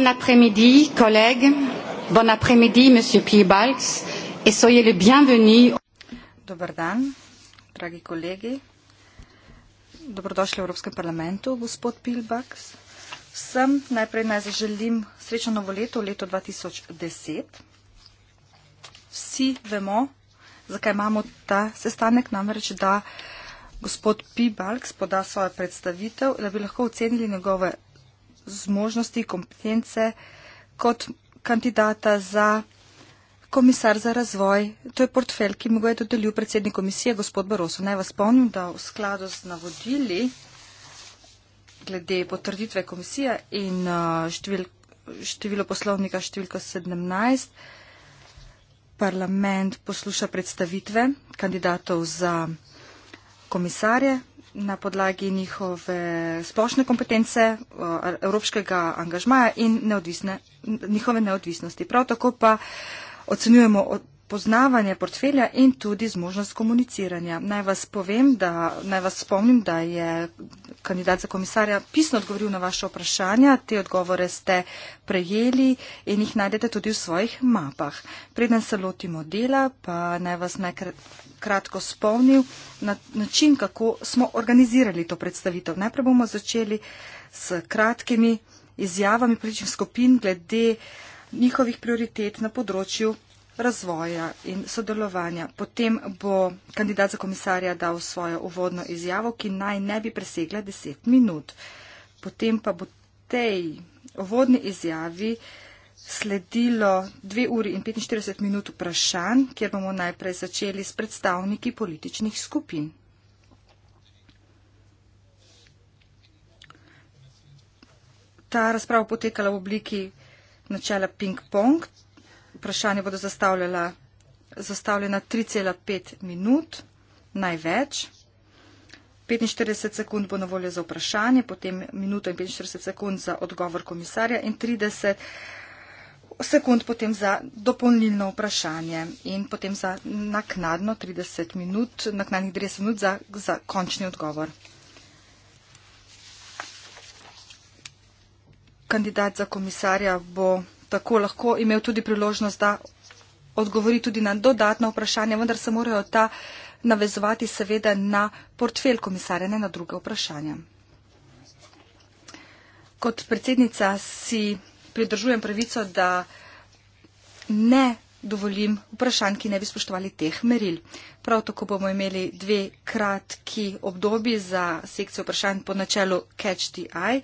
Bon après-midi, collègues. Bon après-midi, monsieur Piebalks. Et soyez le bienvenu. Dobar dan, dragi kolegi. Dobrodošli v Evropskem parlamentu, gospod Pilbaks. Vsem najprej naj zaželim srečno novo leto, leto 2010. Vsi vemo, zakaj imamo ta sestanek, namreč, da gospod Pibalks poda svojo predstavitev, da bi lahko ocenili njegove zmožnosti, kompetence kot kandidata za komisar za razvoj. To je portfel, ki mu ga je dodelil predsednik komisije, gospod Baroso. Naj vas spomnim, da v skladu z navodili glede potrditve komisije in uh, števil, število poslovnika številka 17, parlament posluša predstavitve kandidatov za komisarje, na podlagi njihove splošne kompetence, evropskega angažmaja in neodvisne, njihove neodvisnosti. Prav tako pa ocenjujemo poznavanje portfelja in tudi zmožnost komuniciranja. Naj vas, povem, da, naj vas spomnim, da je kandidat za komisarja pisno odgovoril na vaše vprašanja. Te odgovore ste prejeli in jih najdete tudi v svojih mapah. Preden se lotimo dela, pa naj vas najkrat kratko spomnil na način, kako smo organizirali to predstavitev. Najprej bomo začeli s kratkimi izjavami političnih skupin glede njihovih prioritet na področju razvoja in sodelovanja. Potem bo kandidat za komisarja dal svojo uvodno izjavo, ki naj ne bi presegla 10 minut. Potem pa bo tej uvodni izjavi sledilo 2 uri in 45 minut vprašanj, kjer bomo najprej začeli s predstavniki političnih skupin. Ta razprava potekala v obliki načela ping-pong, vprašanje bodo zastavljena 3,5 minut, največ. 45 sekund bo na voljo za vprašanje, potem minuto in 45 sekund za odgovor komisarja in 30 sekund potem za dopolnilno vprašanje in potem za naknadno 30 minut, naknadnih 30 minut za, za končni odgovor. Kandidat za komisarja bo tako lahko imel tudi priložnost, da odgovori tudi na dodatna vprašanja, vendar se morajo ta navezovati seveda na portfel komisarja, ne na druge vprašanja. Kot predsednica si pridržujem pravico, da ne dovolim vprašanj, ki ne bi spoštovali teh meril. Prav tako bomo imeli dve kratki obdobi za sekcijo vprašanj po načelu Catch the Eye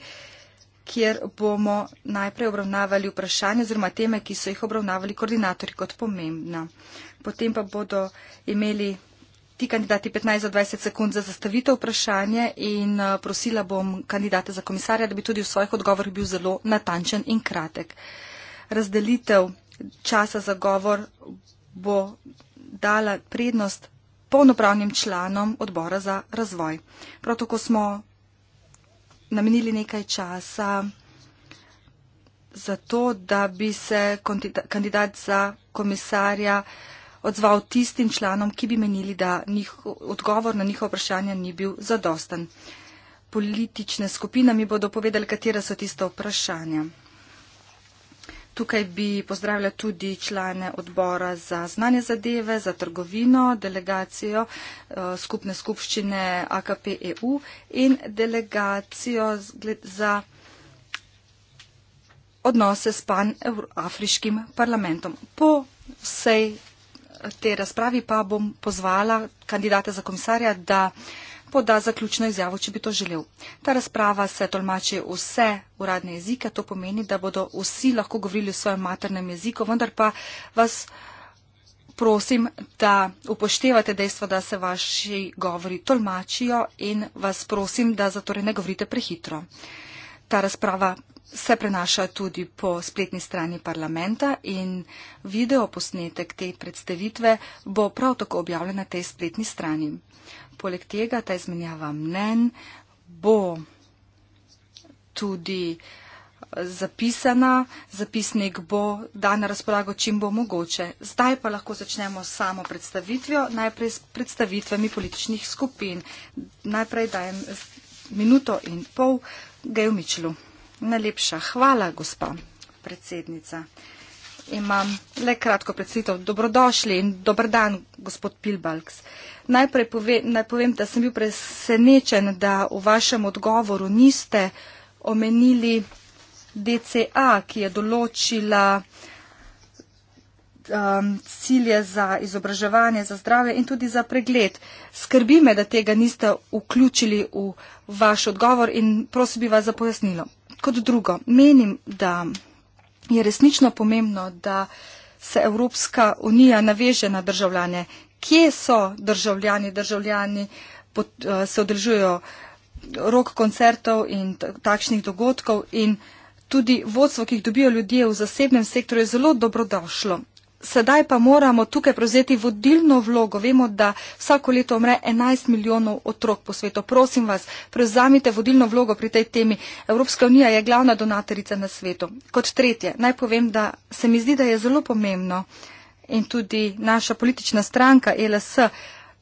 kjer bomo najprej obravnavali vprašanje oziroma teme, ki so jih obravnavali koordinatori kot pomembna. Potem pa bodo imeli ti kandidati 15-20 sekund za zastavitev vprašanja in eh, prosila bom kandidata za komisarja, da bi tudi v svojih odgovorih bil zelo natančen in kratek. Razdelitev časa za govor bo dala prednost polnopravnim članom odbora za razvoj. Prav tako smo namenili nekaj časa za to, da bi se kandidat za komisarja odzval tistim članom, ki bi menili, da njih, odgovor na njihova vprašanja ni bil zadosten. Politične skupine mi bodo povedali, katera so tista vprašanja. Tukaj bi pozdravila tudi člane odbora za znanje zadeve, za trgovino, delegacijo eh, skupne skupščine AKP-EU in delegacijo za odnose s pan-afriškim parlamentom. Po vsej eh, te razpravi pa bom pozvala kandidata za komisarja, da poda zaključno izjavo, če bi to želel. Ta razprava se tolmači vse uradne jezike, to pomeni, da bodo vsi lahko govorili v svojem maternem jeziku, vendar pa vas prosim, da upoštevate dejstvo, da se vaši govori tolmačijo in vas prosim, da zatorej ne govorite prehitro. Ta razprava se prenaša tudi po spletni strani parlamenta in video posnetek te predstavitve bo prav tako objavljen na tej spletni strani. Poleg tega ta izmenjava mnen bo tudi eh, zapisana, zapisnik bo dan na razpolago, čim bo mogoče. Zdaj pa lahko začnemo s samo predstavitvijo, najprej s predstavitvami političnih skupin. Najprej dajem minuto in pol Gejo Mičlu. Najlepša hvala, gospa predsednica imam le kratko predstavitev. Dobrodošli in dobr dan, gospod Pilbalks. Najprej pove, naj povem, da sem bil presenečen, da v vašem odgovoru niste omenili DCA, ki je določila um, cilje za izobraževanje, za zdrave in tudi za pregled. Skrbi me, da tega niste vključili v vaš odgovor in prosim bi vas za pojasnilo. Kot drugo, menim, da je resnično pomembno, da se Evropska unija naveže na državljane. Kje so državljani, državljani pot, eh, se odrežujo rok koncertov in takšnih dogodkov in tudi vodstvo, ki jih dobijo ljudje v zasebnem sektorju, je zelo dobrodošlo sedaj pa moramo tukaj prevzeti vodilno vlogo. Vemo, da vsako leto umre 11 milijonov otrok po svetu. Prosim vas, prevzamite vodilno vlogo pri tej temi. Evropska unija je glavna donatorica na svetu. Kot tretje, naj povem, da se mi zdi, da je zelo pomembno in tudi naša politična stranka LSE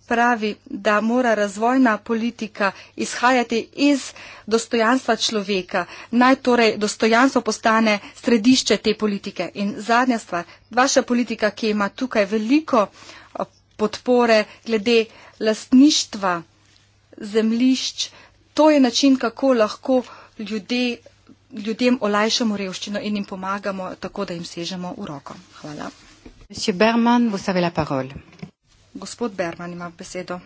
pravi, da mora razvojna politika izhajati iz dostojanstva človeka. Naj torej dostojanstvo postane središče te politike. In zadnja stvar, vaša politika, ki ima tukaj veliko eh, podpore glede lastništva zemlišč, to je način, kako lahko ljudje, ljudem olajšamo revščino in jim pomagamo tako, da jim sežemo v roko. Hvala. Monsieur Berman, vous avez la parole. Gospod Berman ima besedo.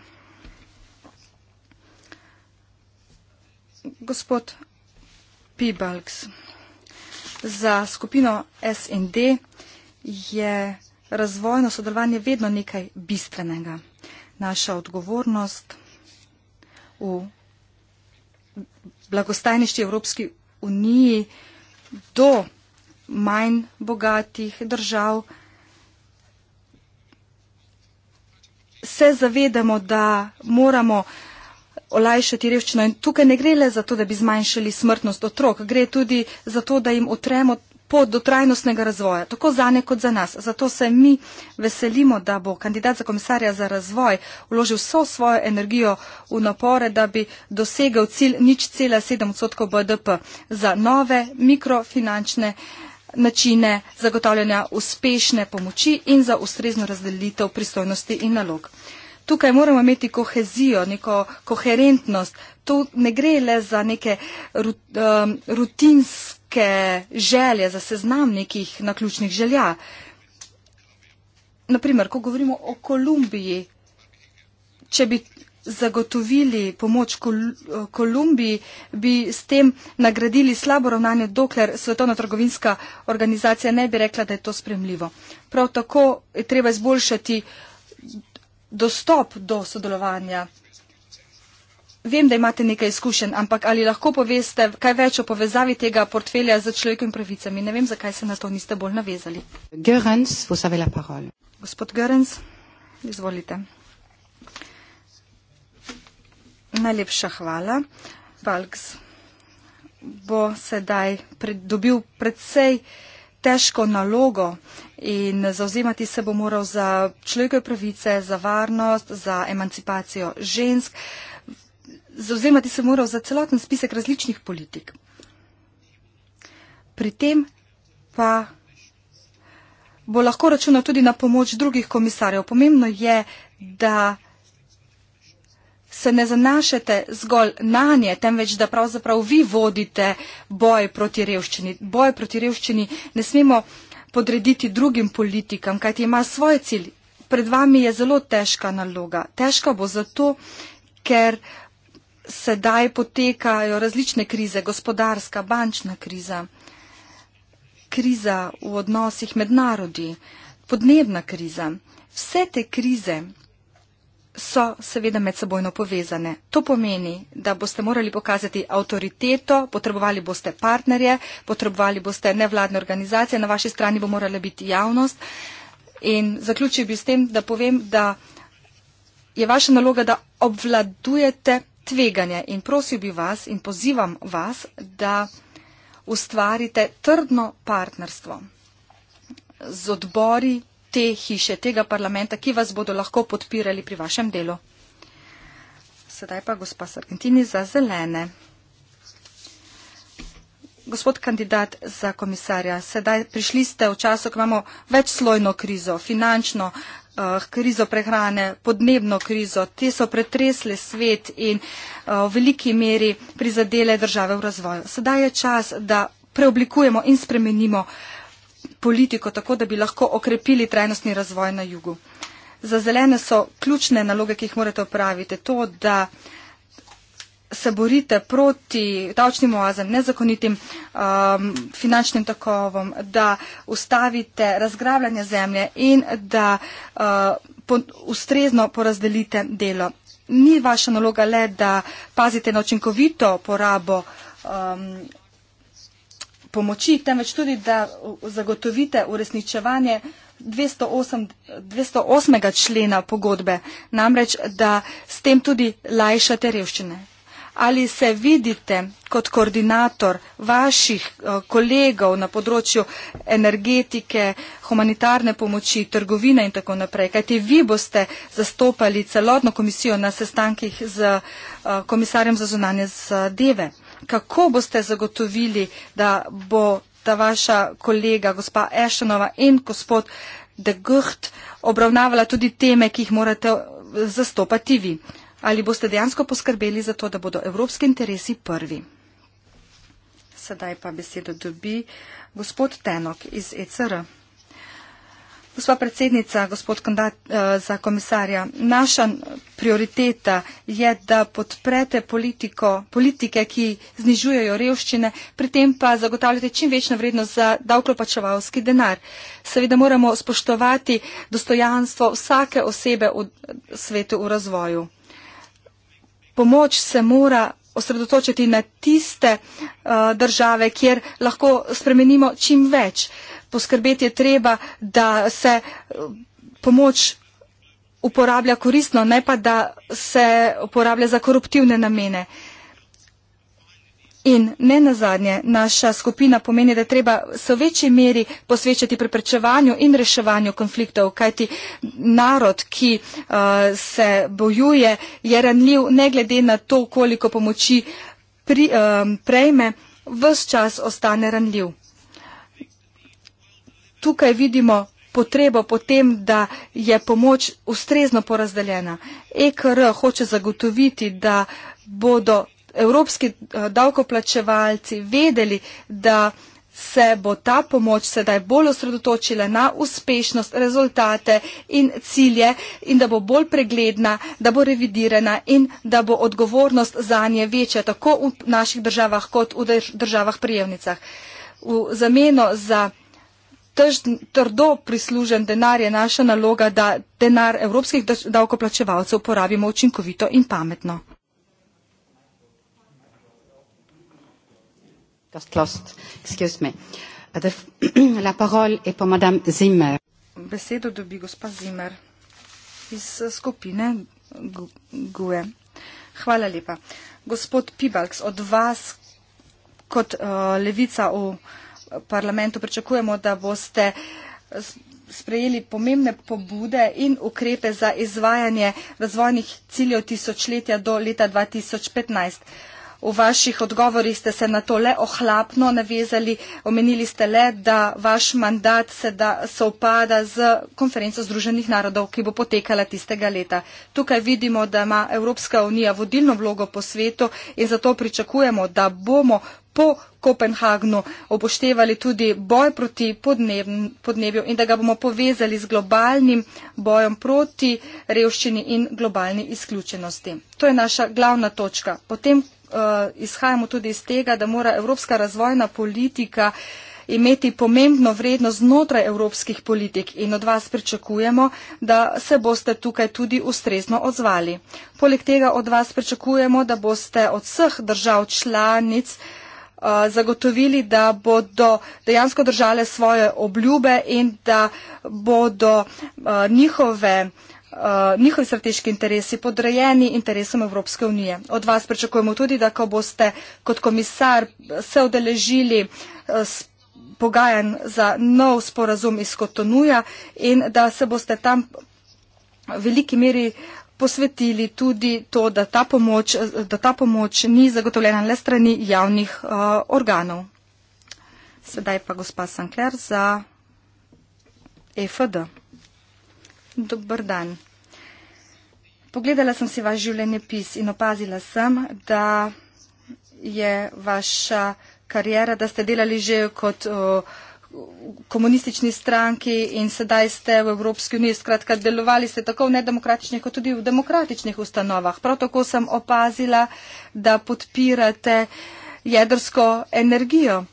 Gospod Pibalks, za skupino SND je razvojno sodelovanje vedno nekaj bistvenega. Naša odgovornost v blagostajnišči Evropski uniji do manj bogatih držav, se zavedamo, da moramo olajšati revščino in tukaj ne gre le za to, da bi zmanjšali smrtnost otrok, gre tudi za to, da jim otremo pot do trajnostnega razvoja, tako za ne kot za nas. Zato se mi veselimo, da bo kandidat za komisarja za razvoj vložil vso svojo energijo v napore, da bi dosegal cilj nič cela sedem odstotkov BDP za nove mikrofinančne načine zagotavljanja uspešne pomoči in za ustrezno razdelitev pristojnosti in nalog. Tukaj moramo imeti kohezijo, neko koherentnost. To ne gre le za neke um, rutinske želje, za seznam nekih naključnih želja. Naprimer, ko govorimo o Kolumbiji, če bi zagotovili pomoč Kolumbiji, bi s tem nagradili slabo ravnanje, dokler Svetovna trgovinska organizacija ne bi rekla, da je to spremljivo. Prav tako je treba izboljšati dostop do sodelovanja. Vem, da imate nekaj izkušenj, ampak ali lahko poveste kaj več o povezavi tega portfelja z človekovimi pravicami? Ne vem, zakaj se na to niste bolj navezali. Görens, Gospod Görens, izvolite. Najlepša hvala. Balks bo sedaj pred, dobil predvsej težko nalogo in zauzemati se bo moral za človekove pravice, za varnost, za emancipacijo žensk. Zauzemati se moral za celoten spisek različnih politik. Pri tem pa bo lahko računal tudi na pomoč drugih komisarjev. Pomembno je, da se ne zanašate zgolj na nje, temveč da pravzaprav vi vodite boj proti revščini. Boj proti revščini ne smemo podrediti drugim politikam, kajti ima svoj cilj. Pred vami je zelo težka naloga. Težka bo zato, ker sedaj potekajo različne krize, gospodarska, bančna kriza, kriza v odnosih med narodi, podnebna kriza. Vse te krize so seveda medsebojno povezane. To pomeni, da boste morali pokazati avtoriteto, potrebovali boste partnerje, potrebovali boste nevladne organizacije, na vaši strani bo morala biti javnost. In zaključil bi s tem, da povem, da je vaša naloga, da obvladujete tveganje. In prosil bi vas in pozivam vas, da ustvarite trdno partnerstvo z odbori, te hiše, tega parlamenta, ki vas bodo lahko podpirali pri vašem delu. Sedaj pa gospa Sargentini za zelene. Gospod kandidat za komisarja, sedaj prišli ste v času, ko imamo večslojno krizo, finančno uh, krizo prehrane, podnebno krizo. Te so pretresle svet in uh, v veliki meri prizadele države v razvoju. Sedaj je čas, da preoblikujemo in spremenimo uh, politiko, tako da bi lahko okrepili trajnostni razvoj na jugu. Za zelene so ključne naloge, ki jih morate opraviti, to, da se borite proti davčnim oazem, nezakonitim um, finančnim takovom, da ustavite razgravljanje zemlje in da uh, po, ustrezno porazdelite delo. Ni vaša naloga le, da pazite na očinkovito porabo um, pomoči, temveč tudi, da zagotovite uresničevanje 208, 208. člena pogodbe, namreč, da s tem tudi lajšate revščine. Ali se vidite kot koordinator vaših kolegov na področju energetike, humanitarne pomoči, trgovine in tako naprej, kajti vi boste zastopali celotno komisijo na sestankih z komisarjem za zunanje zadeve kako boste zagotovili, da bo ta vaša kolega, gospa Ešenova in gospod De Gucht, obravnavala tudi teme, ki jih morate zastopati vi? Ali boste dejansko poskrbeli za to, da bodo evropski interesi prvi? Sedaj pa besedo dobi gospod Tenok iz ECR. Gospa predsednica, gospod kandidat eh, za komisarja, naša prioriteta je, da podprete politiko, politike, ki znižujejo revščine, pri tem pa zagotavljate čim večjo vrednost za davkloplačevalski denar. Seveda moramo spoštovati dostojanstvo vsake osebe v svetu v razvoju. Pomoč se mora osredotočiti na tiste uh, države, kjer lahko spremenimo čim več. Poskrbeti je treba, da se eh, pomoč uporablja koristno, ne pa da se uporablja za koruptivne namene. Uh, In ne nazadnje, naša skupina pomeni, da treba se v večji meri posvečati preprečevanju in reševanju konfliktov, kajti narod, ki uh, se bojuje, je ranljiv ne glede na to, koliko pomoči pri, uh, prejme, vse čas ostane ranljiv. Tukaj vidimo potrebo potem, da je pomoč ustrezno porazdeljena. EKR hoče zagotoviti, da bodo evropski eh, davkoplačevalci vedeli, da se bo ta pomoč sedaj bolj osredotočila na uspešnost, rezultate in cilje in da bo bolj pregledna, da bo revidirana in da bo odgovornost za nje večja tako v naših državah kot v državah prijevnicah. V zameno za tež, trdo prislužen denar je naša naloga, da denar evropskih davkoplačevalcev porabimo učinkovito in pametno. Uh, Besedo dobi gospa Zimmer iz uh, skupine GUE. Hvala lepa. Gospod Pibalks, od vas kot uh, levica v parlamentu pričakujemo, da boste sprejeli pomembne pobude in ukrepe za izvajanje razvojnih ciljev tisočletja do leta 2015. V vaših odgovorih ste se na to le ohlapno navezali, omenili ste le, da vaš mandat se da sovpada z konferenco Združenih narodov, ki bo potekala tistega leta. Tukaj vidimo, da ima Evropska unija vodilno vlogo po svetu in zato pričakujemo, da bomo po Kopenhagnu upoštevali tudi boj proti podnebju in da ga bomo povezali z globalnim bojem proti revščini in globalni izključenosti. To je naša glavna točka. Potem, Eh, izhajamo tudi iz tega, da mora evropska razvojna politika imeti pomembno vrednost znotraj evropskih politik in od vas pričakujemo, da se boste tukaj tudi ustrezno odzvali. Poleg tega od vas pričakujemo, da boste od vseh držav članic eh, zagotovili, da bodo dejansko držale svoje obljube in da bodo eh, njihove Eh, njihovi strateški interesi podrejeni interesom Evropske unije. Od vas pričakujemo tudi, da ko boste kot komisar se odeležili eh, pogajan za nov sporazum iz Kotonuja in da se boste tam v veliki meri posvetili tudi to, da ta pomoč, da ta pomoč ni zagotovljena le strani javnih uh, organov. Sedaj pa gospa Sankler za EFD dober dan. Pogledala sem si vaš življenjepis in opazila sem, da je vaša karijera, da ste delali že kot komunistični stranki in sedaj ste v Evropski uniji. Skratka, delovali ste tako v nedemokratičnih kot tudi v demokratičnih ustanovah. Prav tako sem opazila, da podpirate jedrsko energijo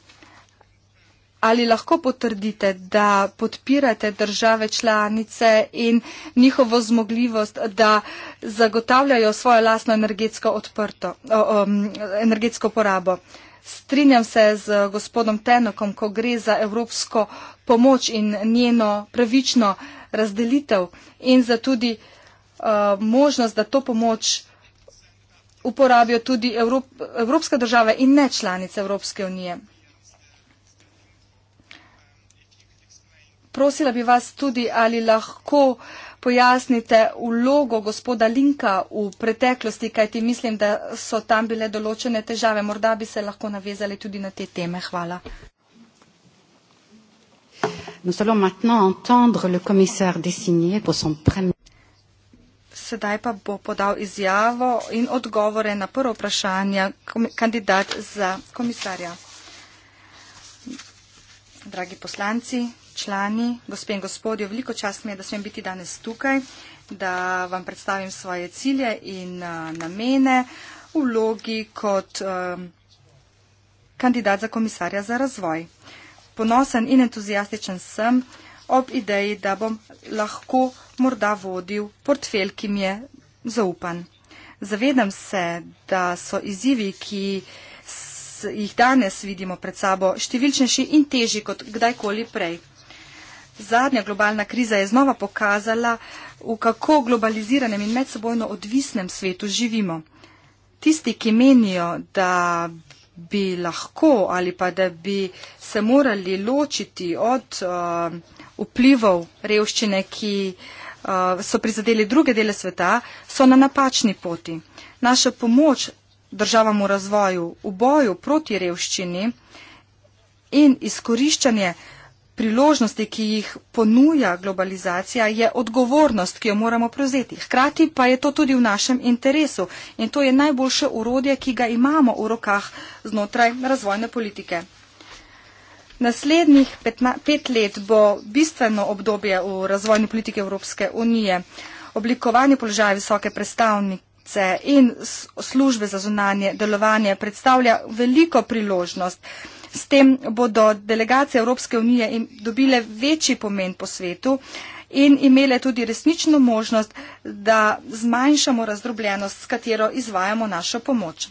ali lahko potrdite, da podpirate države članice in njihovo zmogljivost, da zagotavljajo svojo lastno energetsko, odprto, um, energetsko porabo. Strinjam se z gospodom Tenokom, ko gre za evropsko pomoč in njeno pravično razdelitev in za tudi uh, možnost, da to pomoč uporabijo tudi Evrop, evropske države in ne članice Evropske unije. prosila bi vas tudi, ali lahko pojasnite vlogo gospoda Linka v preteklosti, kajti mislim, da so tam bile določene težave. Morda bi se lahko navezali tudi na te teme. Hvala. Sedaj pa bo podal izjavo in odgovore na prvo vprašanje kandidat za komisarja. Dragi poslanci, člani, gospe in gospodje, veliko čast mi je, da smem biti danes tukaj, da vam predstavim svoje cilje in uh, namene v vlogi kot um, kandidat za komisarja za razvoj. Ponosen in entuzijastičen sem ob ideji, da bom lahko morda vodil portfelj, ki mi je zaupan. Zavedam se, da so izzivi, ki jih danes vidimo pred sabo, številčnejši in težji kot kdajkoli prej. Zadnja globalna kriza je znova pokazala, v kako globaliziranem in medsebojno odvisnem svetu živimo. Tisti, ki menijo, da bi lahko ali pa da bi se morali ločiti od uh, vplivov revščine, ki uh, so prizadeli druge dele sveta, so na napačni poti. Naša pomoč državam v razvoju, v boju proti revščini in izkoriščanje priložnosti, ki jih ponuja globalizacija, je odgovornost, ki jo moramo prevzeti. Hkrati pa je to tudi v našem interesu in to je najboljše urodje, ki ga imamo v rokah znotraj razvojne politike. Naslednjih petna, pet let bo bistveno obdobje v razvojni politiki Evropske unije. Oblikovanje položaja visoke predstavnice in službe za zunanje delovanje predstavlja veliko priložnost. S tem bodo delegacije Evropske unije dobile večji pomen po svetu in imele tudi resnično možnost, da zmanjšamo razdrobljenost, s katero izvajamo našo pomoč.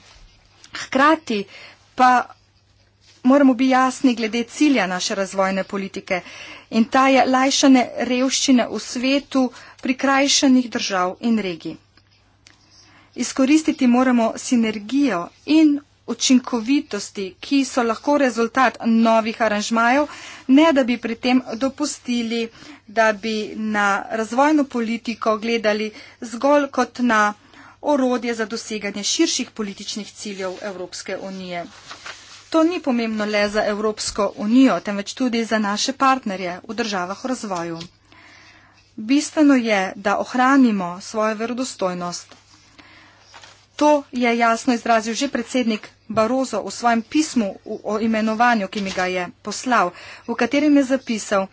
Hkrati pa moramo biti jasni glede cilja naše razvojne politike in ta je lajšanje revščine v svetu prikrajšanih držav in regij. Izkoristiti moramo sinergijo in učinkovitosti, ki so lahko rezultat novih aranžmajev, ne da bi pri tem dopustili, da bi na razvojno politiko gledali zgolj kot na orodje za doseganje širših političnih ciljev Evropske unije. To ni pomembno le za Evropsko unijo, temveč tudi za naše partnerje v državah v razvoju. Bistveno je, da ohranimo svojo verodostojnost To je jasno izrazil že predsednik Barozo v svojem pismu o imenovanju, ki mi ga je poslal, v katerem je zapisal,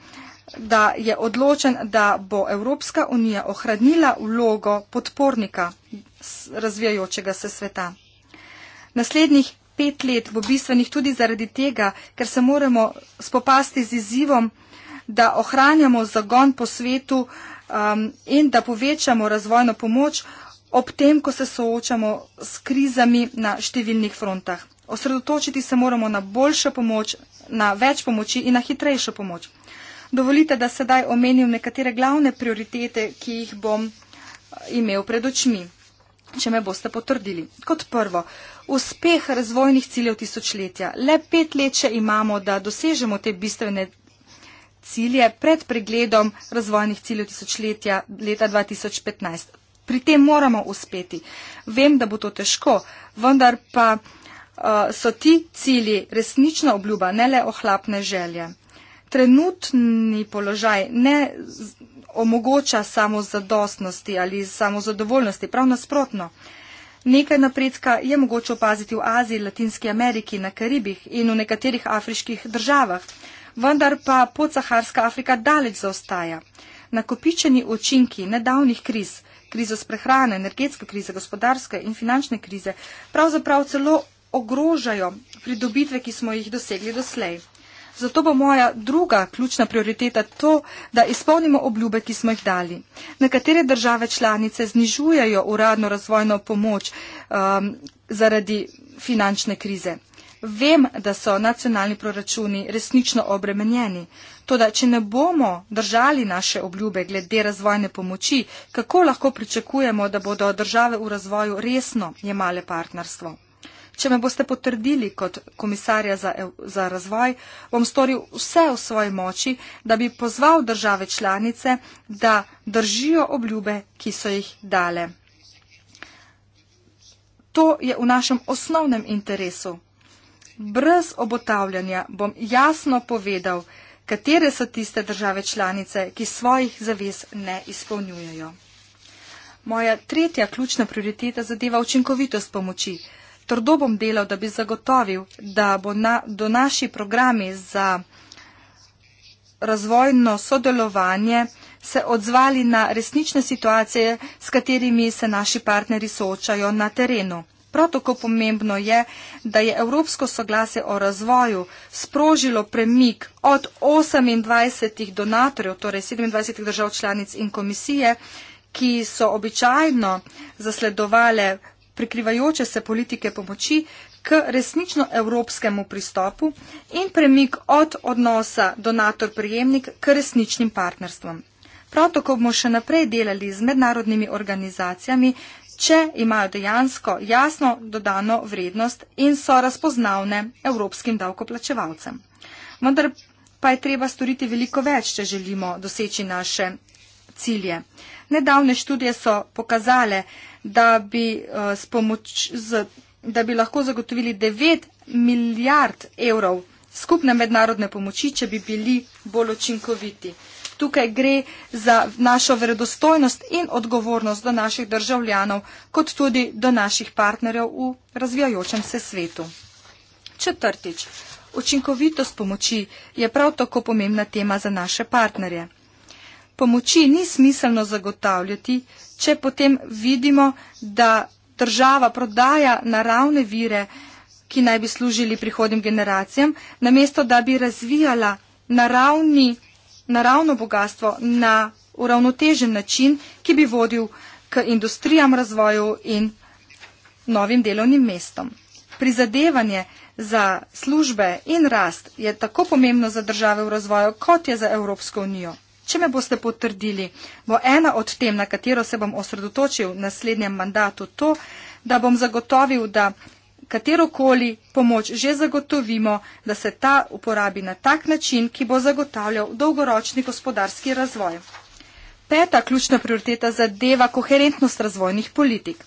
da je odločen, da bo Evropska unija ohranila vlogo podpornika razvijajočega se sveta. Naslednjih pet let bo bistvenih tudi zaradi tega, ker se moramo spopasti z izzivom, da ohranjamo zagon po svetu um, in da povečamo razvojno pomoč, uh, ob tem, ko se soočamo s krizami na številnih frontah. Osredotočiti se moramo na boljšo pomoč, na več pomoči in na hitrejšo pomoč. Dovolite, da sedaj omenim nekatere glavne prioritete, ki jih bom eh, imel pred očmi, če me boste potrdili. Kot prvo, uspeh razvojnih ciljev tisočletja. Le pet let, če imamo, da dosežemo te bistvene cilje pred pregledom razvojnih ciljev tisočletja leta 2015 pri tem moramo uspeti. Vem, da bo to težko, vendar pa uh, so ti cilji resnična obljuba, ne le ohlapne želje. Trenutni položaj ne omogoča samo zadostnosti ali samo zadovoljnosti, prav nasprotno. Nekaj napredka je mogoče opaziti v Aziji, Latinski Ameriki, na Karibih in v nekaterih afriških državah, vendar pa podsaharska Afrika daleč zaostaja. Nakopičeni učinki nedavnih kriz krizo s prehrane, energetske krize, gospodarske in finančne krize, pravzaprav celo ogrožajo pridobitve, ki smo jih dosegli doslej. Zato bo moja druga ključna prioriteta to, da izpolnimo obljube, ki smo jih dali. Nekatere države članice znižujejo uradno razvojno pomoč um, zaradi finančne krize. Vem, da so nacionalni proračuni resnično obremenjeni. Toda, če ne bomo držali naše obljube glede razvojne pomoči, kako lahko pričakujemo, da bodo države v razvoju resno jemale partnerstvo? Če me boste potrdili kot komisarja za, za razvoj, bom storil vse v svoji moči, da bi pozval države članice, da držijo obljube, ki so jih dale. To je v našem osnovnem interesu. Brez obotavljanja bom jasno povedal, katere so tiste države članice, ki svojih zavez ne izpolnjujejo. Moja tretja ključna prioriteta zadeva učinkovitost pomoči. Trdo bom delal, da bi zagotovil, da bo na, do naši programi za razvojno sodelovanje se odzvali na resnične situacije, s katerimi se naši partneri soočajo na terenu. Prav tako pomembno je, da je evropsko soglase o razvoju sprožilo premik od 28 donatorjev, torej 27 držav članic in komisije, ki so običajno zasledovale prikrivajoče se politike pomoči k resnično evropskemu pristopu in premik od odnosa donator-prijemnik k resničnim partnerstvom. Prav tako bomo še naprej delali z mednarodnimi organizacijami, če imajo dejansko jasno dodano vrednost in so razpoznavne evropskim davkoplačevalcem. Vendar pa je treba storiti veliko več, če želimo doseči naše cilje. Nedavne študije so pokazale, da bi, eh, pomoč, da bi lahko zagotovili 9 milijard evrov skupne mednarodne pomoči, če bi bili bolj učinkoviti tukaj gre za našo verodostojnost in odgovornost do naših državljanov, kot tudi do naših partnerjev v razvijajočem se svetu. Četrtič. Učinkovitost pomoči je prav tako pomembna tema za naše partnerje. Pomoči ni smiselno zagotavljati, če potem vidimo, da država prodaja naravne vire, ki naj bi služili prihodnim generacijam, namesto da bi razvijala naravni naravno bogatstvo na uravnotežen način, ki bi vodil k industrijam razvoju in novim delovnim mestom. Prizadevanje za službe in rast je tako pomembno za države v razvoju, kot je za Evropsko unijo. Če me boste potrdili, bo ena od tem, na katero se bom osredotočil v naslednjem mandatu, to, da bom zagotovil, da katerokoli pomoč že zagotovimo, da se ta uporabi na tak način, ki bo zagotavljal dolgoročni gospodarski razvoj. Peta ključna prioriteta zadeva koherentnost razvojnih politik.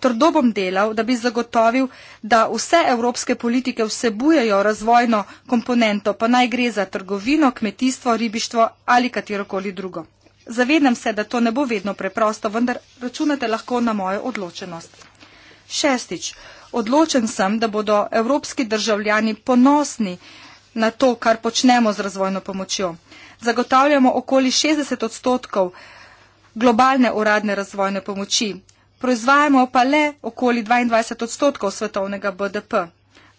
Trdo bom delal, da bi zagotovil, da vse evropske politike vsebujejo razvojno komponento, pa naj gre za trgovino, kmetijstvo, ribištvo ali katerokoli drugo. Zavedam se, da to ne bo vedno preprosto, vendar računate lahko na mojo odločenost. Šestič. Odločen sem, da bodo evropski državljani ponosni na to, kar počnemo z razvojno pomočjo. Zagotavljamo okoli 60 odstotkov globalne uradne razvojne pomoči, proizvajamo pa le okoli 22 odstotkov svetovnega BDP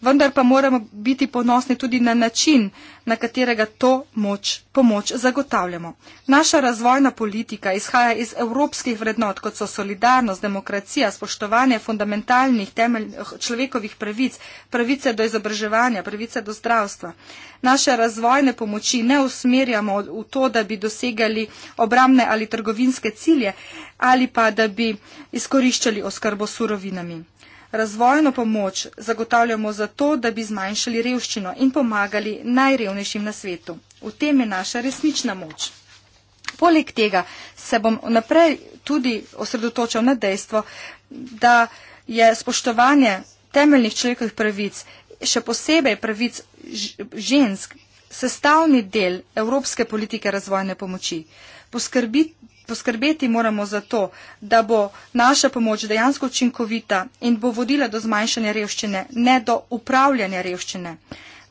vendar pa moramo biti ponosni tudi na način, na katerega to moč, pomoč zagotavljamo. Naša razvojna politika izhaja iz evropskih vrednot, kot so solidarnost, demokracija, spoštovanje fundamentalnih temelj eh, človekovih pravic, pravice do izobraževanja, pravice do zdravstva. Naše razvojne pomoči ne usmerjamo v to, da bi dosegali obramne ali trgovinske cilje ali pa da bi izkoriščali oskrbo surovinami. Razvojno pomoč zagotavljamo zato, da bi zmanjšali revščino in pomagali najrevnejšim na svetu. V tem je naša resnična moč. Poleg tega se bom naprej tudi osredotočal na dejstvo, da je spoštovanje temeljnih človekovih pravic, še posebej pravic žensk, sestavni del evropske politike razvojne pomoči. Poskrbi, Poskrbeti moramo za to, da bo naša pomoč dejansko učinkovita in bo vodila do zmanjšanja revščine, ne do upravljanja revščine.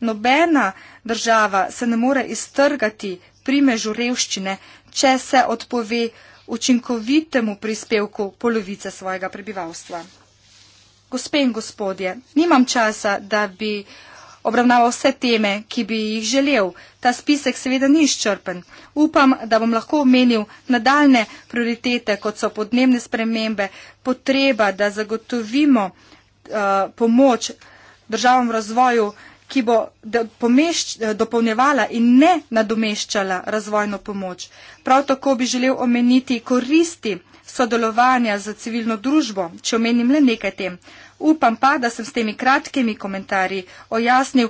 Nobena država se ne more iztrgati primežu revščine, če se odpove učinkovitemu prispevku polovice svojega prebivalstva. Gospe in gospodje, nimam časa, da bi uh, obravnava vse teme, ki bi jih želel. Ta spisek seveda ni izčrpen. Upam, da bom lahko omenil nadaljne prioritete, kot so podnebne spremembe, potreba, da zagotovimo uh, pomoč državam v razvoju, ki bo pomešč, dopolnjevala in ne nadomeščala razvojno pomoč. Prav tako bi želel omeniti koristi sodelovanja za civilno družbo, če omenim le nekaj tem. Upam pa, da sem s temi kratkimi komentarji ojasnil,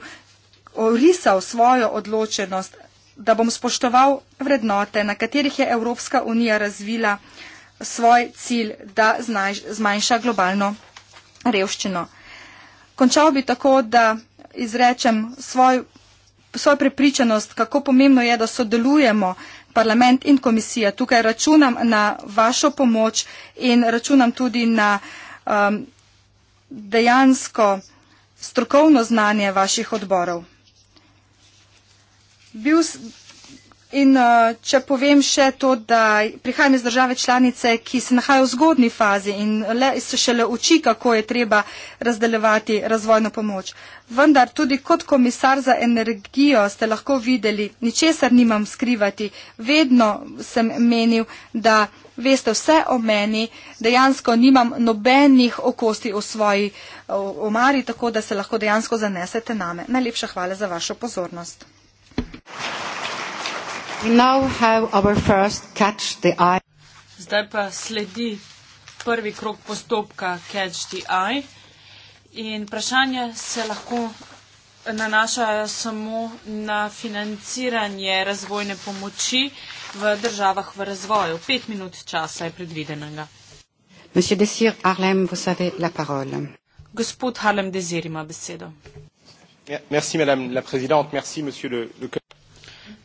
orisal svojo odločenost, da bom spoštoval vrednote, na katerih je Evropska unija razvila svoj cilj, da zmanjša globalno revščino. Končal bi tako, da izrečem svoj, svojo prepričanost, kako pomembno je, da sodelujemo parlament in komisija. Tukaj računam na vašo pomoč in računam tudi na. Um, dejansko strokovno znanje vaših odborov. Bil, In uh, če povem še to, da prihajam iz države članice, ki se nahaja v zgodni fazi in le, se šele uči, kako je treba razdeljevati razvojno pomoč. Vendar tudi kot komisar za energijo ste lahko videli, ničesar nimam skrivati. Vedno sem menil, da veste vse o meni, dejansko nimam nobenih okosti v svoji omari, tako da se lahko dejansko zanesete name. Najlepša hvala za vašo pozornost. Zdaj pa sledi prvi krok postopka Catch the Eye in vprašanja se lahko nanašajo samo na financiranje razvojne pomoči v državah v razvoju. Pet minut časa je predvidenega. Desir, Arlem, Gospod Harlem Dezir ima besedo. Ja, merci, madame la présidente, merci, monsieur le, le...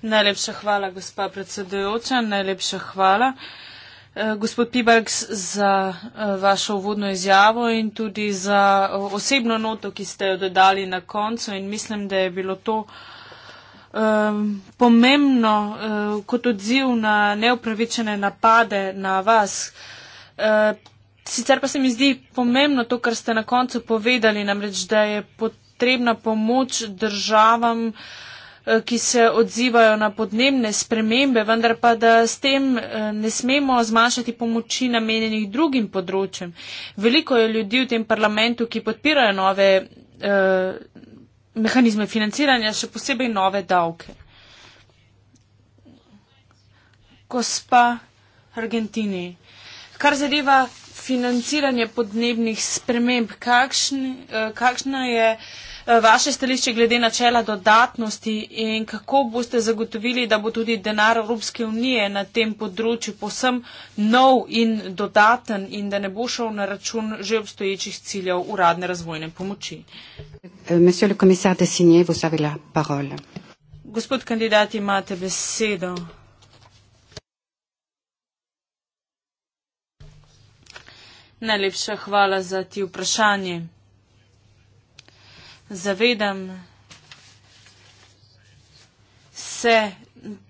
Najlepša hvala, gospa predsedujoča, najlepša hvala. Eh, gospod Pibarg, za eh, vašo uvodno izjavo in tudi za eh, osebno noto, ki ste jo dodali na koncu in mislim, da je bilo to um, pomembno uh, kot odziv na neupravičene napade na vas. Uh, sicer pa se mi zdi pomembno to, kar ste na koncu povedali, namreč, da je potrebna pomoč državam uh, Eh, ki se odzivajo na podnebne spremembe, vendar pa da s tem eh, ne smemo zmanjšati pomoči namenjenih drugim področjem. Veliko je ljudi v tem parlamentu, ki podpirajo nove eh, mehanizme financiranja, še posebej nove davke. Gospa Argentini, kar zadeva financiranje podnebnih sprememb, kakšni, kakšna je Eh, vaše stališče glede načela dodatnosti in kako boste zagotovili, da bo tudi denar Evropske unije na tem področju posem nov in dodaten in da ne bo šel na račun že obstoječih ciljev uradne razvojne pomoči. Eh, Gospod kandidat, imate besedo. Najlepša hvala za ti vprašanje zavedam se,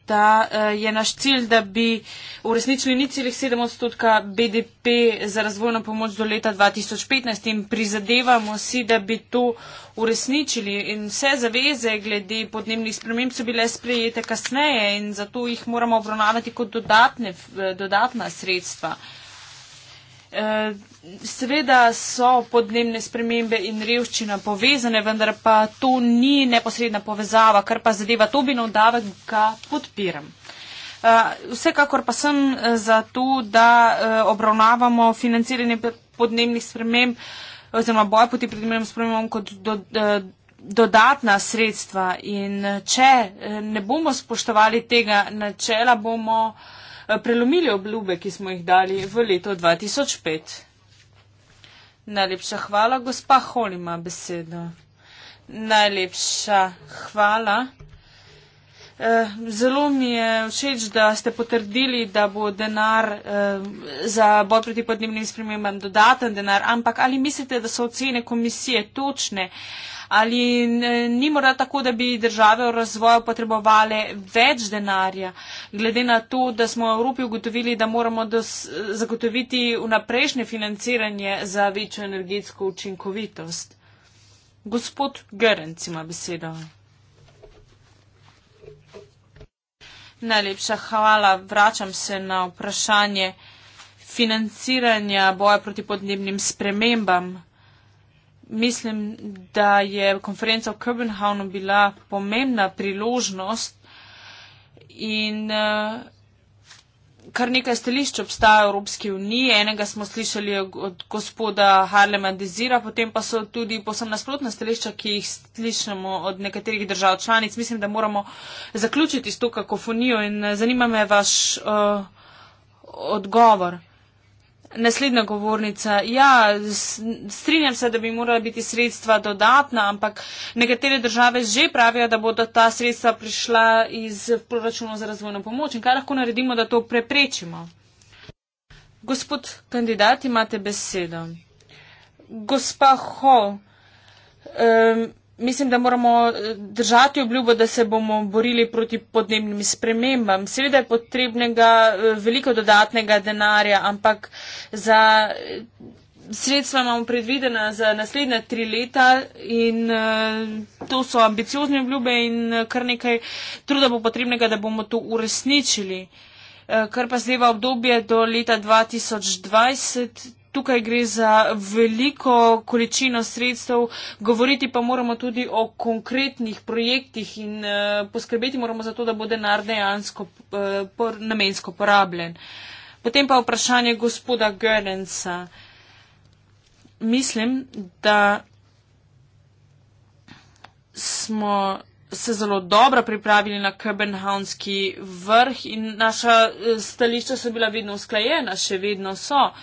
da eh, je naš cilj, da bi uresničili ni celih 7 odstotka BDP za razvojno pomoč do leta 2015 in prizadevamo si, da bi to uresničili. In vse zaveze glede podnebnih sprememb so bile sprejete kasneje in zato jih moramo obravnavati kot dodatne, eh, dodatna sredstva. Seveda so podnebne spremembe in revščina povezane, vendar pa to ni neposredna povezava, kar pa zadeva Tobinov davek, ga podpiram. Eh, vsekakor pa sem eh, za to, da eh, obravnavamo financiranje podnebnih sprememb oziroma boj proti podnebnim spremembam kot do, dodatna sredstva in če ne bomo spoštovali tega načela, bomo. Eh, prelomili obljube, ki smo jih dali v letu 2005. Najlepša hvala, gospa Holima, besedo. Najlepša hvala. Eh, zelo mi je všeč, da ste potrdili, da bo denar eh, za boj proti podnebnim spremembam dodaten denar, ampak ali mislite, da so ocene komisije točne? Ali ni morda tako, da bi države v razvoju potrebovali več denarja, glede na to, da smo v Evropi ugotovili, da moramo zagotoviti vnaprejšnje financiranje za večjo energetsko učinkovitost? Gospod Gerenc ima besedo. Najlepša hvala. Vračam se na vprašanje financiranja boja proti podnebnim spremembam mislim, da je konferenca v Kopenhavnu bila pomembna priložnost in eh, kar nekaj stališč obstaja v Evropski uniji. Enega smo slišali od gospoda Harlema Dezira, potem pa so tudi posebno nasprotna stališča, ki jih slišamo od nekaterih držav članic. Mislim, da moramo zaključiti s to kakofonijo in eh, zanima me vaš uh, odgovor. Naslednja govornica. Ja, strinjam se, da bi morala biti sredstva dodatna, ampak nekatere države že pravijo, da bodo ta sredstva prišla iz proračuna za razvojno pomoč. In kaj lahko naredimo, da to preprečimo? Gospod kandidat, imate besedo. Gospa Ho. Um, Mislim, da moramo eh, držati obljubo, da se bomo borili proti podnebnim spremembam. Seveda je potrebnega eh, veliko dodatnega denarja, ampak za eh, sredstva imamo predvidena za naslednja tri leta in to so ambiciozne obljube in kar nekaj truda bo potrebnega, da bomo to uresničili. Kar pa zdaj v obdobje do leta 2020 tukaj gre za veliko količino sredstev, govoriti pa moramo tudi o konkretnih projektih in eh, poskrbeti moramo za to, da bo denar dejansko eh, namensko porabljen. Potem pa vprašanje gospoda Gönensa. Mislim, da smo se zelo dobro pripravili na Köbenhavnski vrh in naša eh, stališča so bila vedno usklajena, še vedno so. Uh,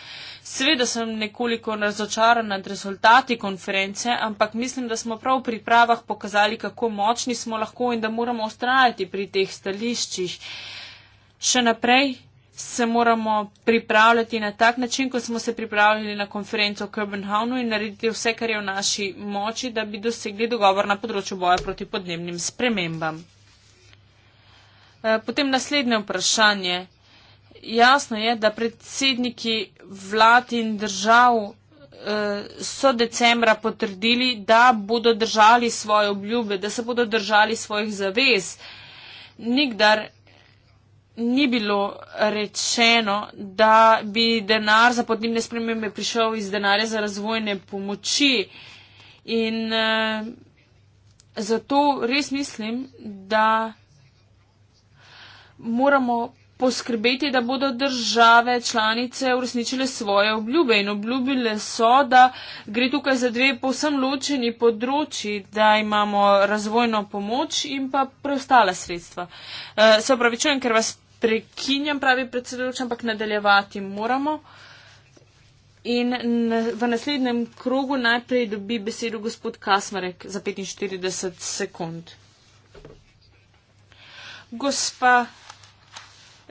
Seveda sem nekoliko razočaran nad rezultati konference, ampak mislim, da smo prav v pripravah pokazali, kako močni smo lahko in da moramo ustrajati pri teh stališčih. Še naprej se moramo pripravljati na tak način, kot smo se pripravljali na konferenco v Copenhagenu in narediti vse, kar je v naši moči, da bi dosegli dogovor na področju boja proti podnebnim spremembam. Eh, potem naslednje vprašanje jasno je, da predsedniki vlad in držav eh, so decembra potrdili, da bodo držali svoje obljube, da se bodo držali svojih zavez. Nikdar ni bilo rečeno, da bi denar za podnebne spremembe prišel iz denarja za razvojne pomoči. In eh, zato res mislim, da moramo poskrbeti, da bodo države članice uresničile svoje obljube in obljubile so, da gre tukaj za dve povsem ločeni področji, da imamo razvojno pomoč in pa preostala sredstva. Eh, se opravičujem, ker vas prekinjam, pravi predsedujoč, ampak nadaljevati moramo. In v naslednjem krogu najprej dobi besedo gospod Kasmarek za 45 sekund. Gospa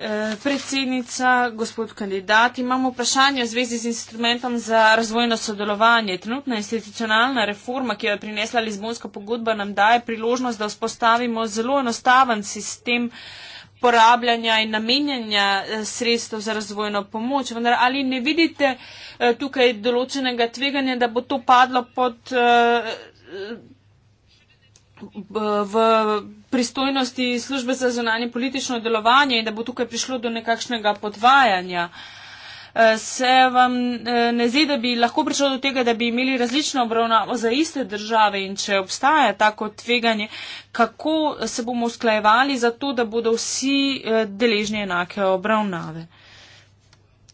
Eh, predsednica, gospod kandidat, imamo vprašanje v zvezi z instrumentom za razvojno sodelovanje. Trenutna institucionalna reforma, ki jo je prinesla Lizbonska pogodba, nam daje priložnost, da vzpostavimo zelo enostaven sistem porabljanja in namenjanja eh, sredstev za razvojno pomoč. Vendar ali ne vidite eh, tukaj določenega tveganja, da bo to padlo pod. Uh, v pristojnosti službe za zunanje politično delovanje in da bo tukaj prišlo do nekakšnega podvajanja. E, se vam e, ne zdi, da bi lahko prišlo do tega, da bi imeli različno obravnavo za iste države in če obstaja tako tveganje, kako se bomo usklajevali za to, da bodo vsi e, deležni enake obravnave?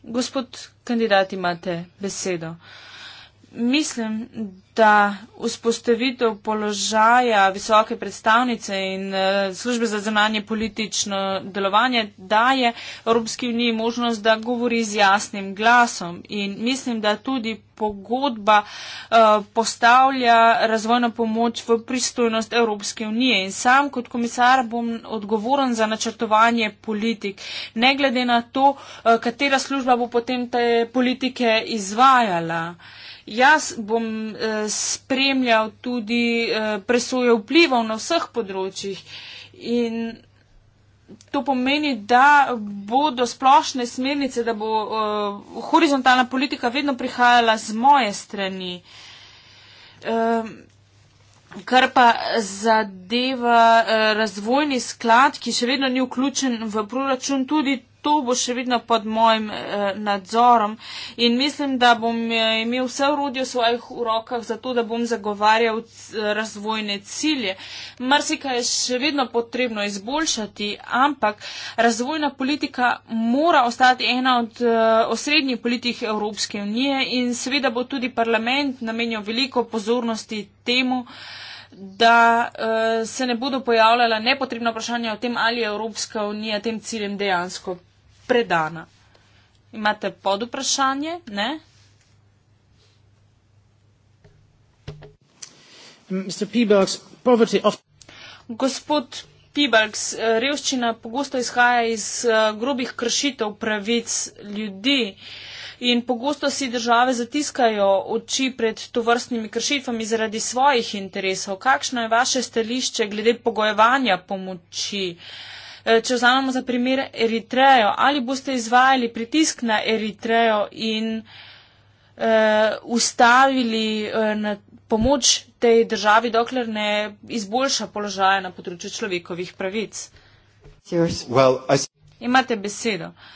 Gospod kandidat, imate besedo. Uh, mislim, da vzpostavitev položaja visoke predstavnice in eh, službe za zunanje politično delovanje daje Evropski uniji možnost, da govori z jasnim glasom. In mislim, da tudi pogodba eh, postavlja razvojno pomoč v pristojnost Evropske unije. In sam kot komisar bom odgovoren za načrtovanje politik, ne glede na to, eh, katera služba bo potem te politike izvajala. Jaz bom eh, spremljal tudi eh, presoje vplivov na vseh področjih in to pomeni, da bodo splošne smernice, da bo eh, horizontalna politika vedno prihajala z moje strani. Ehm, kar pa zadeva razvojni sklad, ki še vedno ni vključen v proračun, tudi to bo še vedno pod mojim eh, nadzorom in mislim, da bom eh, imel vse urodje v svojih rokah za to, da bom zagovarjal eh, razvojne cilje. Marsika je še vedno potrebno izboljšati, ampak razvojna politika mora ostati ena od eh, osrednjih politik Evropske unije in seveda bo tudi parlament namenil veliko pozornosti temu, da uh, se ne bodo pojavljala nepotrebna vprašanja o tem, ali je Evropska unija tem ciljem dejansko predana. Imate pod vprašanje? Ne? Mr. Peebles, poverty of... Gospod Pibalks, revščina pogosto izhaja iz eh, grobih kršitev pravic ljudi in pogosto si države zatiskajo oči pred tovrstnimi kršitvami zaradi svojih interesov. Kakšno je vaše stališče glede pogojevanja pomoči? Uh, Eh, če vzamemo za primer Eritrejo, ali boste izvajali pritisk na Eritrejo in eh, ustavili eh, na pomoč tej državi, dokler ne izboljša položaja na področju človekovih pravic? Well, Imate besedo. Uh,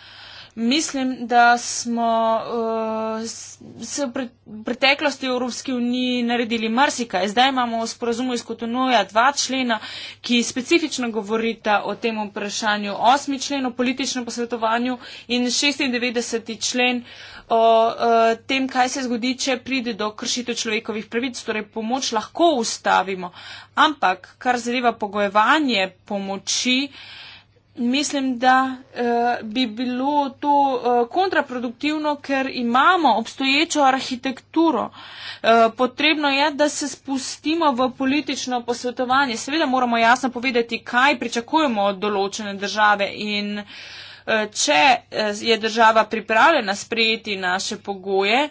Mislim, da smo uh, eh, se v preteklosti v Evropski uniji naredili marsikaj. Zdaj imamo v sporazumu iz Kotonoja dva člena, ki specifično govorita o tem vprašanju. Osmi člen o političnem posvetovanju in 96. člen o uh, tem, kaj se zgodi, če pride do kršitev človekovih pravic. Torej, pomoč lahko ustavimo. Ampak, kar zadeva pogojevanje pomoči, uh, mislim, da uh, bi bilo to uh, kontraproduktivno, ker imamo obstoječo arhitekturo. Uh, potrebno je, da se spustimo v politično posvetovanje. Seveda moramo jasno povedati, kaj pričakujemo od določene države in Če je država pripravljena sprejeti naše pogoje,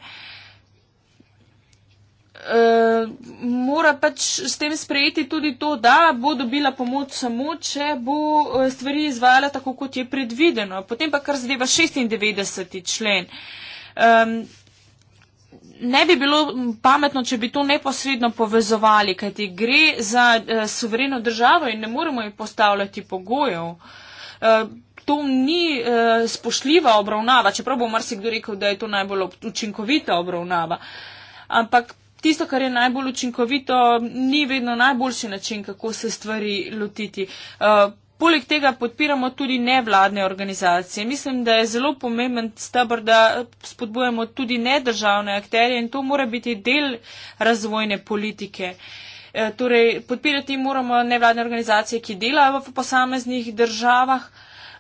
mora pač s tem sprejeti tudi to, da bo dobila pomoč samo, če bo eh, stvari izvajala tako, kot je predvideno. Potem pa kar zadeva 96. člen. Um, ne bi bilo pametno, če bi to neposredno povezovali, kajti gre za uh, suvereno državo in ne moremo ji postavljati pogojev. Uh, To ni eh, spošljiva obravnava, čeprav bo marsikdo rekel, da je to najbolj učinkovita obravnava. Ampak tisto, kar je najbolj učinkovito, ni vedno najboljši način, kako se stvari lotiti. Uh, poleg tega podpiramo tudi nevladne organizacije. Mislim, da je zelo pomemben stabr, da spodbujamo tudi nedržavne akterje in to mora biti del razvojne politike. Uh, torej, podpirati moramo nevladne organizacije, ki delajo v posameznih državah,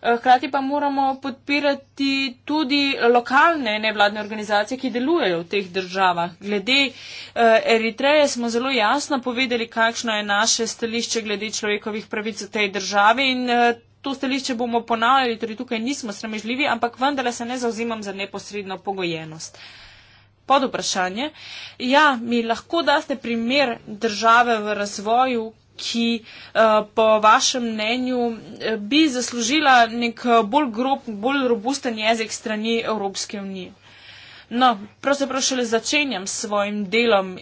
Eh, hkrati pa moramo podpirati tudi lokalne nevladne organizacije, ki delujejo v teh državah. Glede eh, Eritreje smo zelo jasno povedali, kakšno je naše stališče glede človekovih pravic v tej državi in eh, to stališče bomo ponavljali, tudi torej tukaj nismo sramežljivi, ampak vendarle se ne zauzimam za neposredno pogojenost. Pod vprašanje. Ja, mi lahko daste primer države v razvoju, ki eh, po vašem mnenju eh, bi zaslužila nek eh, bolj grob, bolj robusten jezik strani Evropske unije. No, pravzaprav šele začenjam s svojim delom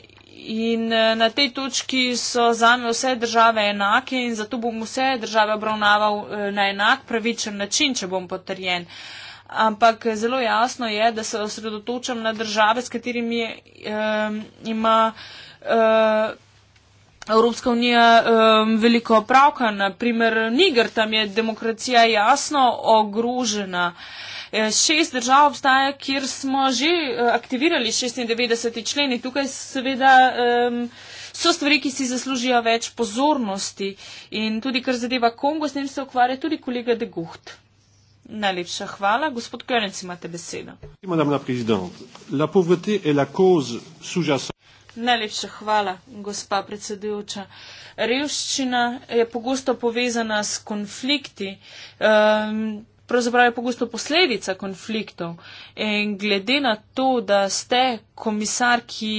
in na tej točki so zame vse države enake in zato bom vse države obravnaval na enak pravičen način, če bom potrjen. Ampak zelo jasno je, da se osredotočam na države, s katerimi eh, ima eh, Evropska unija um, veliko pravka, naprimer Niger, tam je demokracija jasno ogrožena. E, šest držav obstaja, kjer smo že e, aktivirali 96. členi. Tukaj seveda um, so stvari, ki si zaslužijo več pozornosti in tudi kar zadeva Kongo, s tem se ukvarja tudi kolega de Gucht. Najlepša hvala. Gospod Kernic, imate besedo. Najlepša hvala, gospa predsedujoča. Revščina je pogosto povezana s konflikti, um, pravzaprav je pogosto posledica konfliktov. In glede na to, da ste komisar, ki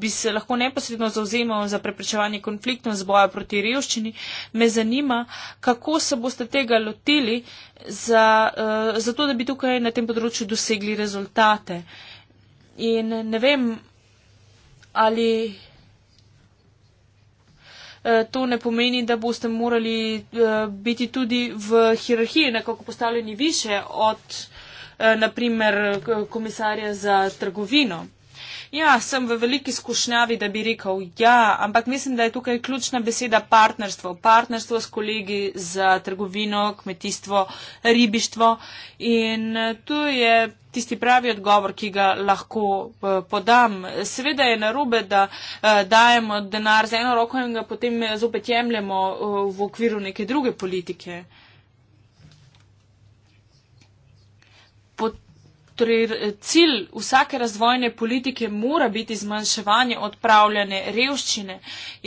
bi se lahko neposredno zauzemal za preprečevanje konfliktov z boja proti revščini, me zanima, kako se boste tega lotili, za, uh, eh, zato da bi tukaj na tem področju dosegli rezultate. In ne vem, ali eh, to ne pomeni, da boste morali eh, biti tudi v hierarhiji nekako postavljeni više od, eh, naprimer, komisarja za trgovino. Ja, sem v veliki skušnjavi, da bi rekel ja, ampak mislim, da je tukaj ključna beseda partnerstvo. Partnerstvo s kolegi za trgovino, kmetijstvo, ribištvo. In eh, tu je tisti pravi odgovor, ki ga lahko eh, podam. Seveda je narobe, da eh, dajemo denar z eno roko in ga potem zopet jemljemo v okviru neke druge politike. Pot Torej, cilj vsake razvojne politike mora biti zmanjševanje odpravljanja revščine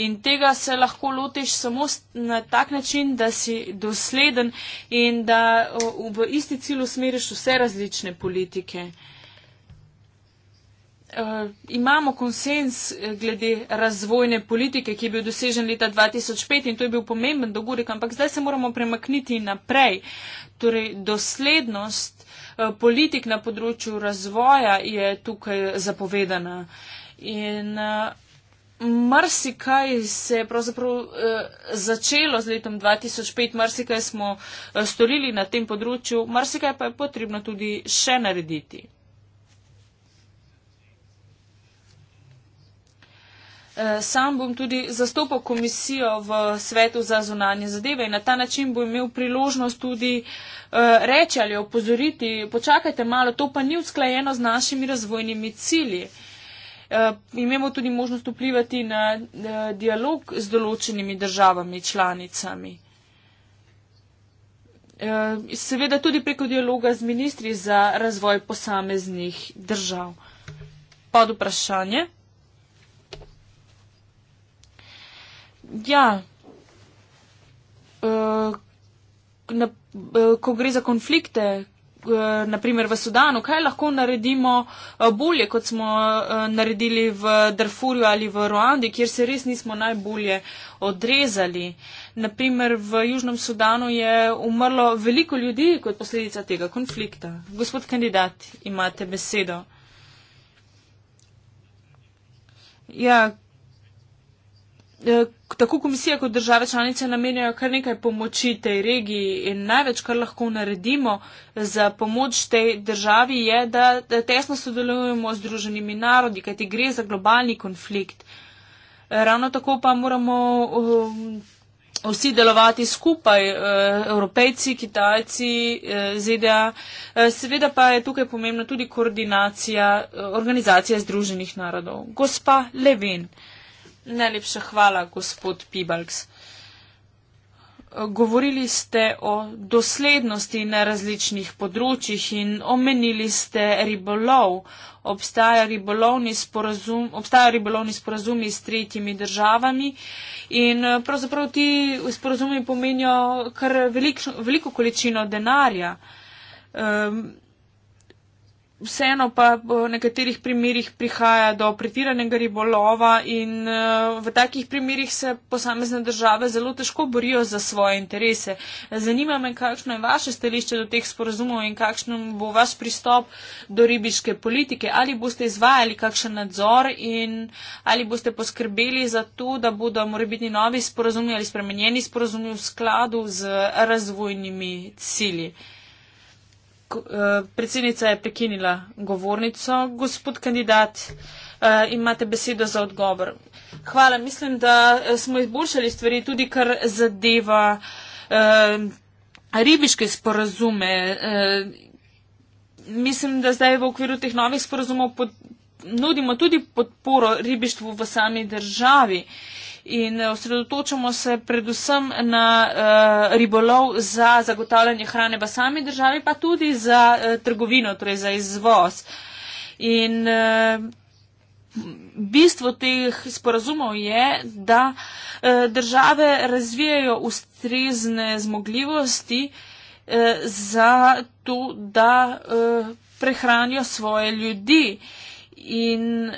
in tega se lahko lotiš samo na tak način, da si dosleden in da v isti cilj usmeriš vse različne politike. Uh, imamo konsens e, glede razvojne politike, ki je bil dosežen leta 2005 in to je bil pomemben dogodek, ampak zdaj se moramo premakniti naprej. Torej, doslednost Eh, politik na področju razvoja je tukaj zapovedana. In uh, marsikaj se je pravzaprav uh, začelo z letom 2005, marsikaj smo uh, storili na tem področju, marsikaj pa je potrebno tudi še narediti. Eh, sam bom tudi zastopal komisijo v svetu za zunanje zadeve in na ta način bo imel priložnost tudi eh, reči ali opozoriti, počakajte malo, to pa ni usklajeno z našimi razvojnimi cilji. Eh, Imemo tudi možnost vplivati na dialog z določenimi državami članicami. Seveda tudi preko dialoga z ministri za razvoj posameznih držav. Pod vprašanje. Ja, eh, na, eh, ko gre za konflikte, eh, naprimer v Sudanu, kaj lahko naredimo bolje, kot smo naredili v Darfurju ali v Ruandi, kjer se res nismo najbolje odrezali. Naprimer v Južnem Sudanu je umrlo veliko ljudi kot posledica tega konflikta. Gospod kandidat, imate besedo. Ja, Eh, tako komisija kot države članice namenjajo kar nekaj pomoči tej regiji in največ, kar lahko naredimo eh, za pomoč tej državi, je, da, da tesno sodelujemo z druženimi narodi, kajti gre za globalni konflikt. Eh, ravno tako pa moramo vsi delovati skupaj, evropejci, kitajci, ZDA. Seveda pa je tukaj pomembna tudi koordinacija organizacije združenih narodov. Gospa Levin. Najlepša hvala, gospod Pibalks. Govorili ste o doslednosti na različnih področjih in omenili ste ribolov. Obstaja ribolovni, sporazum, obstaja ribolovni sporazumi s tretjimi državami in eh, pravzaprav ti sporazumi pomenijo kar velik, veliko količino denarja. Um, vseeno pa v nekaterih primerjih prihaja do pretiranega ribolova in eh, v takih primerjih se posamezne države zelo težko borijo za svoje interese. Zanima me, kakšno je vaše stališče do teh sporazumov in kakšen bo vaš pristop do ribiške politike. Ali boste izvajali kakšen nadzor in ali boste poskrbeli za to, da bodo morebitni novi sporazumi ali spremenjeni sporazumi v skladu z razvojnimi cilji. Eh, predsednica je prekinila govornico. Gospod kandidat, eh, imate besedo za odgovor. Hvala. Mislim, da eh, smo izboljšali stvari tudi, kar zadeva ribiške sporazume. Mislim, da zdaj v okviru teh novih sporazumov pod, nudimo tudi podporo ribištvu v sami državi. Uh, in eh, osredotočamo se predvsem na uh, ribolov za zagotavljanje hrane pa sami državi, pa tudi za uh, trgovino, torej za izvoz. In uh, bistvo teh sporazumov je, da uh, države razvijajo ustrezne zmogljivosti uh, za to, da uh, prehranijo svoje ljudi. In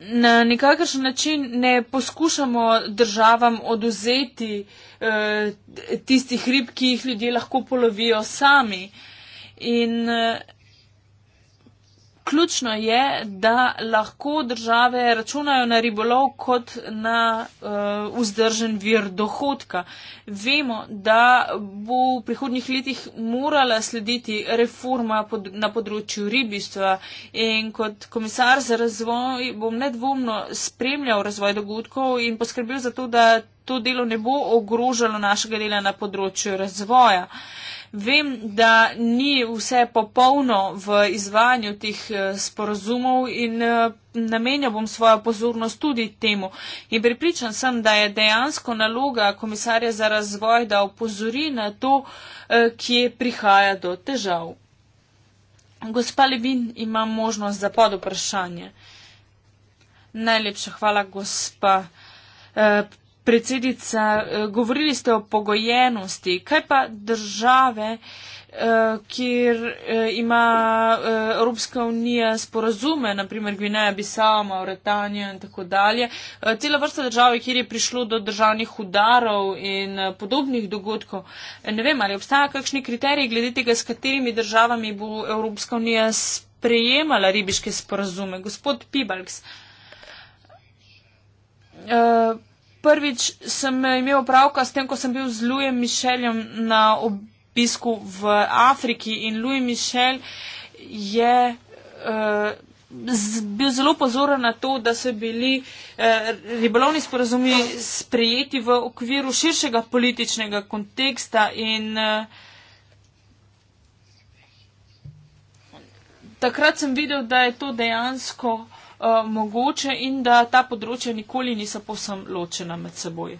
na nikakršen način ne poskušamo državam oduzeti eh, tistih rib, ki jih ljudje lahko polovijo sami. In eh, ključno je, da lahko države računajo na ribolov kot na uh, vzdržen vir dohodka. Vemo, da bo v prihodnjih letih morala slediti reforma pod, na področju ribištva in kot komisar za razvoj bom nedvomno spremljal razvoj dogodkov in poskrbel za to, da to delo ne bo ogrožalo našega dela na področju razvoja. Uh, Vem, da ni vse popolno v izvajanju teh eh, sporozumov in eh, namenjal bom svojo pozornost tudi temu. In pripričan sem, da je dejansko naloga komisarja za razvoj, da opozori na to, eh, kje prihaja do težav. Gospa Levin ima možnost za pod vprašanje. Najlepša hvala, gospa predsednica, eh, govorili ste o pogojenosti. Kaj pa države, eh, kjer eh, ima Evropska unija sporazume, naprimer Gvineja, Bissau, Mauretanija in tako dalje, cela vrsta držav, kjer je prišlo do državnih udarov in podobnih dogodkov. Ne vem, ali obstaja kakšni kriteriji glede tega, s katerimi državami bo Evropska unija sprejemala ribiške sporazume. Gospod Pibalks. Uh, prvič sem imel pravka s tem, ko sem bil z Louisom Mišeljem na obisku v Afriki in Louis Mišel je. Uh, Bil zelo pozoren na to, da so bili eh, ribolovni sporazumi sprejeti v okviru širšega političnega konteksta in eh, takrat sem videl, da je to dejansko Eh, mogoče in da ta področja nikoli niso posem ločena med seboj.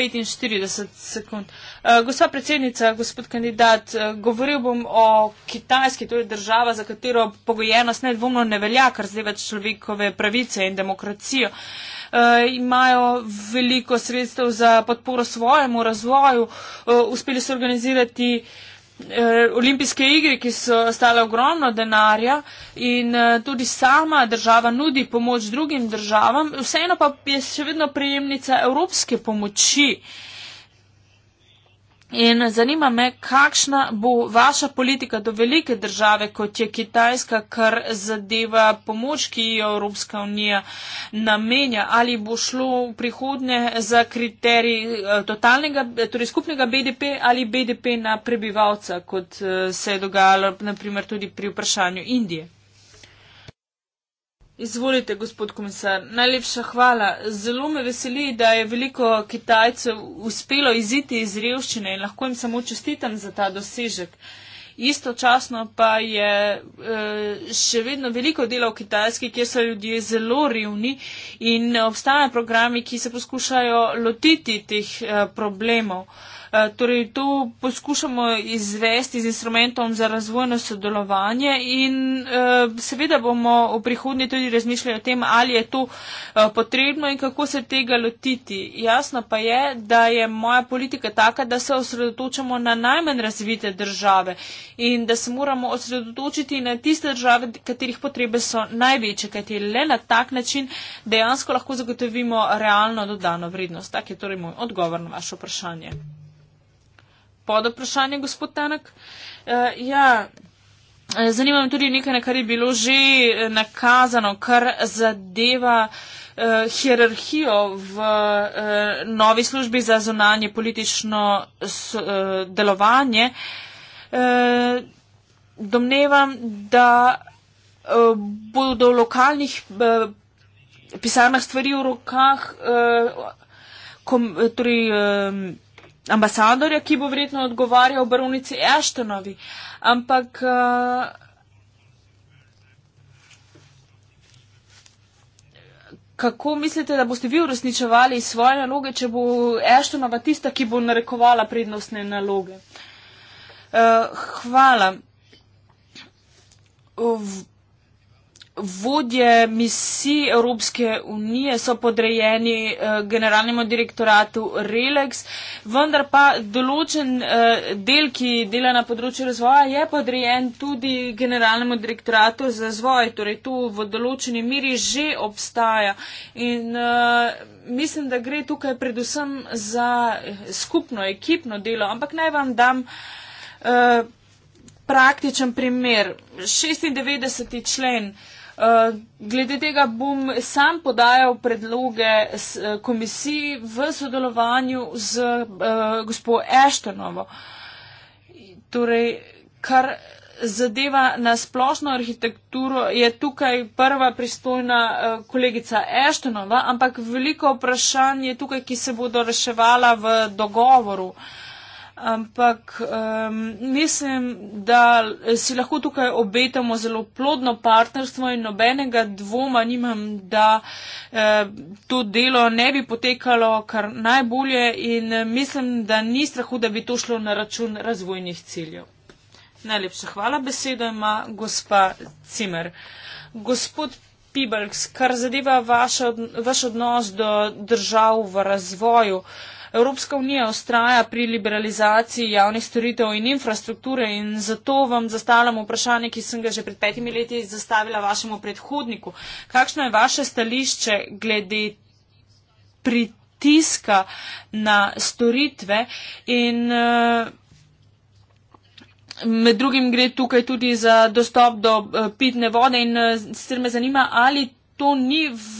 45 sekund. Eh, gospa predsednica, gospod kandidat, eh, govoril bom o Kitajski, to torej je država, za katero pogojenost nedvomno ne velja, kar zdaj človekove pravice in demokracijo. Imajo veliko sredstev za podporo svojemu razvoju, uspeli so organizirati Eh, olimpijske igre, ki so stale ogromno denarja in eh, tudi sama država nudi pomoč drugim državam, vseeno pa je še vedno prejemnica evropske pomoči. In zanima me, kakšna bo vaša politika do velike države, kot je Kitajska, kar zadeva pomoč, ki jo Evropska unija namenja. Ali bo šlo v prihodnje za kriterij eh, torej skupnega BDP ali BDP na prebivalca, kot eh, se je dogajalo naprimer tudi pri vprašanju Indije? Izvolite, gospod komisar. Najlepša hvala. Zelo me veseli, da je veliko Kitajcev uspelo iziti iz revščine in lahko jim samo čestitam za ta dosežek. Istočasno pa je eh, še vedno veliko dela v Kitajski, kjer so ljudje zelo revni in obstajajo programi, ki se poskušajo lotiti teh eh, problemov. Eh, torej, to poskušamo izvesti z instrumentom za razvojno sodelovanje in eh, seveda bomo v prihodnje tudi razmišljali o tem, ali je to eh, potrebno in kako se tega lotiti. Jasno pa je, da je moja politika taka, da se osredotočamo na najmanj razvite države in da se moramo osredotočiti na tiste države, katerih potrebe so največje, kajti le na tak način dejansko lahko zagotovimo realno dodano vrednost. Tak je torej moj odgovor na vaše vprašanje pod vprašanje, gospod Tanek. Uh, eh, ja, eh, zanima me tudi nekaj, na kar je bilo že eh, nakazano, kar zadeva uh, hierarhijo v uh, novi službi za zonanje politično s, uh, delovanje. Uh, domnevam, da uh, bodo v lokalnih uh, pisarnah stvari v rokah. Uh, Kom, torej, ambasadorja, ki bo vredno odgovarjal baronici Eštenovi. Ampak. Eh, kako mislite, da boste vi uresničevali svoje naloge, če bo Eštonova tista, ki bo narekovala prednostne naloge? Uh, hvala. V vodje misij Evropske unije so podrejeni eh, generalnemu direktoratu Relex, vendar pa določen eh, del, ki dela na področju razvoja, je podrejen tudi generalnemu direktoratu za razvoj. Torej, to v določeni miri že obstaja. In, eh, Mislim, da gre tukaj predvsem za eh, skupno, ekipno delo, ampak naj vam dam uh, praktičen primer. 96. člen uh, Eh, glede tega bom sam podajal predloge eh, komisiji v sodelovanju z eh, gospod Eštonovo. Torej, kar zadeva na splošno arhitekturo, je tukaj prva pristojna kolegica Eštonova, ampak veliko vprašanj je tukaj, ki se bodo reševala v dogovoru ampak um, mislim, da si lahko tukaj obetamo zelo plodno partnerstvo in nobenega dvoma nimam, da eh, to delo ne bi potekalo kar najbolje in eh, mislim, da ni strahu, da bi to šlo na račun razvojnih ciljev. Najlepša hvala, besedo ima gospa Cimer. Gospod Pibalks, kar zadeva vaš, od, vaš odnos do držav v razvoju. Eh, Evropska unija ostraja pri liberalizaciji javnih storitev in infrastrukture in zato vam zastavljam vprašanje, ki sem ga že pred petimi leti zastavila vašemu predhodniku. Kakšno je vaše stališče glede pritiska na storitve in eh, med drugim gre tukaj tudi za dostop do eh, pitne vode in eh, sicer me zanima, ali to ni v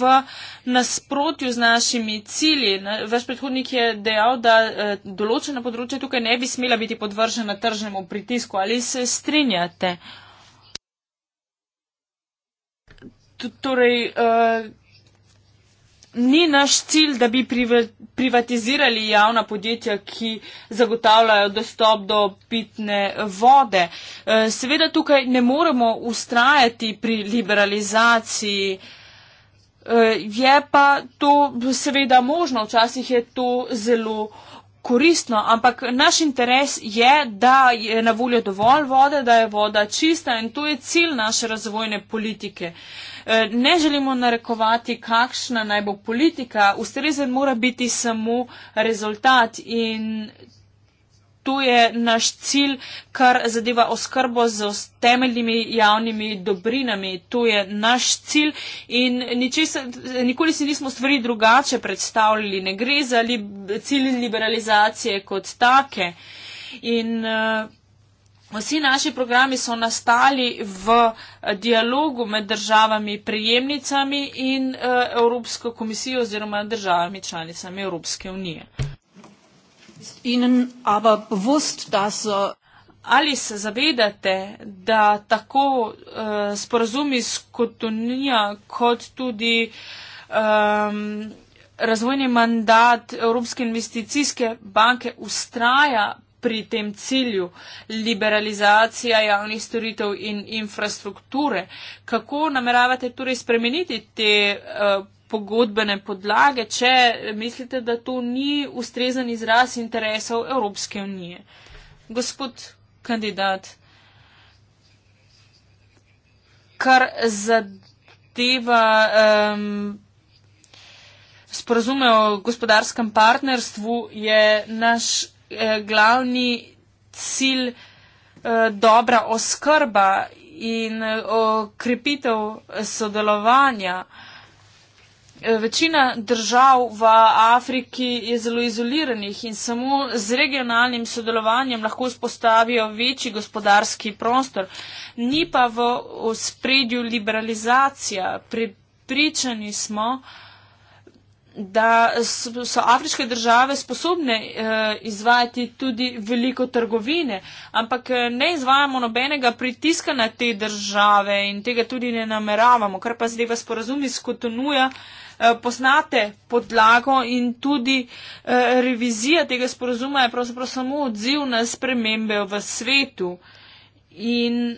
nasprotju z našimi cilji. Vaš predhodnik je dejal, da eh, določena področja tukaj ne bi smela biti podvržena tržnemu pritisku. Ali se strinjate? Torej, eh, ni naš cilj, da bi privatizirali javna podjetja, ki zagotavljajo dostop do pitne vode. Eh, seveda tukaj ne moremo ustrajati pri liberalizaciji. Eh, je pa to seveda možno, včasih je to zelo koristno, ampak naš interes je, da je na voljo dovolj vode, da je voda čista in to je cilj naše razvojne politike. Eh, ne želimo narekovati, kakšna naj bo politika, ustrezen mora biti samo rezultat in To je naš cilj, kar zadeva oskrbo z temeljnimi javnimi dobrinami. To je naš cilj in ničesa, nikoli si nismo stvari drugače predstavljali. Ne gre za li, cilj liberalizacije kot take. In, eh, Vsi naši programi so nastali v eh, dialogu med državami prijemnicami in eh, Evropsko komisijo oziroma državami članicami Evropske unije. Äh, Ali se zavedate, da tako uh, sporazumi s Kotonija kot tudi um, razvojni mandat Evropske investicijske banke ustraja pri tem cilju liberalizacija javnih storitev in infrastrukture? Kako nameravate torej spremeniti te uh, pogodbene podlage, če mislite, da to ni ustrezen izraz interesov Evropske unije. Gospod kandidat, kar zadeva um, sporazume o gospodarskem partnerstvu, je naš eh, glavni cilj eh, dobra oskrba in eh, okrepitev sodelovanja. Eh, Eh, večina držav v Afriki je zelo izoliranih in samo z regionalnim sodelovanjem lahko spostavijo večji gospodarski prostor. Ni pa v spredju liberalizacija. Pripričani smo, uh, da so afriške države sposobne eh, izvajati tudi veliko trgovine, ampak eh, ne izvajamo nobenega pritiska na te države in tega tudi ne nameravamo, kar pa zdaj v sporazumi s Kotonuja eh, poznate podlago in tudi revizija tega sporazuma je pravzaprav samo odziv na spremembe v svetu. In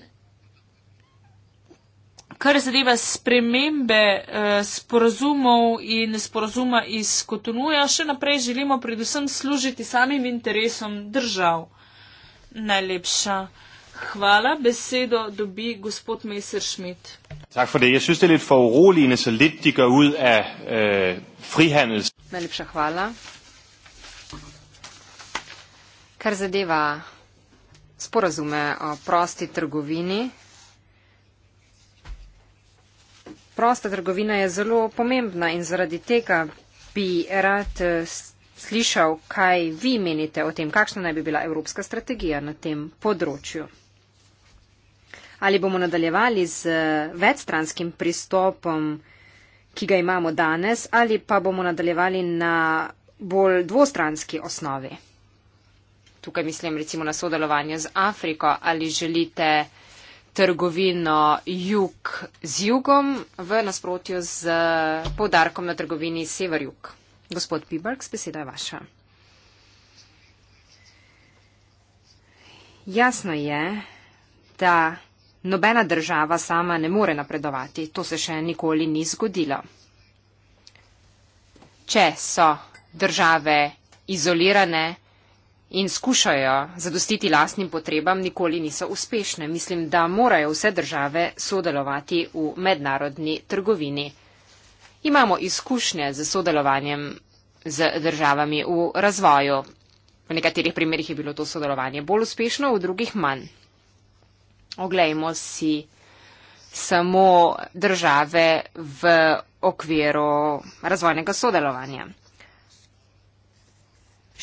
kar zadeva spremembe eh, sporozumov in sporozuma iz Kotonuja, še naprej želimo predvsem služiti samim interesom držav. Najlepša. Hvala, besedo dobi gospod Messer Schmidt. Tak for det. Jeg synes, det er lidt for uroligende, så lidt de gør ud af øh, frihandels. Najlepša hvala. Kar zadeva sporozume o prosti trgovini, Prosta trgovina je zelo pomembna in zaradi tega bi rad eh, slišal, kaj vi menite o tem, kakšna naj bi bila evropska strategija na tem področju. Ali bomo nadaljevali z eh, večstranskim pristopom, ki ga imamo danes, ali pa bomo nadaljevali na bolj dvostranski osnovi? Tukaj mislim recimo na sodelovanje z Afriko, ali želite trgovino jug z jugom v nasprotju z povdarkom na trgovini sever-jug. Gospod Piberg, beseda je vaša. Jasno je, da nobena država sama ne more napredovati. To se še nikoli ni zgodilo. Če so države izolirane, in skušajo zadostiti lastnim potrebam, nikoli niso uspešne. Mislim, da morajo vse države sodelovati v mednarodni trgovini. Imamo izkušnje z sodelovanjem z državami v razvoju. V nekaterih primerjih je bilo to sodelovanje bolj uspešno, v drugih manj. Oglejmo si samo države v okviru razvojnega sodelovanja.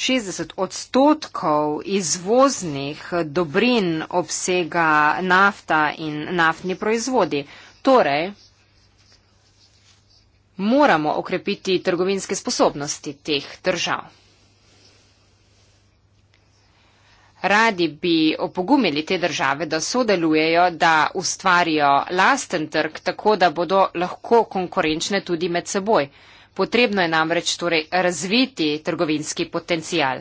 60 odstotkov izvoznih dobrin obsega nafta in naftni proizvodi. Torej, moramo okrepiti trgovinske sposobnosti teh držav. Radi bi opogumili te države, da sodelujejo, da ustvarijo lasten trg, tako da bodo lahko konkurenčne tudi med seboj. Potrebno je namreč torej razviti trgovinski potencial.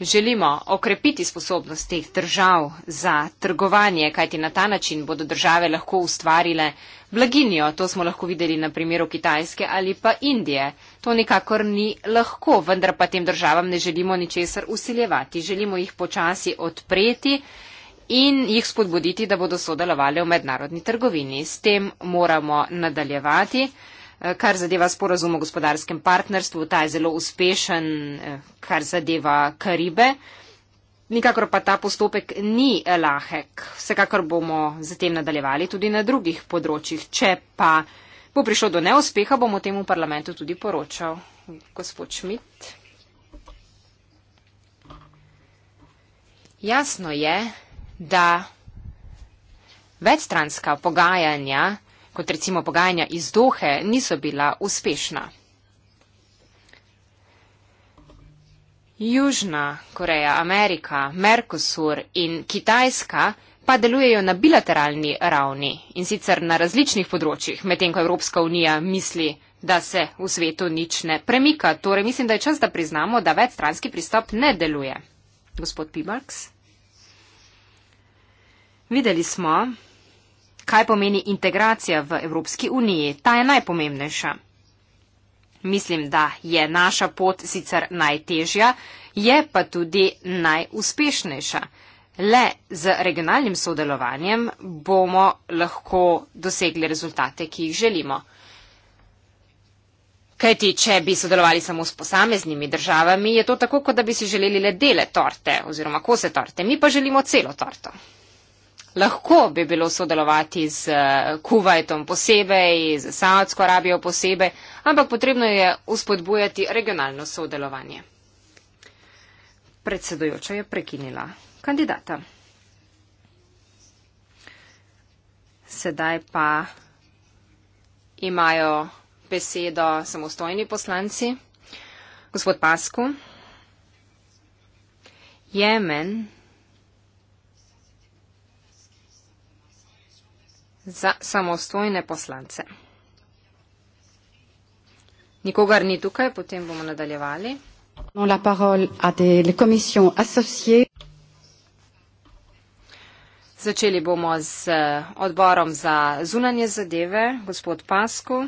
Želimo okrepiti sposobnosti držav za trgovanje, kajti na ta način bodo države lahko ustvarile blaginjo. To smo lahko videli na primeru Kitajske ali pa Indije. To nikakor ni lahko, vendar pa tem državam ne želimo ničesar usiljevati. Želimo jih počasi odpreti in jih spodbuditi, da bodo sodelovali v mednarodni trgovini. S tem moramo nadaljevati. Eh, kar zadeva sporazum o gospodarskem partnerstvu, ta je zelo uspešen, eh, kar zadeva Karibe. Nikakor pa ta postopek ni lahek. Vsekakor bomo zatem nadaljevali tudi na drugih področjih. Če pa bo prišlo do neuspeha, bomo temu parlamentu tudi poročal. Gospod Šmit. Jasno je, da večstranska pogajanja, kot recimo pogajanja iz Dohe, niso bila uspešna. Južna Koreja, Amerika, Merkosur in Kitajska pa delujejo na bilateralni ravni in sicer na različnih področjih, medtem ko Evropska unija misli, da se v svetu nič ne premika. Torej mislim, da je čas, da priznamo, da večstranski pristop ne deluje. Gospod Pibarks. Videli smo, kaj pomeni integracija v Evropski uniji. Ta je najpomembnejša. Mislim, da je naša pot sicer najtežja, je pa tudi najuspešnejša. Le z regionalnim sodelovanjem bomo lahko dosegli rezultate, ki jih želimo. Kajti, če bi sodelovali samo s posameznimi državami, je to tako, kot da bi si želeli le dele torte oziroma kose torte. Mi pa želimo celo torto lahko bi bilo sodelovati z eh, Kuwaitom posebej, z Saudsko Arabijo posebej, ampak potrebno je uspodbujati regionalno sodelovanje. Predsedujoča je prekinila kandidata. Sedaj pa imajo besedo samostojni poslanci. Gospod Pasku, Jemen za samostojne poslance. Nikogar ni tukaj, potem bomo nadaljevali. Začeli bomo z eh, odborom za zunanje zadeve, gospod Pasku.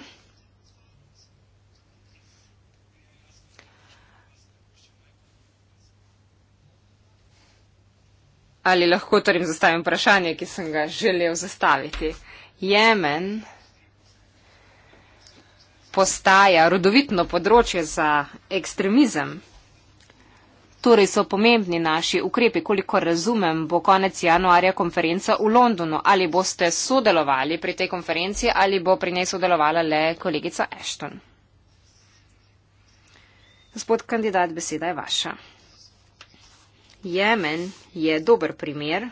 Ali lahko torej zastavim vprašanje, ki sem ga želel zastaviti? Jemen postaja rodovitno področje za ekstremizem. Torej so pomembni naši ukrepi, koliko razumem, bo konec januarja konferenca v Londonu. Ali boste sodelovali pri tej konferenci ali bo pri njej sodelovala le kolegica Ashton? Gospod kandidat, beseda je vaša. Jemen je dober primer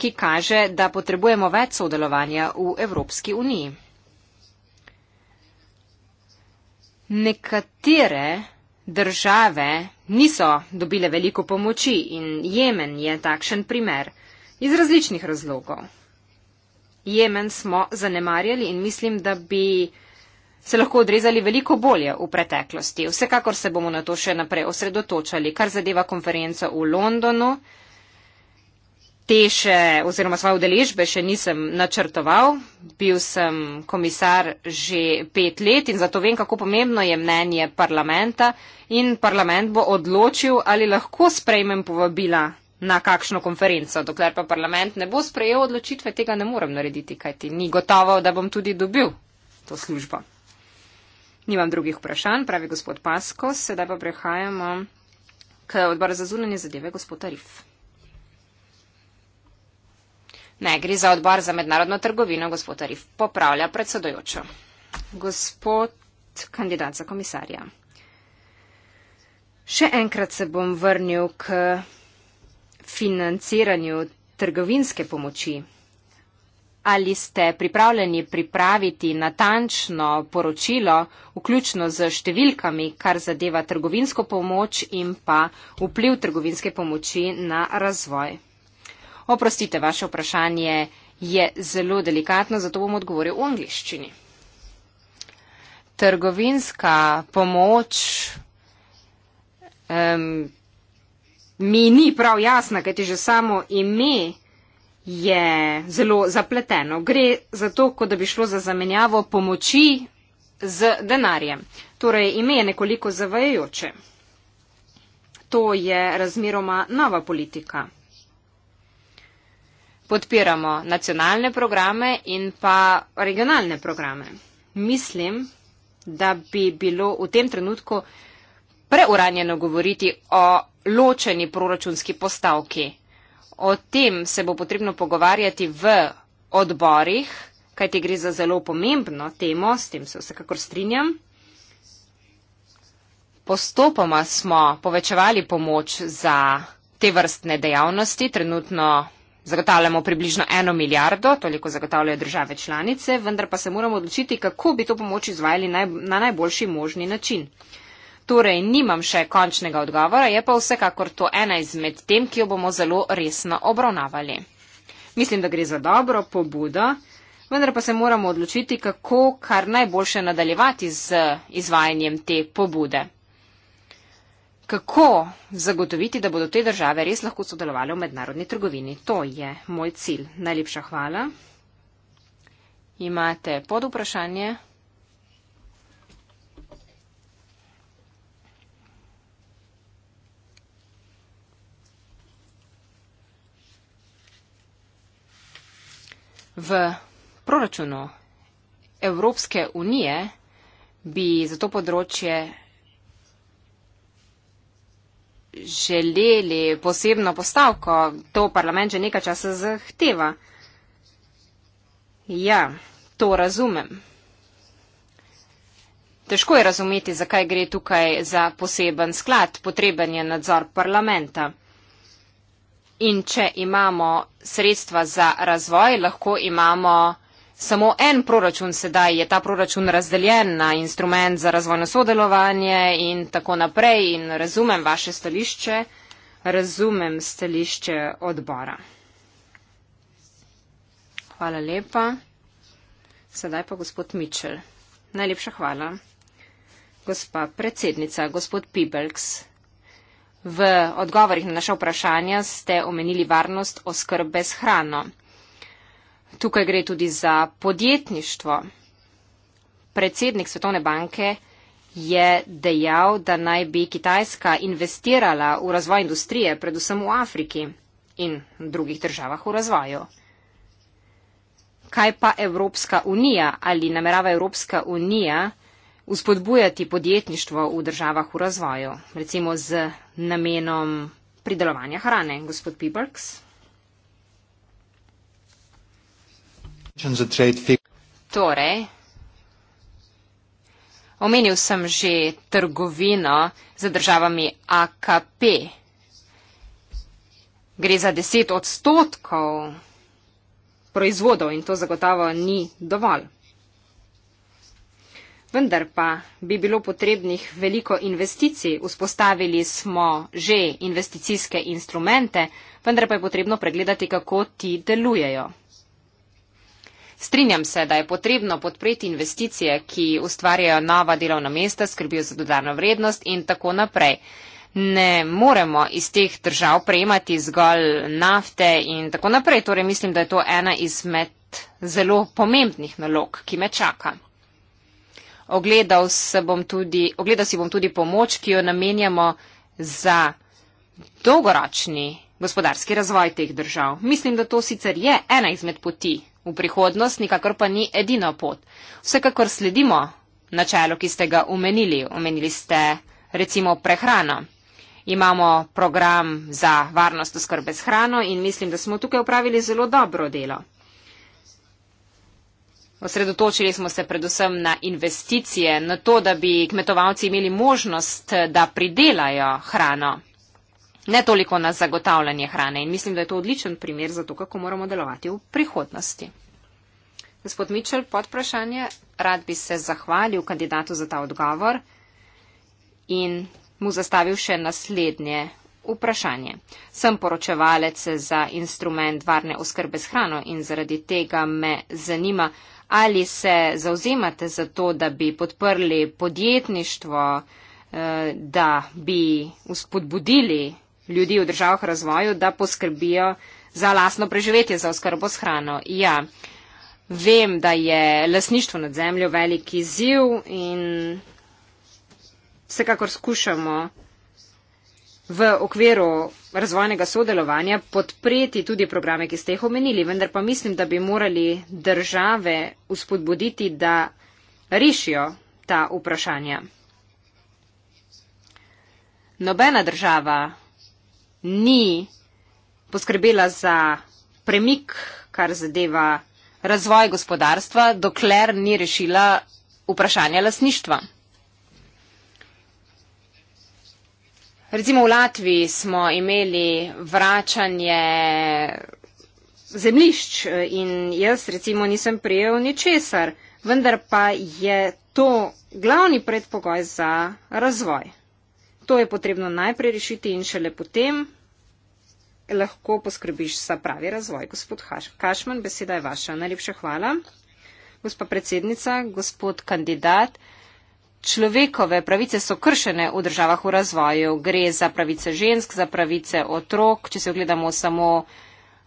ki kaže, da potrebujemo več sodelovanja v Evropski uniji. Nekatere države niso dobile veliko pomoči in Jemen je takšen primer iz različnih razlogov. Jemen smo zanemarjali in mislim, da bi se lahko odrezali veliko bolje v preteklosti. Vsekakor se bomo na to še naprej osredotočali, kar zadeva konferenco v Londonu te še oziroma svoje udeležbe še nisem načrtoval. Bil sem komisar že pet let in zato vem, kako pomembno je mnenje parlamenta in parlament bo odločil, ali lahko sprejmem povabila na kakšno konferenco. Dokler pa parlament ne bo sprejel odločitve, tega ne morem narediti, kajti ni gotovo, da bom tudi dobil to službo. Nimam drugih vprašanj, pravi gospod Pasko, sedaj pa prehajamo k odboru za zunanje zadeve, gospod Tarif. Ne, gre za odbor za mednarodno trgovino, gospod Arif, popravlja predsedojočo. Gospod kandidat za komisarja. Še enkrat se bom vrnil k financiranju trgovinske pomoči. Ali ste pripravljeni pripraviti natančno poročilo, vključno z številkami, kar zadeva trgovinsko pomoč in pa vpliv trgovinske pomoči na razvoj Oprostite, vaše vprašanje je zelo delikatno, zato bom odgovoril v angliščini. Trgovinska pomoč um, mi ni prav jasna, kajti že samo ime je zelo zapleteno. Gre za to, kot da bi šlo za zamenjavo pomoči z denarjem. Torej, ime je nekoliko zavajajoče. To je razmeroma nova politika podpiramo nacionalne programe in pa regionalne programe. Mislim, da bi bilo v tem trenutku preuranjeno govoriti o ločeni proračunski postavki. O tem se bo potrebno pogovarjati v odborih, kajti gre za zelo pomembno temo, s tem se vsekakor strinjam. Postopoma smo povečevali pomoč za te vrstne dejavnosti, trenutno Zagotavljamo približno eno milijardo, toliko zagotavljajo države članice, vendar pa se moramo odločiti, kako bi to pomoč izvajali naj, na najboljši možni način. Torej, nimam še končnega odgovora, je pa vsekakor to ena izmed tem, ki jo bomo zelo resno obravnavali. Mislim, da gre za dobro pobudo, vendar pa se moramo odločiti, kako kar najboljše nadaljevati z izvajanjem te pobude kako zagotoviti, da bodo te države res lahko sodelovali v mednarodni trgovini. To je moj cilj. Najlepša hvala. Imate pod vprašanje? V proračunu Evropske unije bi za to področje želeli posebno postavko. To parlament že nekaj časa zahteva. Ja, to razumem. Težko je razumeti, zakaj gre tukaj za poseben sklad, potreben je nadzor parlamenta. In če imamo sredstva za razvoj, lahko imamo samo en proračun sedaj, je ta proračun razdeljen na instrument za razvojno sodelovanje in tako naprej in razumem vaše stališče, razumem stališče odbora. Hvala lepa. Sedaj pa gospod Mičel. Najlepša hvala. Gospa predsednica, gospod Pibelks, v odgovorih na naše vprašanja ste omenili varnost oskrbe s hrano. Tukaj gre tudi za podjetništvo. Predsednik Svetovne banke je dejal, da naj bi Kitajska investirala v razvoj industrije, predvsem v Afriki in drugih državah v razvoju. Kaj pa Evropska unija ali namerava Evropska unija uspodbujati podjetništvo v državah v razvoju, recimo z namenom pridelovanja hrane, gospod Pibrks? Torej, omenil sem že trgovino za državami AKP. Gre za deset odstotkov proizvodov in to zagotovo ni dovolj. Vendar pa bi bilo potrebnih veliko investicij. Vzpostavili smo že investicijske instrumente, vendar pa je potrebno pregledati, kako ti delujejo. Strinjam se, da je potrebno podpreti investicije, ki ustvarjajo nova delovna mesta, skrbijo za dodano vrednost in tako naprej. Ne moremo iz teh držav prejemati zgolj nafte in tako naprej. Torej mislim, da je to ena izmed zelo pomembnih nalog, ki me čaka. Ogledal, tudi, ogledal si bom tudi pomoč, ki jo namenjamo za dolgoročni gospodarski razvoj teh držav. Mislim, da to sicer je ena izmed poti, V prihodnost nikakor pa ni edina pot. Vsekakor sledimo načelu, ki ste ga omenili. Omenili ste recimo prehrano. Imamo program za varnost oskrbe s hrano in mislim, da smo tukaj upravili zelo dobro delo. Osredotočili smo se predvsem na investicije, na to, da bi kmetovalci imeli možnost, da pridelajo hrano ne toliko na zagotavljanje hrane. In mislim, da je to odličen primer za to, kako moramo delovati v prihodnosti. Gospod Mičel, pod vprašanje, rad bi se zahvalil kandidatu za ta odgovor in mu zastavil še naslednje vprašanje. Sem poročevalec za instrument varne oskrbe s hrano in zaradi tega me zanima, ali se zauzemate za to, da bi podprli podjetništvo, eh, da bi uspodbudili ljudi v državah razvoju, da poskrbijo za lasno preživetje, za oskrbo s hrano. Ja, vem, da je lasništvo nad zemljo veliki ziv in vsekakor skušamo v okviru razvojnega sodelovanja podpreti tudi programe, ki ste jih omenili, vendar pa mislim, da bi morali države uspodbuditi, da rešijo ta vprašanja. Nobena država ni poskrbela za premik, kar zadeva razvoj gospodarstva, dokler ni rešila vprašanja lasništva. Recimo v Latviji smo imeli vračanje zemlišč eh, in jaz recimo nisem prijel ničesar, vendar pa je to glavni predpogoj za razvoj. To je potrebno najprej rešiti in šele potem lahko poskrbiš za pravi razvoj. Gospod Kašman, beseda je vaša. Najlepša hvala. Gospa predsednica, gospod kandidat. Človekove pravice so kršene v državah v razvoju. Gre za pravice žensk, za pravice otrok. Če se ogledamo samo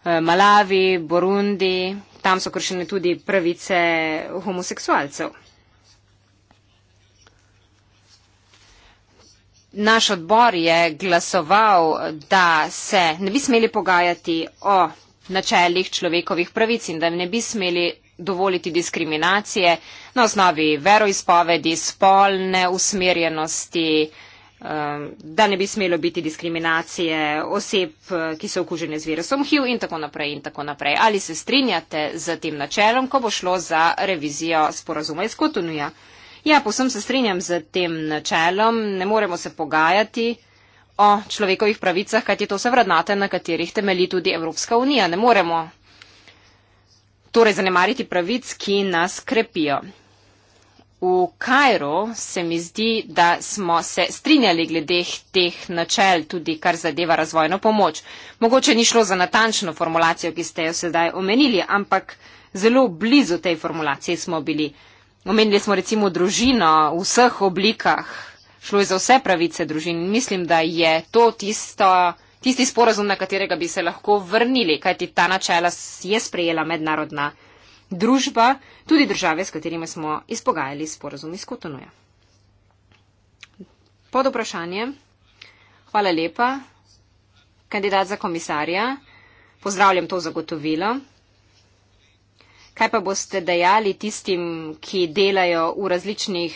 eh, Malavi, Burundi, tam so kršene tudi pravice homoseksualcev. Naš odbor je glasoval, da se ne bi smeli pogajati o načeljih človekovih pravic in da ne bi smeli dovoliti diskriminacije na osnovi veroizpovedi, spolne usmerjenosti, um, da ne bi smelo biti diskriminacije oseb, ki so okužene z virusom HIV in tako naprej in tako naprej. Ali se strinjate z tem načelom, ko bo šlo za revizijo sporazuma iz Kotonuja? Ja, posem se strinjam z tem načelom, ne moremo se pogajati o človekovih pravicah, kajti to so vrednote, na katerih temeli tudi Evropska unija. Ne moremo torej zanemariti pravic, ki nas krepijo. V Kajru se mi zdi, da smo se strinjali glede teh načel, tudi kar zadeva razvojno pomoč. Mogoče ni šlo za natančno formulacijo, ki ste jo sedaj omenili, ampak zelo blizu tej formulaciji smo bili. Omenili smo recimo družino v vseh oblikah, šlo je za vse pravice družin. Mislim, da je to tisto, tisti sporazum, na katerega bi se lahko vrnili, kajti ta načela je sprejela mednarodna družba, tudi države, s katerimi smo izpogajali sporazum iz Kotonuja. Pod vprašanje. Hvala lepa, kandidat za komisarja. Pozdravljam to zagotovilo. Kaj pa boste dejali tistim, ki delajo v različnih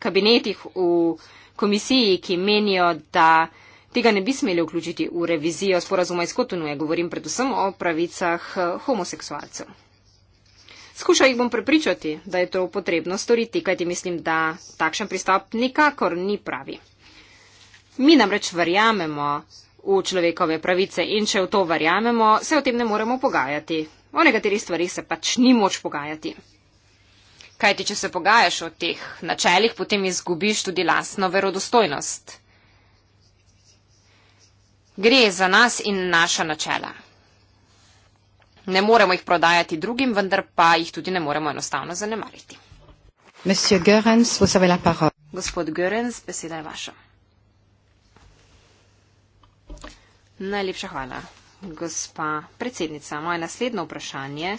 kabinetih v komisiji, ki menijo, da tega ne bi smeli vključiti v revizijo sporazuma iz Kotonuje? Govorim predvsem o pravicah eh, homoseksualcev. Skušal jih bom prepričati, da je to potrebno storiti, kajti mislim, da takšen pristop nikakor ni pravi. Mi namreč verjamemo v človekove pravice in če v to verjamemo, se o tem ne moremo pogajati. O nekaterih stvarih se pač ni moč pogajati. Kaj ti, če se pogajaš o teh načelih, potem izgubiš tudi lasno verodostojnost. Gre za nas in naša načela. Ne moremo jih prodajati drugim, vendar pa jih tudi ne moremo enostavno zanemariti. Görens, Gospod Görens, beseda je vaša. Najlepša hvala gospa predsednica. Moje naslednje vprašanje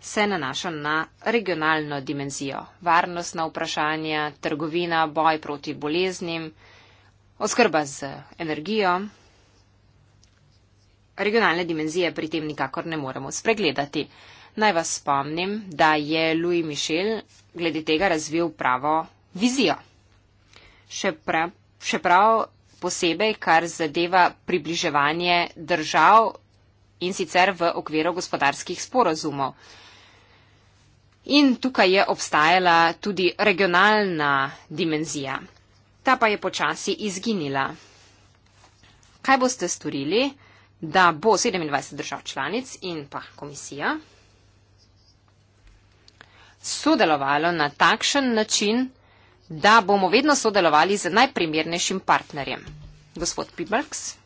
se nanaša na regionalno dimenzijo. Varnostna vprašanja, trgovina, boj proti boleznim, oskrba z energijo. Regionalne dimenzije pri tem nikakor ne moremo spregledati. Naj vas spomnim, da je Louis Michel glede tega razvil pravo vizijo. Še, pra, še prav posebej, kar zadeva približevanje držav in sicer v okviru gospodarskih sporozumov. In tukaj je obstajala tudi regionalna dimenzija. Ta pa je počasi izginila. Kaj boste storili, da bo 27 držav članic in pa komisija sodelovalo na takšen način, da bomo vedno sodelovali z najprimernejšim partnerjem. Gospod Pibrks.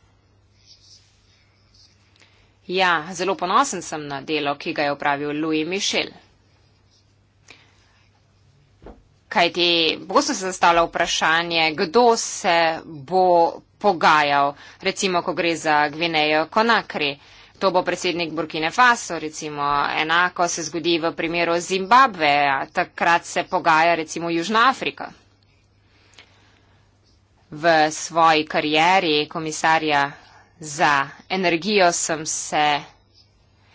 Ja, zelo ponosen sem na delo, ki ga je upravil Louis Michel. Kajti, pogosto se zastavlja vprašanje, kdo se bo pogajal, recimo, ko gre za Gvinejo Konakri. Uh, To bo predsednik Burkine Faso, recimo enako se zgodi v primeru Zimbabve, takrat se pogaja recimo Južna Afrika. V svoji karieri komisarja za energijo sem se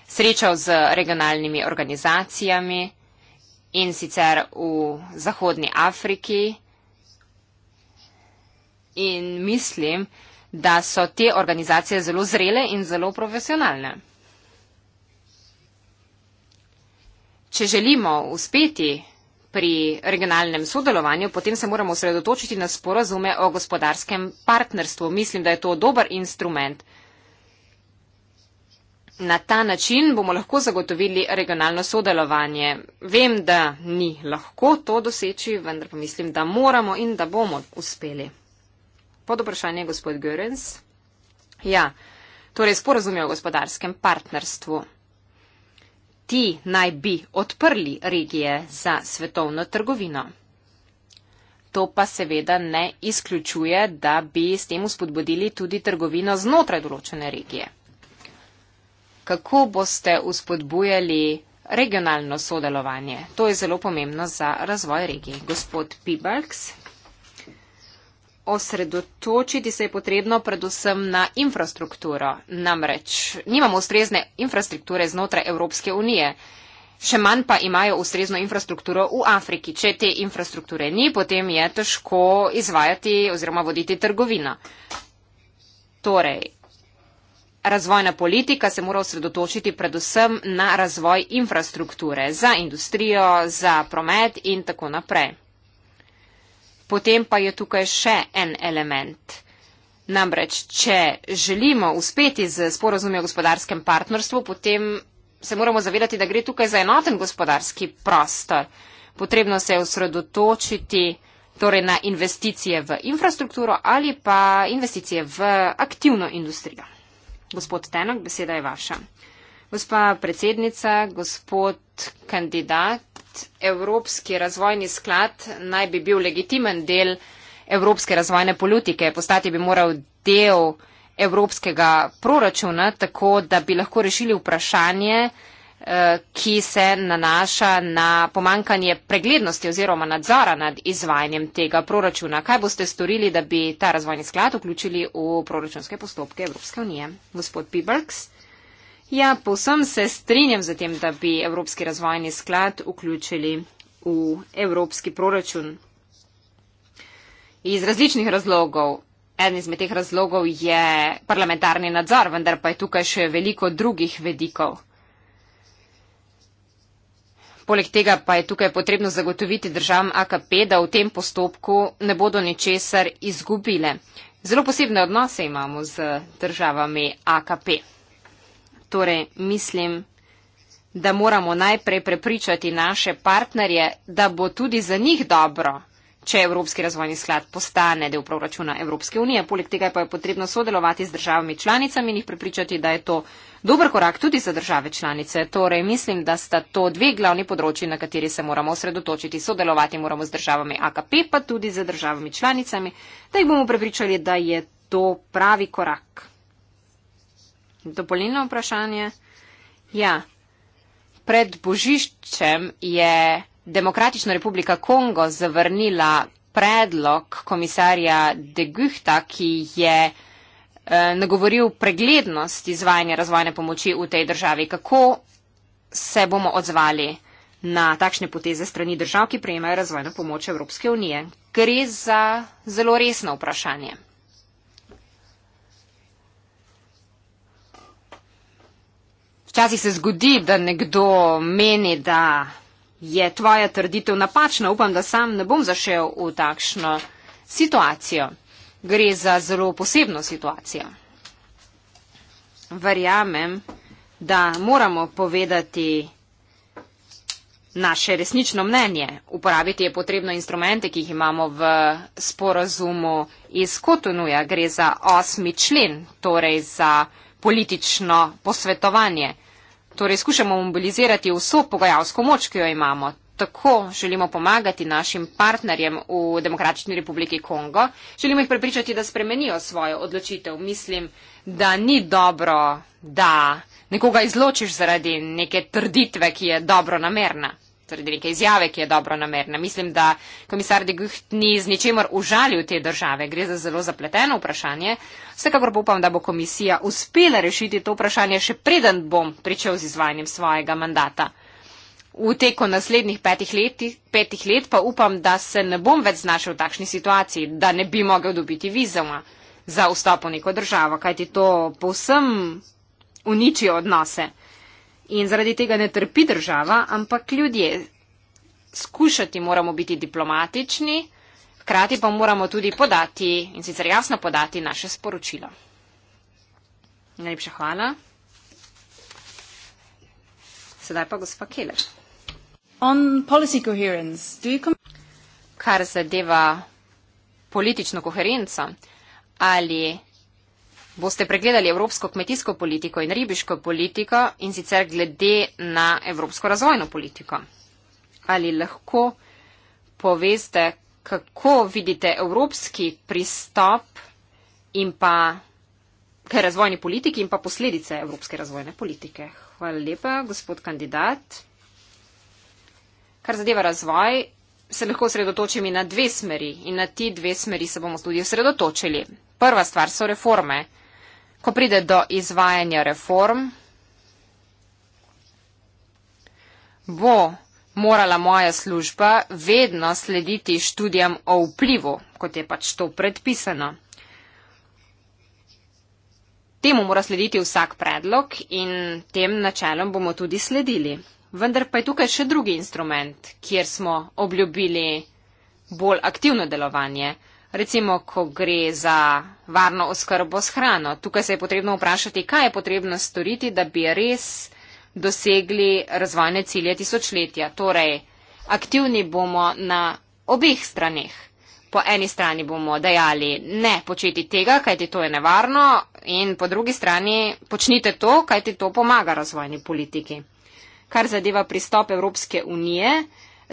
srečal z regionalnimi organizacijami in sicer v Zahodni Afriki in mislim, da so te organizacije zelo zrele in zelo profesionalne. Če želimo uspeti pri regionalnem sodelovanju, potem se moramo osredotočiti na sporazume o gospodarskem partnerstvu. Mislim, da je to dober instrument. Na ta način bomo lahko zagotovili regionalno sodelovanje. Vem, da ni lahko to doseči, vendar pa mislim, da moramo in da bomo uspeli. Pod vprašanje je gospod Görens. Ja, torej sporazum je o gospodarskem partnerstvu. Ti naj bi odprli regije za svetovno trgovino. To pa seveda ne izključuje, da bi s tem uspodbudili tudi trgovino znotraj določene regije. Kako boste uspodbujali regionalno sodelovanje? To je zelo pomembno za razvoj regij. Gospod Pibalks, osredotočiti se je potrebno predvsem na infrastrukturo. Namreč nimamo ustrezne infrastrukture znotraj Evropske unije. Še manj pa imajo ustrezno infrastrukturo v Afriki. Če te infrastrukture ni, potem je težko izvajati oziroma voditi trgovina. Torej, razvojna politika se mora osredotočiti predvsem na razvoj infrastrukture za industrijo, za promet in tako naprej. Potem pa je tukaj še en element. Namreč, če želimo uspeti z sporozumijo o gospodarskem partnerstvu, potem se moramo zavedati, da gre tukaj za enoten gospodarski prostor. Potrebno se je osredotočiti torej na investicije v infrastrukturo ali pa investicije v aktivno industrijo. Gospod Tenok, beseda je vaša. Gospa predsednica, gospod kandidat, Evropski razvojni sklad naj bi bil legitimen del Evropske razvojne politike, postati bi moral del Evropskega proračuna, tako da bi lahko rešili vprašanje, eh, ki se nanaša na pomankanje preglednosti oziroma nadzora nad izvajanjem tega proračuna. Kaj boste storili, da bi ta razvojni sklad vključili v proračunske postopke Evropske unije? Gospod Pibrks. Ja, povsem se strinjam z tem, da bi Evropski razvojni sklad vključili v Evropski proračun. Iz različnih razlogov. Eden izmed teh razlogov je parlamentarni nadzor, vendar pa je tukaj še veliko drugih vedikov. Poleg tega pa je tukaj potrebno zagotoviti državam AKP, da v tem postopku ne bodo ničesar izgubile. Zelo posebne odnose imamo z državami AKP. Torej, mislim, da moramo najprej prepričati naše partnerje, da bo tudi za njih dobro, če Evropski razvojni sklad postane del proračuna Evropske unije. Poleg tega pa je potrebno sodelovati z državami članicami in jih prepričati, da je to dober korak tudi za države članice. Torej, mislim, da sta to dve glavni področji, na kateri se moramo osredotočiti. Sodelovati moramo z državami AKP, pa tudi z državami članicami, da jih bomo prepričali, da je to pravi korak dopolnilno vprašanje. Ja, pred božiščem je Demokratična republika Kongo zavrnila predlog komisarja De Guhta, ki je eh, nagovoril preglednost izvajanja razvojne pomoči v tej državi. Kako se bomo odzvali na takšne poteze strani držav, ki prejemajo razvojno pomoč Evropske unije? Gre za zelo resno vprašanje. Včasih se zgodi, da nekdo meni, da je tvoja trditev napačna. Upam, da sam ne bom zašel v takšno situacijo. Gre za zelo posebno situacijo. Verjamem, da moramo povedati naše resnično mnenje. Uporabiti je potrebno instrumente, ki jih imamo v sporazumu iz Kotonuja. Gre za osmi člen, torej za politično posvetovanje. Torej skušamo mobilizirati vso pogajalsko moč, ki jo imamo. Tako želimo pomagati našim partnerjem v Demokratični republiki Kongo. Želimo jih prepričati, da spremenijo svojo odločitev. Mislim, da ni dobro, da nekoga izločiš zaradi neke trditve, ki je dobro namerna torej neke izjave, ki je dobro namerna. Mislim, da komisar de Gucht ni z ničemer užalil te države. Gre za zelo zapleteno vprašanje. Vsekakor upam, da bo komisija uspela rešiti to vprašanje, še preden bom pričel z izvajanjem svojega mandata. V teku naslednjih petih, leti, petih let pa upam, da se ne bom več znašel v takšni situaciji, da ne bi mogel dobiti vizuma za vstop v neko državo, kajti to povsem uničijo odnose. In zaradi tega ne trpi država, ampak ljudje. Skušati moramo biti diplomatični, hkrati pa moramo tudi podati in sicer jasno podati naše sporočilo. Najlepša hvala. Sedaj pa gospa Keller. Kar zadeva politično koherenco, ali Boste pregledali evropsko kmetijsko politiko in ribiško politiko in sicer glede na evropsko razvojno politiko. Ali lahko poveste, kako vidite evropski pristop in pa k razvojni politiki in pa posledice evropske razvojne politike? Hvala lepa, gospod kandidat. Kar zadeva razvoj, se lahko osredotočim in na dve smeri in na ti dve smeri se bomo tudi osredotočili. Prva stvar so reforme ko pride do izvajanja reform, bo morala moja služba vedno slediti študijam o vplivu, kot je pač to predpisano. Temu mora slediti vsak predlog in tem načelom bomo tudi sledili. Vendar pa je tukaj še drugi instrument, kjer smo obljubili bolj aktivno delovanje recimo, ko gre za varno oskrbo s hrano. Tukaj se je potrebno vprašati, kaj je potrebno storiti, da bi res dosegli razvojne cilje tisočletja. Torej, aktivni bomo na obeh straneh. Po eni strani bomo dejali ne početi tega, kajti to je nevarno, in po drugi strani počnite to, kajti to pomaga razvojni politiki. Kar zadeva pristop Evropske unije,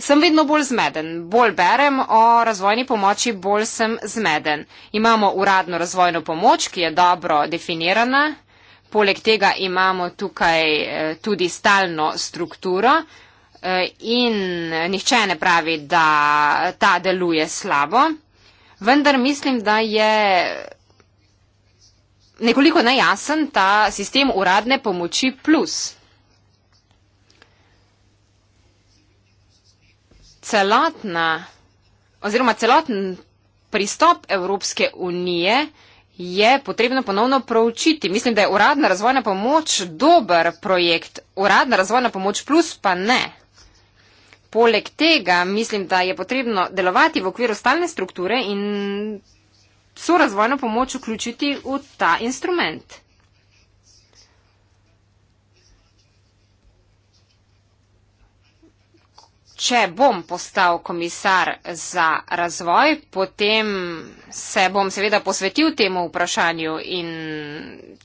Sem vedno bolj zmeden. Bolj berem o razvojni pomoči, bolj sem zmeden. Imamo uradno razvojno pomoč, ki je dobro definirana. Poleg tega imamo tukaj eh, tudi stalno strukturo eh, in nihče ne pravi, da ta deluje slabo. Vendar mislim, da je nekoliko najjasen ta sistem uradne pomoči plus. celotna oziroma celoten pristop Evropske unije je potrebno ponovno proučiti. Mislim, da je uradna razvojna pomoč dober projekt, uradna razvojna pomoč plus pa ne. Poleg tega mislim, da je potrebno delovati v okviru stalne strukture in so razvojno pomoč vključiti v ta instrument. če bom postal komisar za razvoj, potem se bom seveda posvetil temu vprašanju in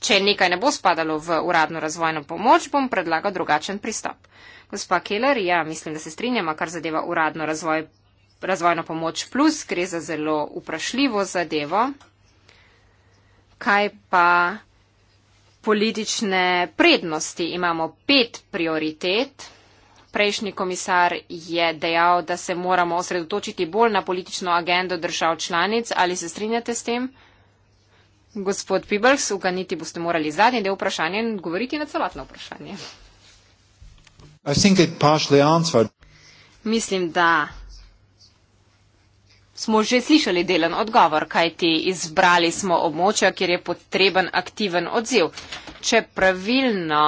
če nekaj ne bo spadalo v uradno razvojno pomoč, bom predlagal drugačen pristop. Gospa Keller, ja, mislim, da se strinjamo, kar zadeva uradno razvoj, razvojno pomoč plus, gre za zelo vprašljivo zadevo. Kaj pa politične prednosti? Imamo pet prioritet prejšnji komisar je dejal, da se moramo osredotočiti bolj na politično agendo držav članic. Ali se strinjate s tem? Gospod Pibels, uganiti boste morali zadnji del vprašanja in govoriti na celotno vprašanje. Mislim, da smo že slišali delen odgovor, kajti izbrali smo območja, kjer je potreben aktiven odziv. Če pravilno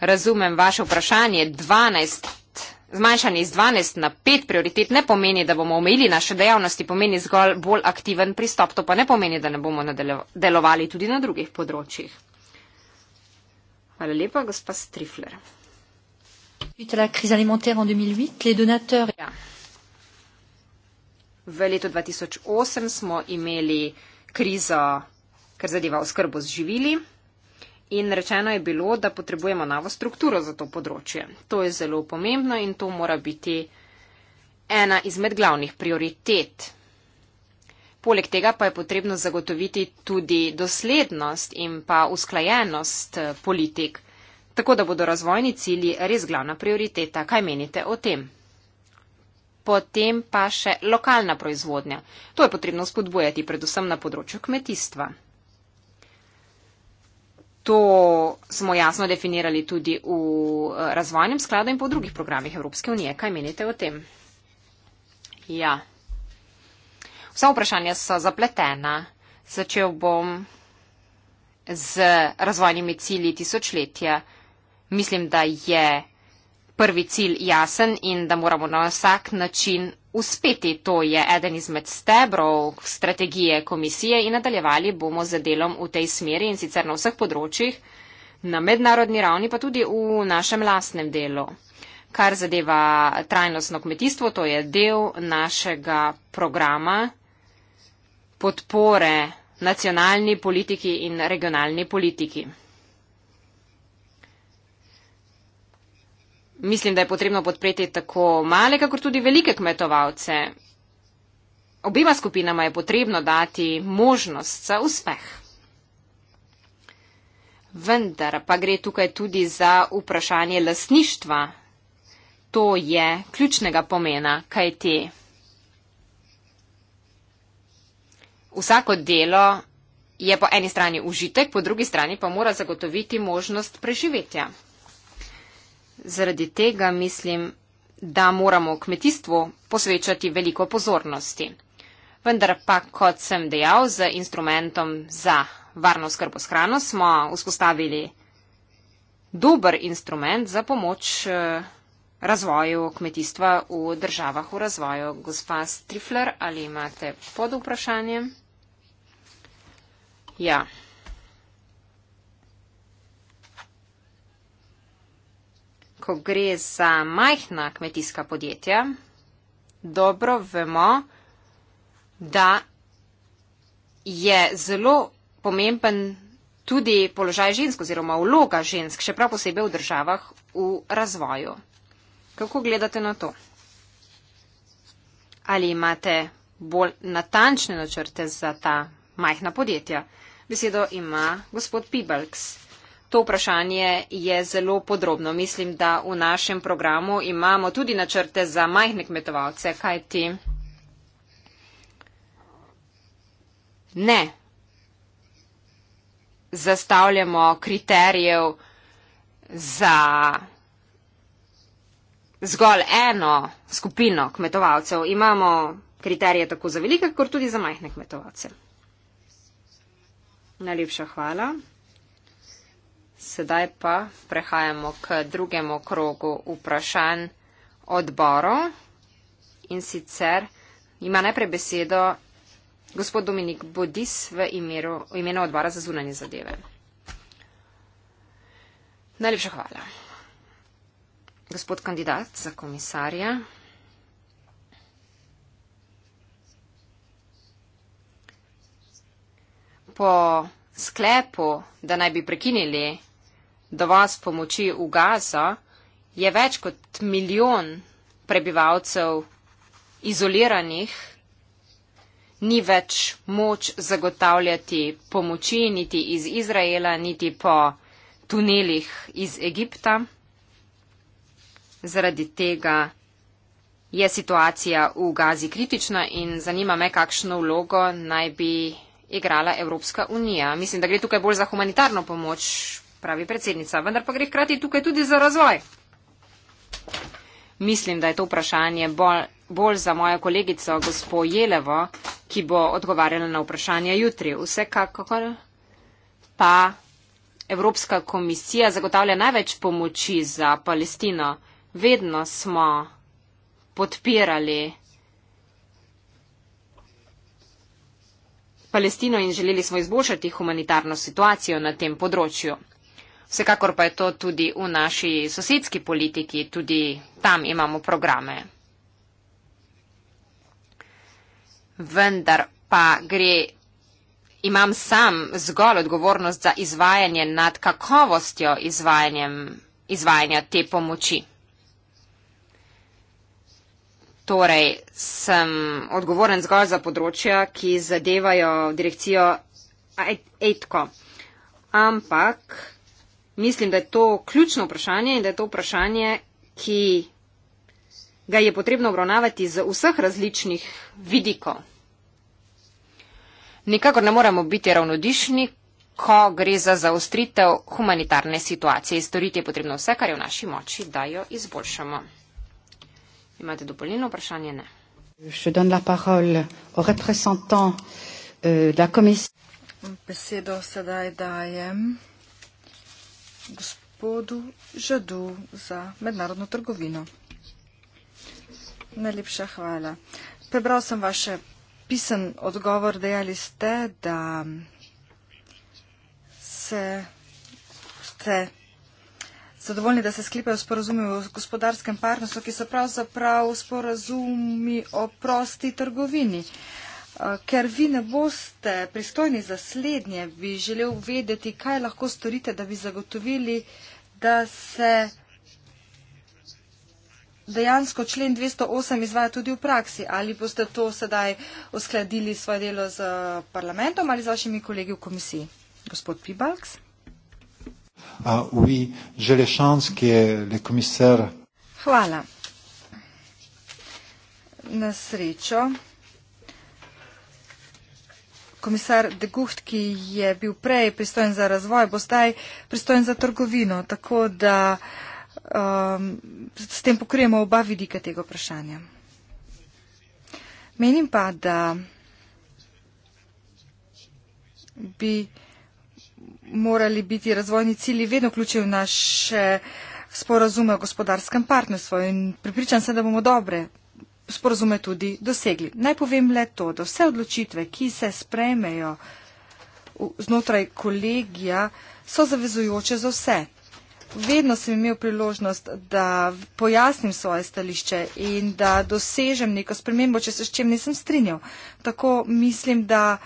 Razumem vaše vprašanje. 12. Zmanjšanje iz 12 na 5 prioritet ne pomeni, da bomo omejili naše dejavnosti, pomeni zgolj bolj aktiven pristop. To pa ne pomeni, da ne bomo delovali tudi na drugih področjih. Hvala lepa, gospa Strifler. Ja. V letu 2008 smo imeli krizo, kar zadeva oskrbo z živili. In rečeno je bilo, da potrebujemo novo strukturo za to področje. To je zelo pomembno in to mora biti ena izmed glavnih prioritet. Poleg tega pa je potrebno zagotoviti tudi doslednost in pa usklajenost eh, politik, tako da bodo razvojni cilji res glavna prioriteta. Kaj menite o tem? Potem pa še lokalna proizvodnja. To je potrebno spodbujati predvsem na področju kmetijstva. To smo jasno definirali tudi v eh, razvojnem skladu in po drugih programih Evropske unije. Kaj menite o tem? Ja. Vsa vprašanja so zapletena. Začel bom z razvojnimi cilji tisočletja. Mislim, da je prvi cilj jasen in da moramo na vsak način uspeti. To je eden izmed stebrov strategije komisije in nadaljevali bomo z delom v tej smeri in sicer na vseh področjih, na mednarodni ravni, pa tudi v našem lastnem delu. Kar zadeva trajnostno kmetijstvo, to je del našega programa podpore nacionalni politiki in regionalni politiki. mislim, da je potrebno podpreti tako male, kakor tudi velike kmetovalce. Obima skupinama je potrebno dati možnost za uspeh. Vendar pa gre tukaj tudi za vprašanje lasništva. To je ključnega pomena, kaj ti. Vsako delo je po eni strani užitek, po drugi strani pa mora zagotoviti možnost preživetja zaradi tega mislim, da moramo kmetijstvu posvečati veliko pozornosti. Vendar pa, kot sem dejal, z instrumentom za varno skrbo s hrano smo vzpostavili dober instrument za pomoč eh, razvoju kmetijstva v državah v razvoju. Gospa Strifler, ali imate pod vprašanjem? Ja. ko gre za majhna kmetijska podjetja, dobro vemo, da je zelo pomemben tudi položaj žensk oziroma vloga žensk, še prav posebej v državah v razvoju. Kako gledate na to? Ali imate bolj natančne načrte za ta majhna podjetja? Besedo ima gospod Pibalks to vprašanje je zelo podrobno. Mislim, da v našem programu imamo tudi načrte za majhne kmetovalce. Kaj ti? Ne. Zastavljamo kriterijev za zgolj eno skupino kmetovalcev. Imamo kriterije tako za velike, kot tudi za majhne kmetovalce. Najlepša hvala. Sedaj pa prehajamo k drugemu krogu vprašanj odborov. In sicer ima najprej besedo gospod Dominik Bodis v imenu, v imenu odbora za zunanje zadeve. Najlepša hvala. Gospod kandidat za komisarja. Po sklepu, da naj bi prekinili dovoz pomoči v Gaza, je več kot milijon prebivalcev izoliranih, ni več moč zagotavljati pomoči niti iz Izraela, niti po tunelih iz Egipta. Zaradi tega je situacija v Gazi kritična in zanima me, kakšno vlogo naj bi igrala Evropska unija. Mislim, da gre tukaj bolj za humanitarno pomoč, pravi predsednica, vendar pa gre hkrati tukaj tudi za razvoj. Mislim, da je to vprašanje bolj, bolj za mojo kolegico, gospo Jelevo, ki bo odgovarjala na vprašanje jutri. Vsekakor pa Evropska komisija zagotavlja največ pomoči za Palestino. Vedno smo podpirali Palestino in želeli smo izboljšati humanitarno situacijo na tem področju. Vsekakor pa je to tudi v naši sosedski politiki, tudi tam imamo programe. Vendar pa gre, imam sam zgolj odgovornost za izvajanje nad kakovostjo izvajanja te pomoči. Torej, sem odgovoren zgolj za področja, ki zadevajo direkcijo ETKO. Ampak Mislim, da je to ključno vprašanje in da je to vprašanje, ki ga je potrebno obravnavati z vseh različnih vidikov. Nikakor ne moramo biti ravnodišni, ko gre za zaostritev humanitarne situacije. Storiti je potrebno vse, kar je v naši moči, da jo izboljšamo. Imate dopolnjeno vprašanje? Ne. Euh, Besedo sedaj dajem gospodu Žadu za mednarodno trgovino. Najlepša hvala. Prebral sem vaše pisan odgovor, dejali ste, da se, ste zadovoljni, da se sklepajo sporazumi o gospodarskem partnerstvu, ki so pravzaprav sporazumi o prosti trgovini. Uh, Eh, ker vi ne boste pristojni za slednje, bi želel vedeti, kaj lahko storite, da bi zagotovili, da se dejansko člen 208 izvaja tudi v praksi. Ali boste to sedaj uskladili svoje delo z eh, parlamentom ali z vašimi kolegi v komisiji? Gospod Pibalks. Ah, Hvala. Na srečo komisar De Gucht, ki je bil prej pristojen za razvoj, bo zdaj pristojen za trgovino, tako da um, s tem pokrijemo oba vidika tega vprašanja. Menim pa, da bi morali biti razvojni cilji vedno vključeni v naše sporazume o gospodarskem partnerstvu in pripričan sem, da bomo dobre sporozume tudi dosegli. Naj povem le to, da vse odločitve, ki se sprejmejo znotraj kolegija, so zavezujoče za vse. Vedno sem imel priložnost, da pojasnim svoje stališče in da dosežem neko spremembo, če se s čem nisem strinjal. Tako mislim, da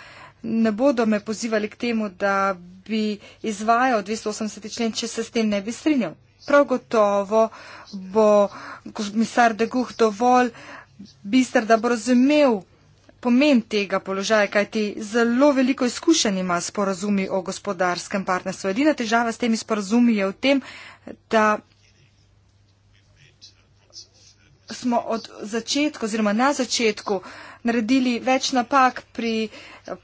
ne bodo me pozivali k temu, da bi izvajal 280. člen, če se s tem ne bi strinjal. Prav gotovo bo komisar Deguh dovolj uh, bistr, da bo razumel pomen tega položaja, kajti zelo veliko izkušenj ima s porazumi o gospodarskem partnerstvu. Edina težava s temi sporazumi je v tem, da smo od začetka oziroma na začetku naredili več napak pri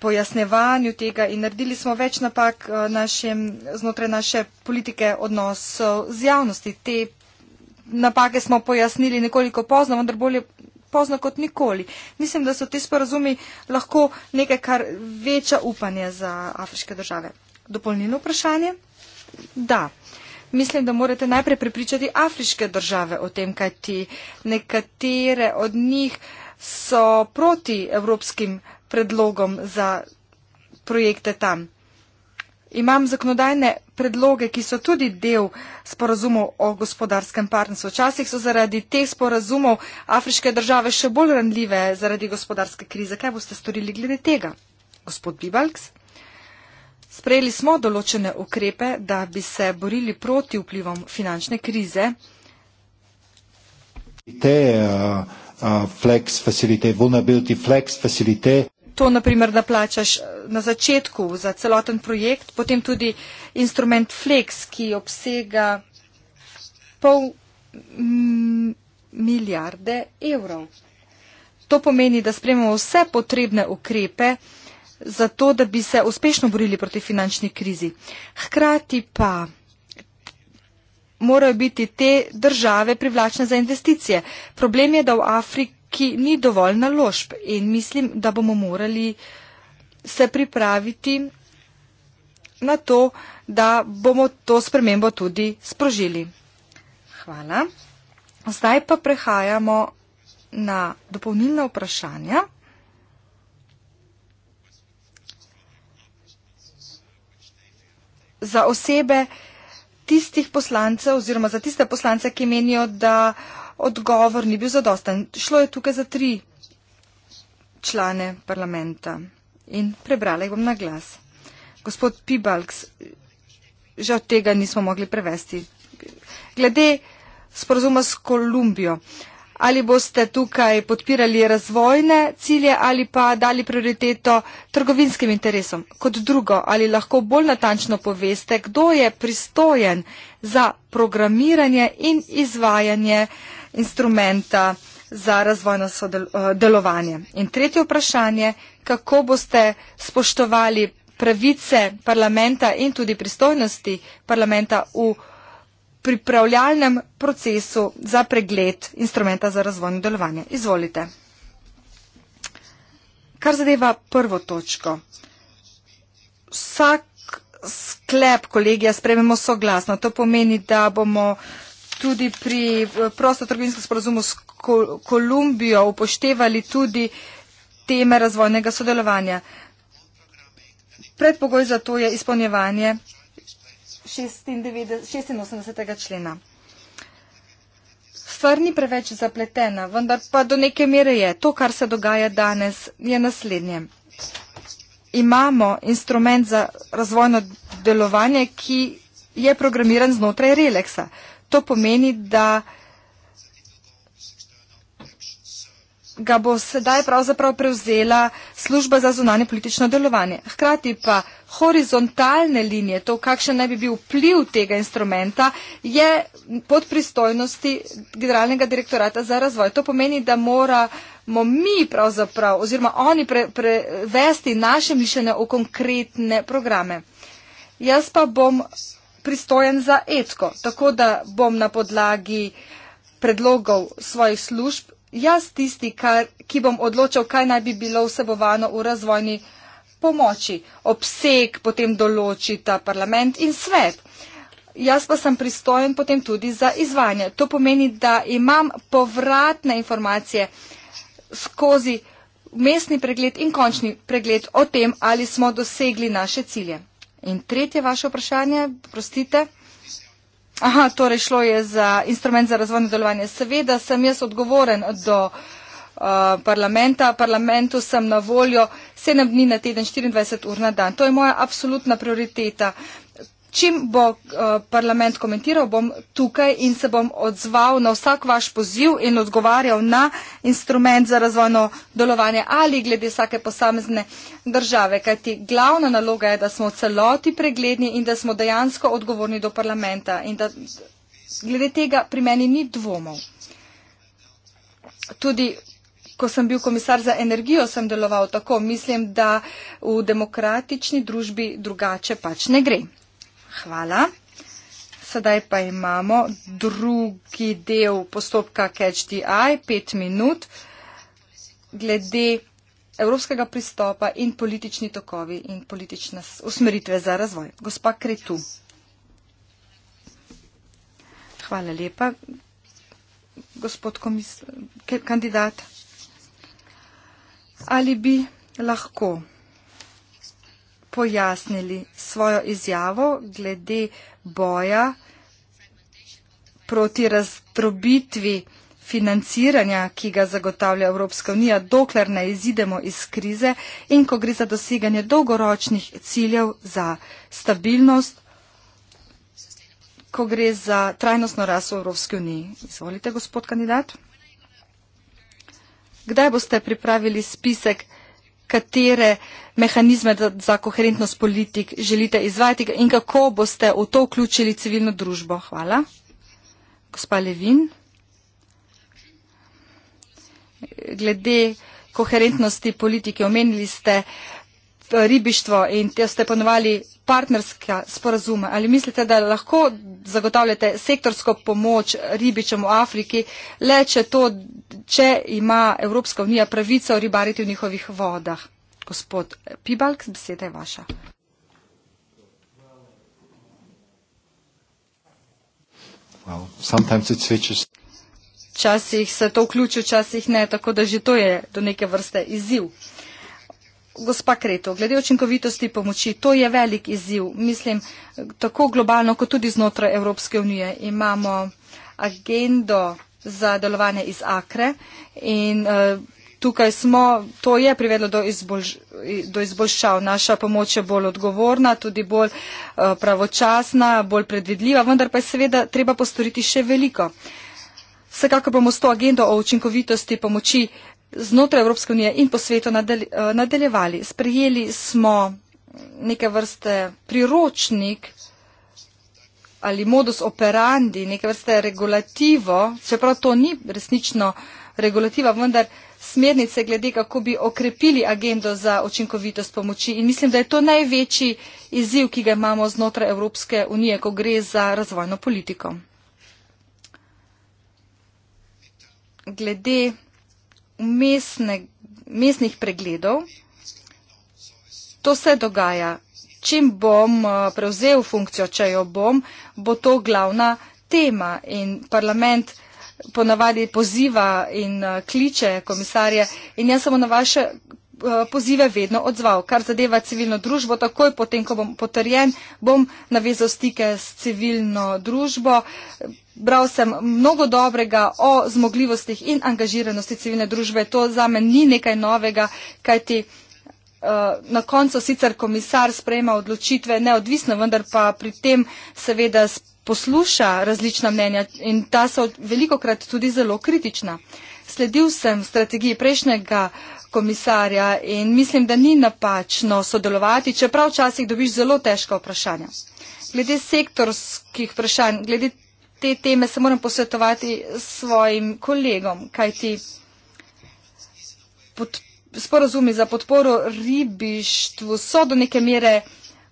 pojasnevanju tega in naredili smo več napak eh, našem, znotraj naše politike odnosov z javnosti. Te napake smo pojasnili nekoliko pozno, vendar bolje pozno kot nikoli. Mislim, da so ti sporazumi lahko nekaj, kar veča upanje za afriške države. Dopolnilno vprašanje? Da. Mislim, da morate najprej prepričati afriške države o tem, kaj ti nekatere od njih so proti evropskim predlogom za projekte tam imam zakonodajne predloge, ki so tudi del sporazumov o gospodarskem partnerstvu. Včasih so zaradi teh sporazumov afriške države še bolj ranljive zaradi gospodarske krize. Kaj boste storili glede tega, gospod Bibalks? Sprejeli smo določene ukrepe, da bi se borili proti vplivom finančne krize. Te, uh, uh, flex facilite, to, naprimer, da plačaš eh, na začetku za celoten projekt, potem tudi instrument Flex, ki obsega pol mm, milijarde evrov. To pomeni, da spremamo vse potrebne ukrepe za to, da bi se uspešno borili proti finančni krizi. Hkrati pa morajo biti te države privlačne za investicije. Problem je, da v Afriki ki ni dovolj naložb in mislim, da bomo morali se pripraviti na to, da bomo to spremembo tudi sprožili. Hvala. Zdaj pa prehajamo na dopolnilna vprašanja. Za osebe tistih poslancev oziroma za tiste poslance, ki menijo, da odgovor ni bil zadosten. Šlo je tukaj za tri člane parlamenta in prebrala jih bom na glas. Gospod Pibalks, že od tega nismo mogli prevesti. Glede sporozuma s Kolumbijo, ali boste tukaj podpirali razvojne cilje ali pa dali prioriteto trgovinskim interesom? Kot drugo, ali lahko bolj natančno poveste, kdo je pristojen za programiranje in izvajanje uh, instrumenta za razvojno eh, delovanje. In tretje vprašanje, kako boste spoštovali pravice parlamenta in tudi pristojnosti parlamenta v pripravljalnem procesu za pregled instrumenta za razvojno delovanje. Izvolite. Kar zadeva prvo točko. Vsak sklep kolegija sprememo soglasno. To pomeni, da bomo uh, tudi pri eh, prostotrgovinskem sporazumu s Kolumbijo upoštevali tudi teme razvojnega sodelovanja. Predpogoj za to je izpolnjevanje 86. člena. Stvar ni preveč zapletena, vendar pa do neke mere je. To, kar se dogaja danes, je naslednje. Imamo instrument za razvojno delovanje, ki je programiran znotraj Relexa. To pomeni, da ga bo sedaj pravzaprav prevzela služba za zunanje politično delovanje. Hkrati pa horizontalne linije, to kakšen naj bi bil vpliv tega instrumenta, je pod pristojnosti Generalnega direktorata za razvoj. To pomeni, da moramo mi pravzaprav oziroma oni prevesti pre, naše mišljenje v konkretne programe. Jaz pa bom pristojen za etko. Tako da bom na podlagi predlogov svojih služb jaz tisti, kar, ki bom odločal, kaj naj bi bilo vsebovano v razvojni pomoči. Obseg potem določita parlament in svet. Jaz pa sem pristojen potem tudi za izvanje. To pomeni, da imam povratne informacije skozi mestni pregled in končni pregled o tem, ali smo dosegli naše cilje. In tretje vaše vprašanje, prostite. Aha, torej šlo je za instrument za razvojno delovanje. Seveda sem jaz odgovoren do uh, parlamenta. Parlamentu sem na voljo 7 dni na teden, 24 ur na dan. To je moja absolutna prioriteta čim bo uh, parlament komentiral, bom tukaj in se bom odzval na vsak vaš poziv in odgovarjal na instrument za razvojno delovanje ali glede vsake posamezne države. Kajti glavna naloga je, da smo celoti pregledni in da smo dejansko odgovorni do parlamenta. In da glede tega pri meni ni dvomov. Tudi Ko sem bil komisar za energijo, sem deloval tako. Mislim, da v demokratični družbi drugače pač ne gre. Hvala. Sedaj pa imamo drugi del postopka Catch the Eye, pet minut, glede evropskega pristopa in politični tokovi in politične usmeritve za razvoj. Gospa Kretu. Hvala lepa, gospod komis kandidat. Ali bi lahko pojasnili svojo izjavo glede boja proti razdrobitvi financiranja, ki ga zagotavlja Evropska unija, dokler ne izidemo iz krize in ko gre za doseganje dolgoročnih ciljev za stabilnost, ko gre za trajnostno rast v Evropski uniji. Izvolite, gospod kandidat. Kdaj boste pripravili spisek katere mehanizme za koherentnost politik želite izvajati in kako boste v to vključili civilno družbo. Hvala. Gospa Levin. Glede koherentnosti politike omenili ste, uh, ribištvo in te ste ponovali partnerske sporazume. Ali mislite, da lahko zagotavljate sektorsko pomoč ribičem v Afriki, le če, to, če ima Evropska unija pravico ribariti v njihovih vodah? Gospod Pibalk, beseda je vaša. Včasih se to vključi, včasih ne, tako da že to je do neke vrste izziv. Gospa Kreto, glede očinkovitosti pomoči, to je velik izziv, mislim, tako globalno, kot tudi znotraj Evropske unije. Imamo agendo za delovanje iz Akre in uh, tukaj smo, to je privedlo do, izbolž, do izboljšav. Naša pomoč je bolj odgovorna, tudi bolj uh, pravočasna, bolj predvidljiva, vendar pa je seveda treba postoriti še veliko. Vsekakor bomo s to agendo o učinkovitosti pomoči znotraj Evropske unije in po svetu eh, nadaljevali. Sprejeli smo neke vrste priročnik ali modus operandi, neke vrste regulativo, čeprav to ni resnično regulativa, vendar smernice glede, kako bi okrepili agendo za učinkovitost pomoči. In mislim, da je to največji izziv, ki ga imamo znotraj Evropske unije, ko gre za razvojno politiko. Glede mestne, mestnih pregledov. To se dogaja. Čim bom eh, prevzel funkcijo, če jo bom, bo to glavna tema in parlament ponavadi poziva in eh, kliče komisarje in jaz samo na vaše eh, pozive vedno odzval. Kar zadeva civilno družbo, takoj potem, ko bom potrjen, bom navezal stike s civilno družbo, bral sem mnogo dobrega o zmogljivostih in angažiranosti civilne družbe. To za me ni nekaj novega, kaj ti eh, Na koncu sicer komisar sprejema odločitve neodvisno, vendar pa pri tem seveda posluša različna mnenja in ta so veliko krat tudi zelo kritična. Sledil sem strategiji prejšnjega komisarja in mislim, da ni napačno sodelovati, čeprav včasih dobiš zelo težka vprašanja. Glede sektorskih vprašanj, glede te teme se moram posvetovati svojim kolegom, kajti pod, sporozumi za podporo ribištvu so do neke mere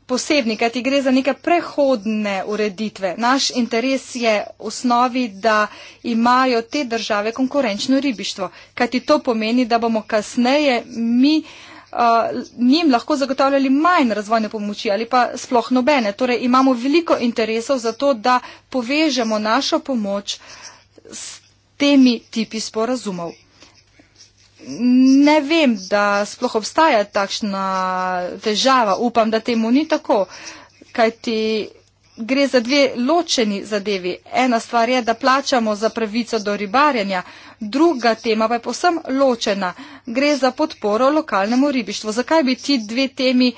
posebni, kajti gre za neke prehodne ureditve. Naš interes je v osnovi, da imajo te države konkurenčno ribištvo, kajti to pomeni, da bomo kasneje mi. Uh, uh, njim lahko zagotavljali manj razvojne pomoči ali pa sploh nobene. Torej imamo veliko interesov za to, da povežemo našo pomoč s temi tipi sporazumov. Ne vem, da sploh obstaja takšna težava. Upam, da temu ni tako, kajti gre za dve ločeni zadevi. Ena stvar je, da plačamo za pravico do ribarjenja, druga tema pa je posem ločena. Gre za podporo lokalnemu ribištvu. Zakaj bi ti dve temi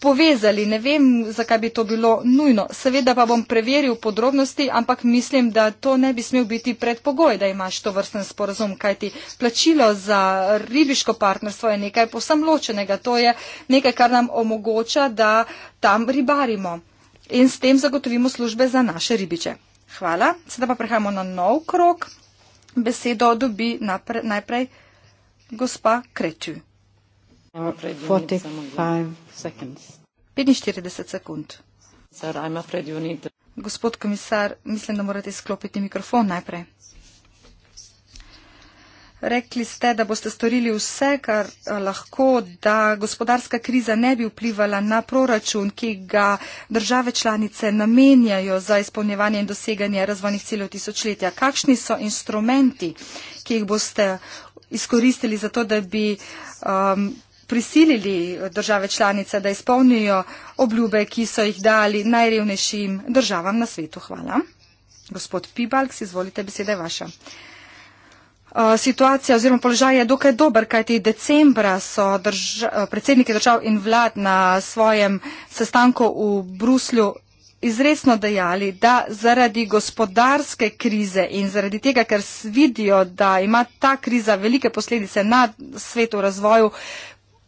povezali? Ne vem, zakaj bi to bilo nujno. Seveda pa bom preveril podrobnosti, ampak mislim, da to ne bi smel biti predpogoj, da imaš to vrsten sporozum, kajti plačilo za ribiško partnerstvo je nekaj posem ločenega. To je nekaj, kar nam omogoča, da tam ribarimo in s tem zagotovimo službe za naše ribiče. Hvala. Sedaj pa prehajamo na nov krok. Besedo dobi napre, najprej gospa Kretju. 45 sekund. Sir, gospod komisar, mislim, da morate izklopiti mikrofon najprej. Rekli ste, da boste storili vse, kar eh, lahko, da gospodarska kriza ne bi vplivala na proračun, ki ga države članice namenjajo za izpolnjevanje in doseganje razvojnih ciljev tisočletja. Kakšni so instrumenti, ki jih boste izkoristili za to, da bi um, prisilili države članice, da izpolnijo obljube, ki so jih dali najrevnejšim državam na svetu? Hvala. Gospod Pibalks, izvolite, beseda je vaša. Eh, situacija oziroma položaj je dokaj dober, kajti decembra so drž eh, predsedniki držav in vlad na svojem sestanku v Bruslju izredno dejali, da zaradi gospodarske krize in zaradi tega, ker vidijo, da ima ta kriza velike posledice na svetu razvoju,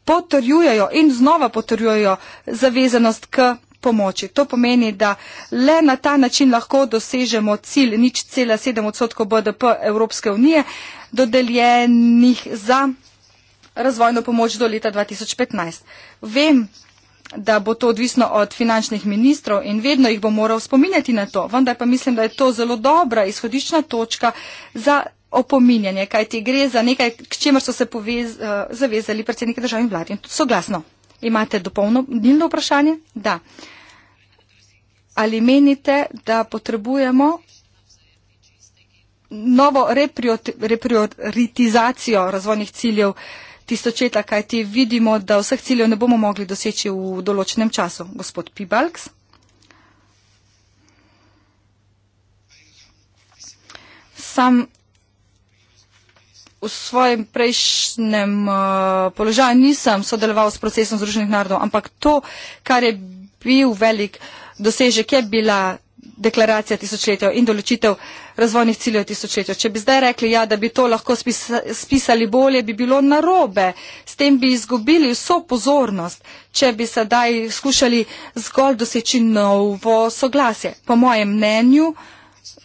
potrjujejo in znova potrjujejo zavezanost k pomoči. To pomeni, da le na ta način lahko dosežemo cilj nič cela sedem odstotkov BDP Evropske unije dodeljenih za razvojno pomoč do leta 2015. Vem, da bo to odvisno od finančnih ministrov in vedno jih bo moral spominjati na to, vendar pa mislim, da je to zelo dobra izhodiščna točka za opominjanje, kaj ti gre za nekaj, k čemer so se povez, uh, zavezali predsedniki državnih vlad in soglasno. Imate dopolnilno vprašanje? Da. Ali menite, da potrebujemo novo reprioritizacijo razvojnih ciljev tistočeta, kaj ti vidimo, da vseh ciljev ne bomo mogli doseči v določenem času? Gospod Pibalks? Sam v svojem prejšnjem eh, položaju nisem sodeloval s procesom Združenih narodov, ampak to, kar je bil velik dosežek, je bila deklaracija tisočletja in določitev razvojnih ciljev tisočletja. Če bi zdaj rekli, ja, da bi to lahko spisali bolje, bi bilo narobe. S tem bi izgubili vso pozornost, če bi sedaj skušali zgolj doseči novo soglasje. Po mojem mnenju, uh,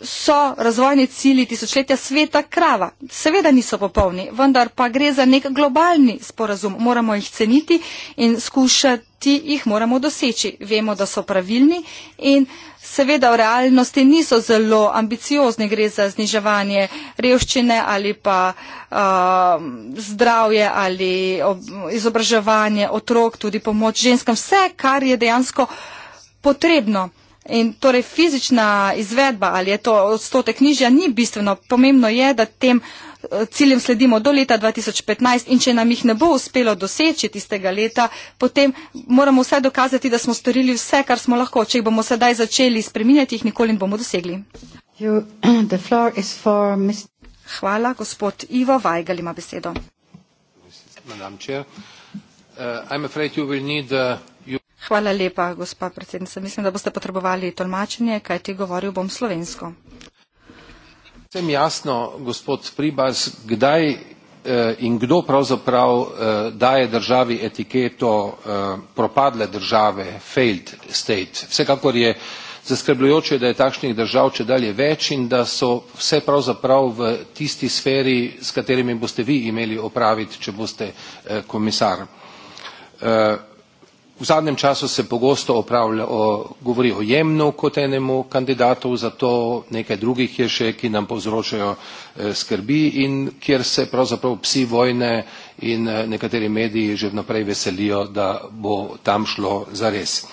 so razvojni cili tisočletja sveta krava. Seveda niso popolni, vendar pa gre za nek globalni sporazum. Moramo jih ceniti in skušati jih moramo doseči. Vemo, da so pravilni in seveda v realnosti niso zelo ambiciozni. Gre za zniževanje revščine ali pa uh, zdravje ali ob, izobraževanje otrok, tudi pomoč ženskam. Vse, kar je dejansko potrebno. In torej fizična izvedba, ali je to odstotek nižja, ni bistveno. Pomembno je, da tem eh, ciljem sledimo do leta 2015 in če nam jih ne bo uspelo doseči tistega leta, potem moramo vse dokazati, da smo storili vse, kar smo lahko. Če jih bomo sedaj začeli spreminjati, jih nikoli ne bomo dosegli. Hvala, gospod Ivo Vajgal ima besedo. Uh, Hvala lepa, gospa predsednica. Mislim, da boste potrebovali tolmačenje, kaj ti govoril bom slovensko. Vsem jasno, gospod Pribas, kdaj eh, in kdo pravzaprav eh, daje državi etiketo eh, propadle države, failed state. Vsekakor je zaskrbljujoče, da je takšnih držav če dalje več in da so vse pravzaprav v tisti sferi, s katerimi boste vi imeli opraviti, če boste komisar v zadnjem času se pogosto opravlja o, govori o jemnu kot enemu kandidatu za to, nekaj drugih je še, ki nam povzročajo eh, skrbi in kjer se pravzaprav psi vojne in eh, nekateri mediji že vnaprej veselijo, da bo tam šlo za res.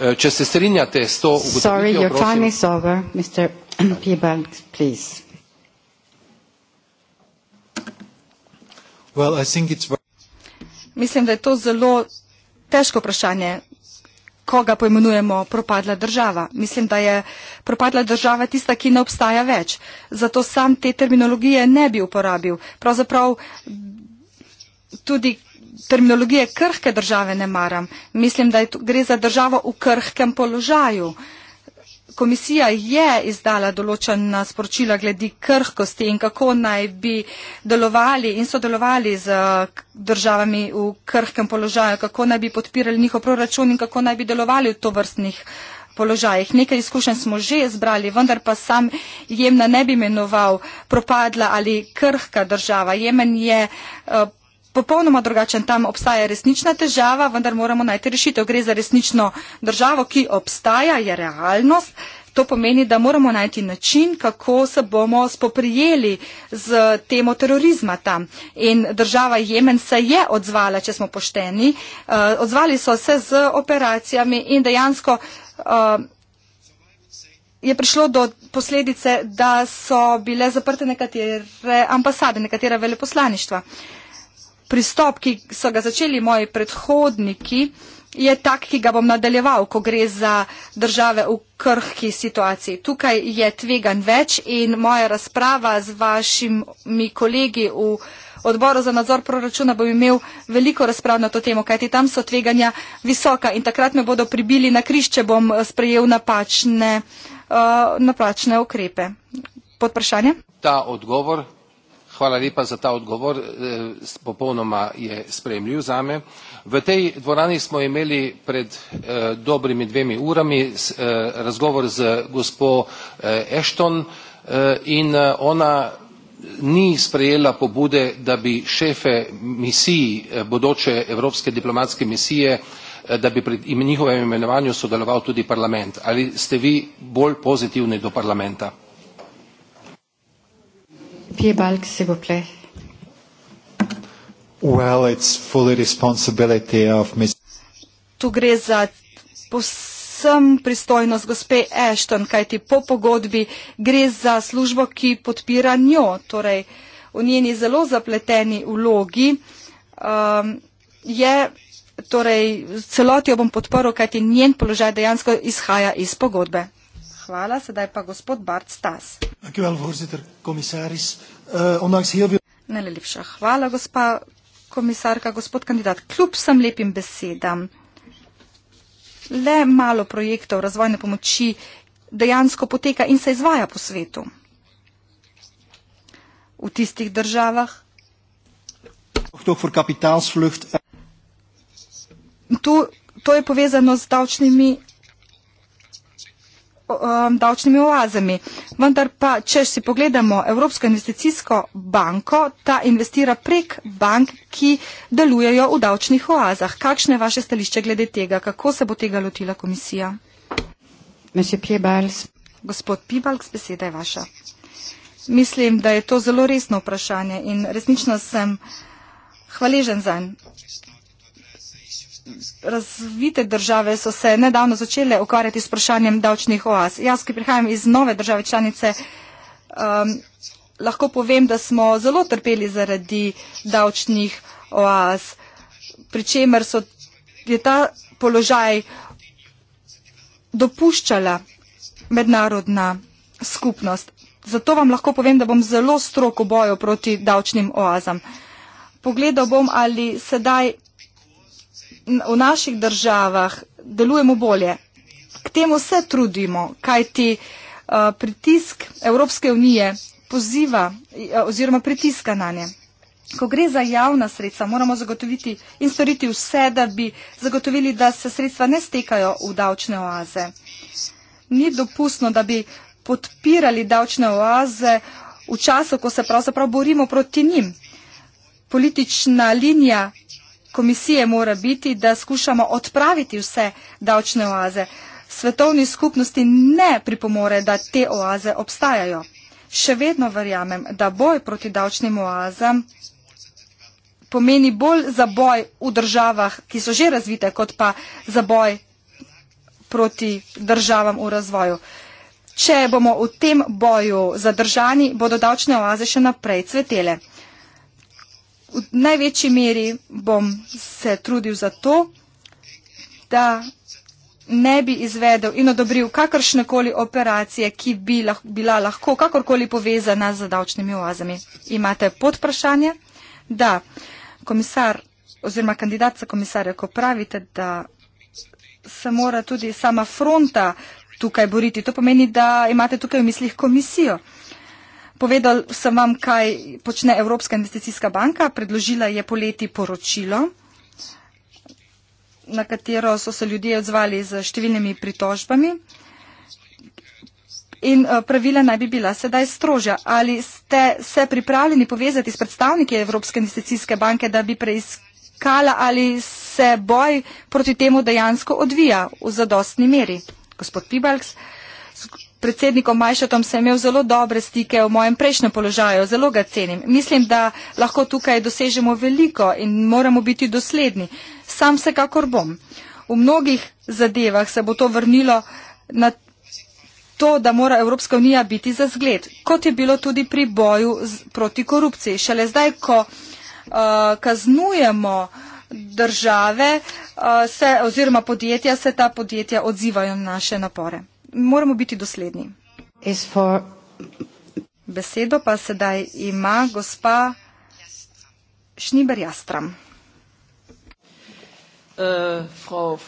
Eh, če se strinjate s to ugotovitvijo, prosim. Mislim, da je to zelo težko vprašanje, koga poimenujemo propadla država. Mislim, da je propadla država tista, ki ne obstaja več. Zato sam te terminologije ne bi uporabil. Pravzaprav tudi terminologije krhke države ne maram. Mislim, da je, gre za državo v krhkem položaju. Uh, komisija je izdala določena sporočila glede krhkosti in kako naj bi delovali in sodelovali z državami v krhkem položaju, kako naj bi podpirali njihov proračun in kako naj bi delovali v to vrstnih. Položajih. Nekaj izkušenj smo že zbrali, vendar pa sam Jemna ne bi imenoval propadla ali krhka država. Jemen je uh, popolnoma drugačen. Tam obstaja resnična težava, vendar moramo najti rešitev. Gre za resnično državo, ki obstaja, je realnost. To pomeni, da moramo najti način, kako se bomo spoprijeli z temo terorizma tam. In država Jemen se je odzvala, če smo pošteni. Uh, odzvali so se z operacijami in dejansko. Uh, je prišlo do posledice, da so bile zaprte nekatere ambasade, nekatera veleposlaništva. Uh, pristop, ki so ga začeli moji predhodniki, je tak, ki ga bom nadaljeval, ko gre za države v krhki situaciji. Tukaj je tvegan več in moja razprava z vašimi kolegi v odboru za nadzor proračuna bo imel veliko razprav na to temo, kajti tam so tveganja visoka in takrat me bodo pribili na križ, če bom eh, sprejel napačne, uh, napačne ukrepe. Podprašanje? Ta odgovor Hvala lepa za ta odgovor, eh, popolnoma je sprejemljiv zame. V tej dvorani smo imeli pred eh, dobrimi dvemi urami eh, razgovor z gospo eh, Ashton eh, in eh, ona ni sprejela pobude, da bi šefe misij, eh, bodoče evropske diplomatske misije, eh, da bi pri njihovem imenovanju sodeloval tudi parlament. Ali ste vi bolj pozitivni do parlamenta? Pierre Balk, s'il vous plaît. Well, it's fully responsibility of Ms. Tu gre za povsem pristojnost gospe Ashton, kajti po pogodbi gre za službo, ki podpira njo, torej v njeni zelo zapleteni vlogi. Um, je, torej, celoti jo bom podporil, kajti njen položaj dejansko izhaja iz pogodbe hvala. Sedaj pa gospod Bart Stas. Eh, Najlepša hvala, gospa komisarka, gospod kandidat. Kljub sem lepim besedam, le malo projektov razvojne pomoči dejansko poteka in se izvaja po svetu. V tistih državah. To, to je povezano z davčnimi Um, davčnimi oazami. Vendar pa, če si pogledamo Evropsko investicijsko banko, ta investira prek bank, ki delujejo v davčnih oazah. Kakšno je vaše stališče glede tega? Kako se bo tega lotila komisija? Gospod Pibalks, beseda je vaša. Mislim, da je to zelo resno vprašanje in resnično sem hvaležen za njega razvite države so se nedavno začele ukvarjati s vprašanjem davčnih oaz. Jaz, ki prihajam iz nove države članice, um, lahko povem, da smo zelo trpeli zaradi davčnih oaz, pri čemer so, je ta položaj dopuščala mednarodna skupnost. Zato vam lahko povem, da bom zelo strok v boju proti davčnim oazam. Pogledal bom, ali sedaj v naših državah delujemo bolje. K temu se trudimo, kajti uh, pritisk Evropske unije poziva eh, oziroma pritiska na nje. Ko gre za javna sredstva, moramo zagotoviti in storiti vse, da bi zagotovili, da se sredstva ne stekajo v davčne oaze. Ni dopustno, da bi podpirali davčne oaze v času, ko se pravzaprav borimo proti njim. Politična linija komisije mora biti, da skušamo odpraviti vse davčne oaze. Svetovni skupnosti ne pripomore, da te oaze obstajajo. Še vedno verjamem, da boj proti davčnim oazam pomeni bolj za boj v državah, ki so že razvite, kot pa za boj proti državam v razvoju. Če bomo v tem boju zadržani, bodo davčne oaze še naprej cvetele v največji meri bom se trudil za to, da ne bi izvedel in odobril kakršnekoli operacije, ki bi lahko, bila lahko kakorkoli povezana z davčnimi oazami. Imate podprašanje? Da, komisar oziroma kandidat za komisarja, ko pravite, da se mora tudi sama fronta tukaj boriti, to pomeni, da imate tukaj v mislih komisijo. Povedal sem vam, kaj počne Evropska investicijska banka. Predložila je poleti poročilo, na katero so se ljudje odzvali z številnimi pritožbami. In eh, pravila naj bi bila sedaj strožja. Ali ste se pripravljeni povezati s predstavniki Evropske investicijske banke, da bi preiskala, ali se boj proti temu dejansko odvija v zadostni meri? Gospod Pibalks predsednikom Majšatom sem imel zelo dobre stike v mojem prejšnjem položaju, zelo ga cenim. Mislim, da lahko tukaj dosežemo veliko in moramo biti dosledni. Sam se kakor bom. V mnogih zadevah se bo to vrnilo na to, da mora Evropska unija biti za zgled, kot je bilo tudi pri boju z, proti korupciji. Šele zdaj, ko uh, kaznujemo države uh, se, oziroma podjetja, se ta podjetja odzivajo na naše napore moramo biti dosledni. For... Besedo pa sedaj ima gospa Šniber Jastram. Uh, uh,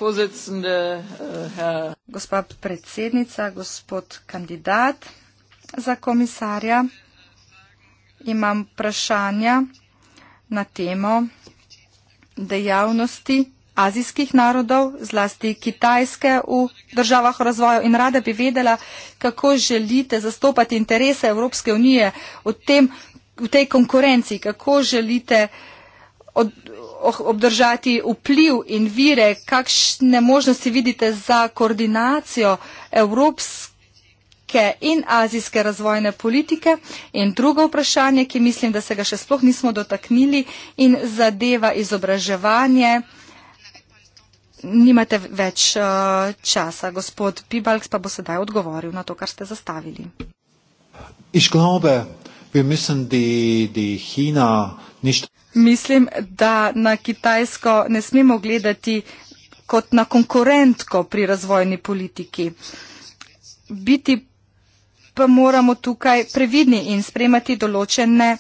gospa predsednica, gospod kandidat za komisarja, imam vprašanja na temo dejavnosti, azijskih narodov, zlasti Kitajske v državah razvoja in rada bi vedela, kako želite zastopati interese Evropske unije v, tem, v tej konkurenci, kako želite od, obdržati vpliv in vire, kakšne možnosti vidite za koordinacijo Evropske in azijske razvojne politike in drugo vprašanje, ki mislim, da se ga še sploh nismo dotaknili in zadeva izobraževanje. Nimate več eh, časa, gospod Pibalks pa bo sedaj odgovoril na to, kar ste zastavili. Glaube, müssen die, die China nicht... Mislim, da na Kitajsko ne smemo gledati kot na konkurentko pri razvojni politiki. Biti pa moramo tukaj previdni in spremati določene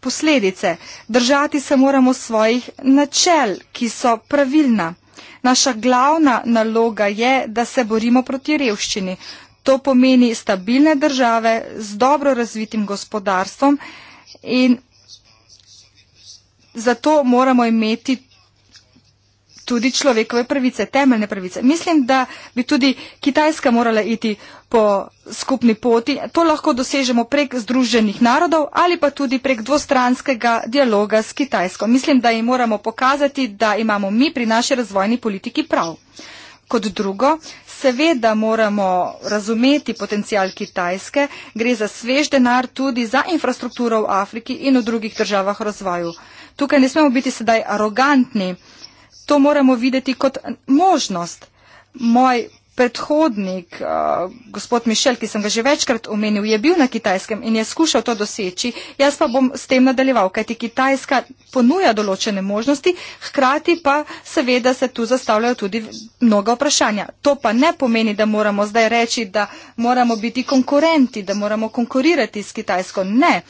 posledice. Držati se moramo svojih načel, ki so pravilna. Naša glavna naloga je, da se borimo proti revščini. To pomeni stabilne države z dobro razvitim gospodarstvom in zato moramo imeti tudi človekove pravice, temeljne pravice. Mislim, da bi tudi Kitajska morala iti po skupni poti. To lahko dosežemo prek Združenih narodov ali pa tudi prek dvostranskega dialoga s Kitajsko. Mislim, da jim moramo pokazati, da imamo mi pri naši razvojni politiki prav. Kot drugo, seveda moramo razumeti potencial Kitajske, gre za svež denar tudi za infrastrukturo v Afriki in v drugih državah razvoju. Tukaj ne smemo biti sedaj arogantni, to moramo videti kot možnost. Moj predhodnik, uh, gospod Mišel, ki sem ga že večkrat omenil, je bil na kitajskem in je skušal to doseči. Jaz pa bom s tem nadaljeval, kajti Kitajska ponuja določene možnosti, hkrati pa seveda se tu zastavljajo tudi mnoga vprašanja. To pa ne pomeni, da moramo zdaj reči, da moramo biti konkurenti, da moramo konkurirati s Kitajsko. Ne.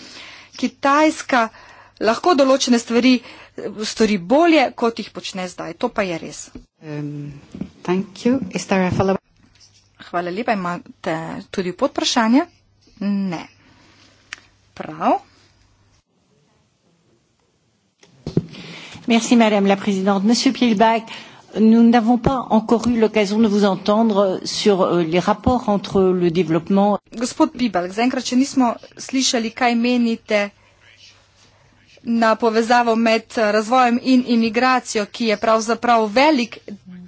Kitajska lahko določene stvari eh, stori bolje, kot jih počne zdaj. To pa je res. Um, Hvala lepa. Imate tudi podprašanje? Ne. Prav. Merci, madame la présidente. Monsieur Pielbach, nous n'avons pas encore eu l'occasion de vous entendre sur euh, les rapports entre le développement. Gospod Pielbach, zaenkrat še nismo slišali, kaj menite na povezavo med eh, razvojem in imigracijo, ki je pravzaprav velik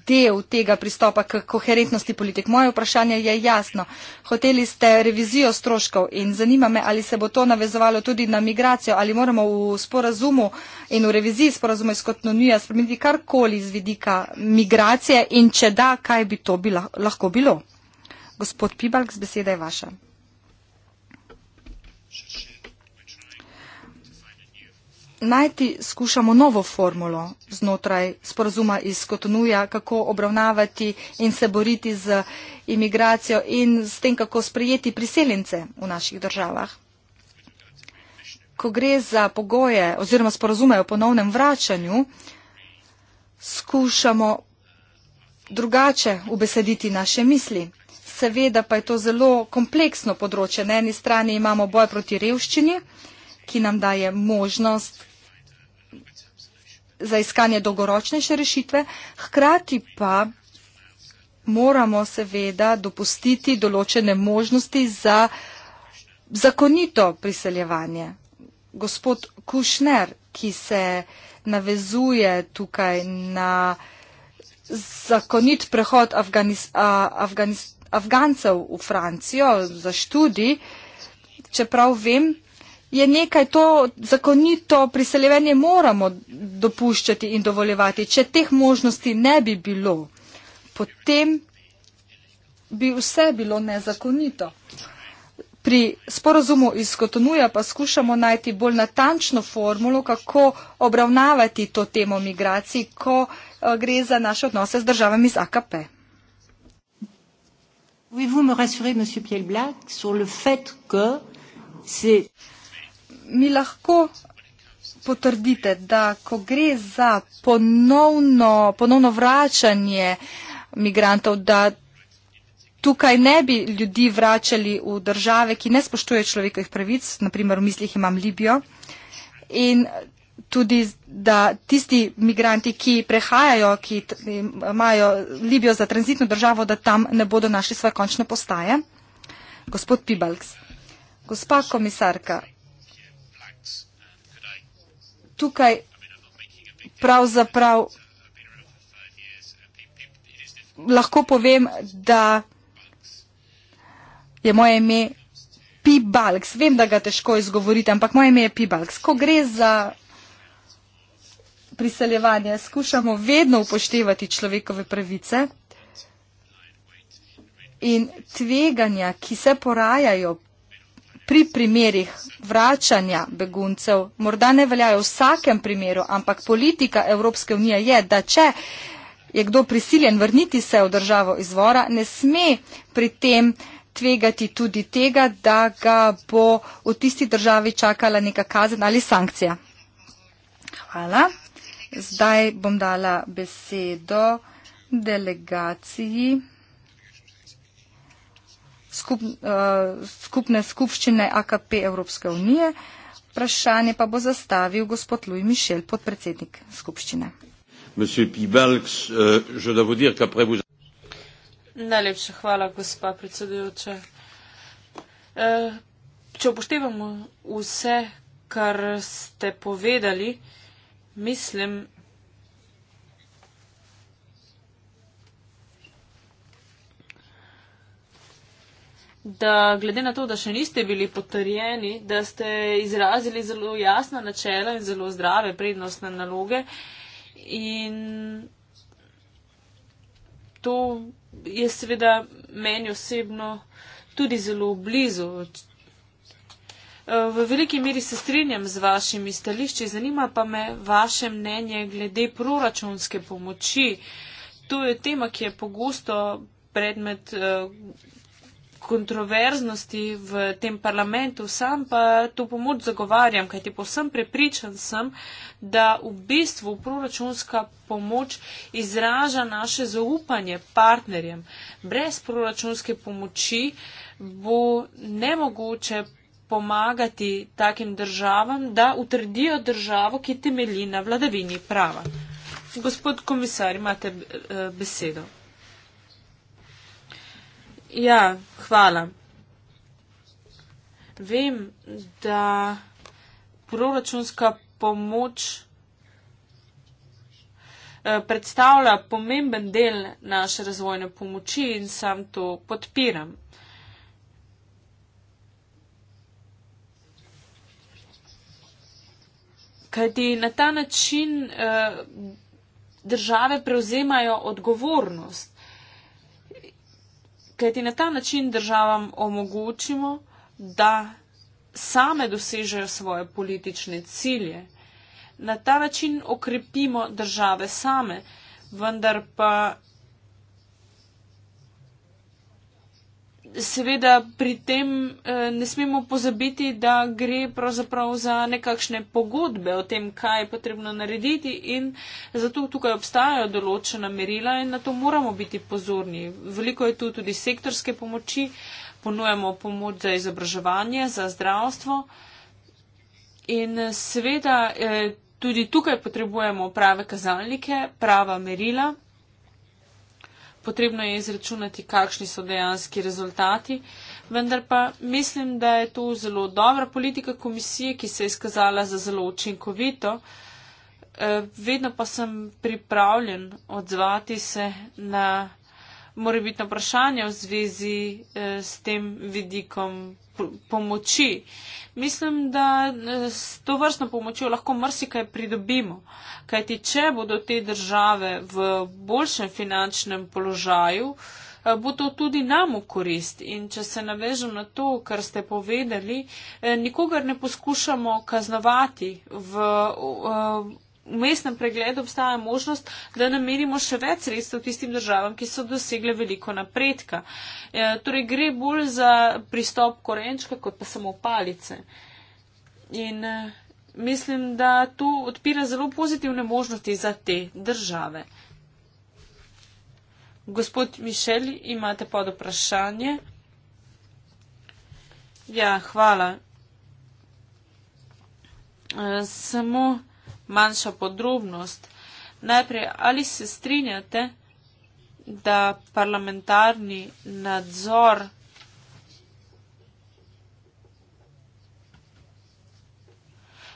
del tega pristopa k koherentnosti politik. Moje vprašanje je jasno. Hoteli ste revizijo stroškov in zanima me, ali se bo to navezovalo tudi na migracijo, ali moramo v sporazumu in v reviziji sporazuma iz Kotnonija spremeniti karkoli z vidika migracije in če da, kaj bi to bi lahko bilo. Gospod Pibalk, z besede je vaša. najti skušamo novo formulo znotraj sporazuma iz Kotonuja, kako obravnavati in se boriti z imigracijo in s tem, kako sprejeti priseljence v naših državah. Ko gre za pogoje oziroma sporazume o ponovnem vračanju, skušamo drugače ubesediti naše misli. Seveda pa je to zelo kompleksno področje. Na eni strani imamo boj proti revščini, ki nam daje možnost za iskanje dolgoročnejše rešitve, hkrati pa moramo seveda dopustiti določene možnosti za zakonito priseljevanje. Gospod Kušner, ki se navezuje tukaj na zakonit prehod Afganis, Afganis, Afgancev v Francijo za študij, čeprav vem, je nekaj to zakonito priseljevanje moramo dopuščati in dovoljevati. Če teh možnosti ne bi bilo, potem bi vse bilo nezakonito. Pri sporozumu iz Kotonuja pa skušamo najti bolj natančno formulo, kako obravnavati to temo migracij, ko eh, gre za naše odnose z državami iz AKP. Pouvez-vous me rassurer, Monsieur Pielblac, sur le fait que c'est mi lahko potrdite, da ko gre za ponovno, ponovno vračanje migrantov, da tukaj ne bi ljudi vračali v države, ki ne spoštuje človekovih pravic, naprimer v mislih imam Libijo, in tudi, da tisti migranti, ki prehajajo, ki imajo Libijo za tranzitno državo, da tam ne bodo našli svoje končne postaje. Gospod Pibalks, gospa komisarka, tukaj pravzaprav lahko povem, da je moje ime Pibalks. Vem, da ga težko izgovorite, ampak moje ime je Pibalks. Ko gre za priseljevanje, skušamo vedno upoštevati človekove pravice. In tveganja, ki se porajajo pri primerih vračanja beguncev, morda ne veljajo v vsakem primeru, ampak politika Evropske unije je, da če je kdo prisiljen vrniti se v državo izvora, ne sme pri tem tvegati tudi tega, da ga bo v tisti državi čakala neka kazen ali sankcija. Hvala. Zdaj bom dala besedo delegaciji skup, uh, skupne skupščine AKP Evropske unije. Vprašanje pa bo zastavil gospod Louis Michel, podpredsednik skupščine. Eh, Najlepša hvala, gospa predsedujoča. Eh, če upoštevamo vse, kar ste povedali, mislim, da glede na to, da še niste bili potrjeni, da ste izrazili zelo jasna načela in zelo zdrave prednostne naloge. In to je seveda meni osebno tudi zelo blizu. V veliki meri se strinjam z vašimi stališči, zanima pa me vaše mnenje glede proračunske pomoči. To je tema, ki je pogosto predmet eh, kontroverznosti v tem parlamentu, sam pa to pomoč zagovarjam, kajti posem prepričan sem, da v bistvu proračunska pomoč izraža naše zaupanje partnerjem. Brez proračunske pomoči bo nemogoče pomagati takim državam, da utrdijo državo, ki temelji na vladavini prava. Gospod komisar, imate eh, besedo. Ja, hvala. Vem, da proračunska pomoč eh, predstavlja pomemben del naše razvojne pomoči in sam to podpiram. Kajti na ta način eh, države prevzemajo odgovornost Ker ti na ta način državam omogočimo, da same dosežejo svoje politične cilje. Na ta način okrepimo države same, vendar pa seveda pri tem eh, ne smemo pozabiti, da gre pravzaprav za nekakšne pogodbe o tem, kaj je potrebno narediti in zato tukaj obstajajo določena merila in na to moramo biti pozorni. Veliko je tu tudi sektorske pomoči, ponujemo pomoč za izobraževanje, za zdravstvo in eh, seveda. Eh, tudi tukaj potrebujemo prave kazalnike, prava merila potrebno je izračunati, kakšni so dejanski rezultati. Vendar pa mislim, da je to zelo dobra politika komisije, ki se je izkazala za zelo učinkovito. Eh, vedno pa sem pripravljen odzvati se na mora biti vprašanje v zvezi eh, s tem vidikom pomoči. Mislim, da eh, s to vrstno pomočjo lahko mrsikaj pridobimo, kajti če bodo te države v boljšem finančnem položaju, eh, bo to tudi nam v korist. In če se navežem na to, kar ste povedali, nikogar ne poskušamo kaznovati v. v mestnem pregledu obstaja možnost, da namerimo še več sredstev tistim državam, ki so dosegle veliko napredka. E, torej gre bolj za pristop korenčka, kot pa samo palice. In e, mislim, da to odpira zelo pozitivne možnosti za te države. Gospod Mišel, imate pod vprašanje? Ja, hvala. E, samo manjša podrobnost. Najprej, ali se strinjate, da parlamentarni nadzor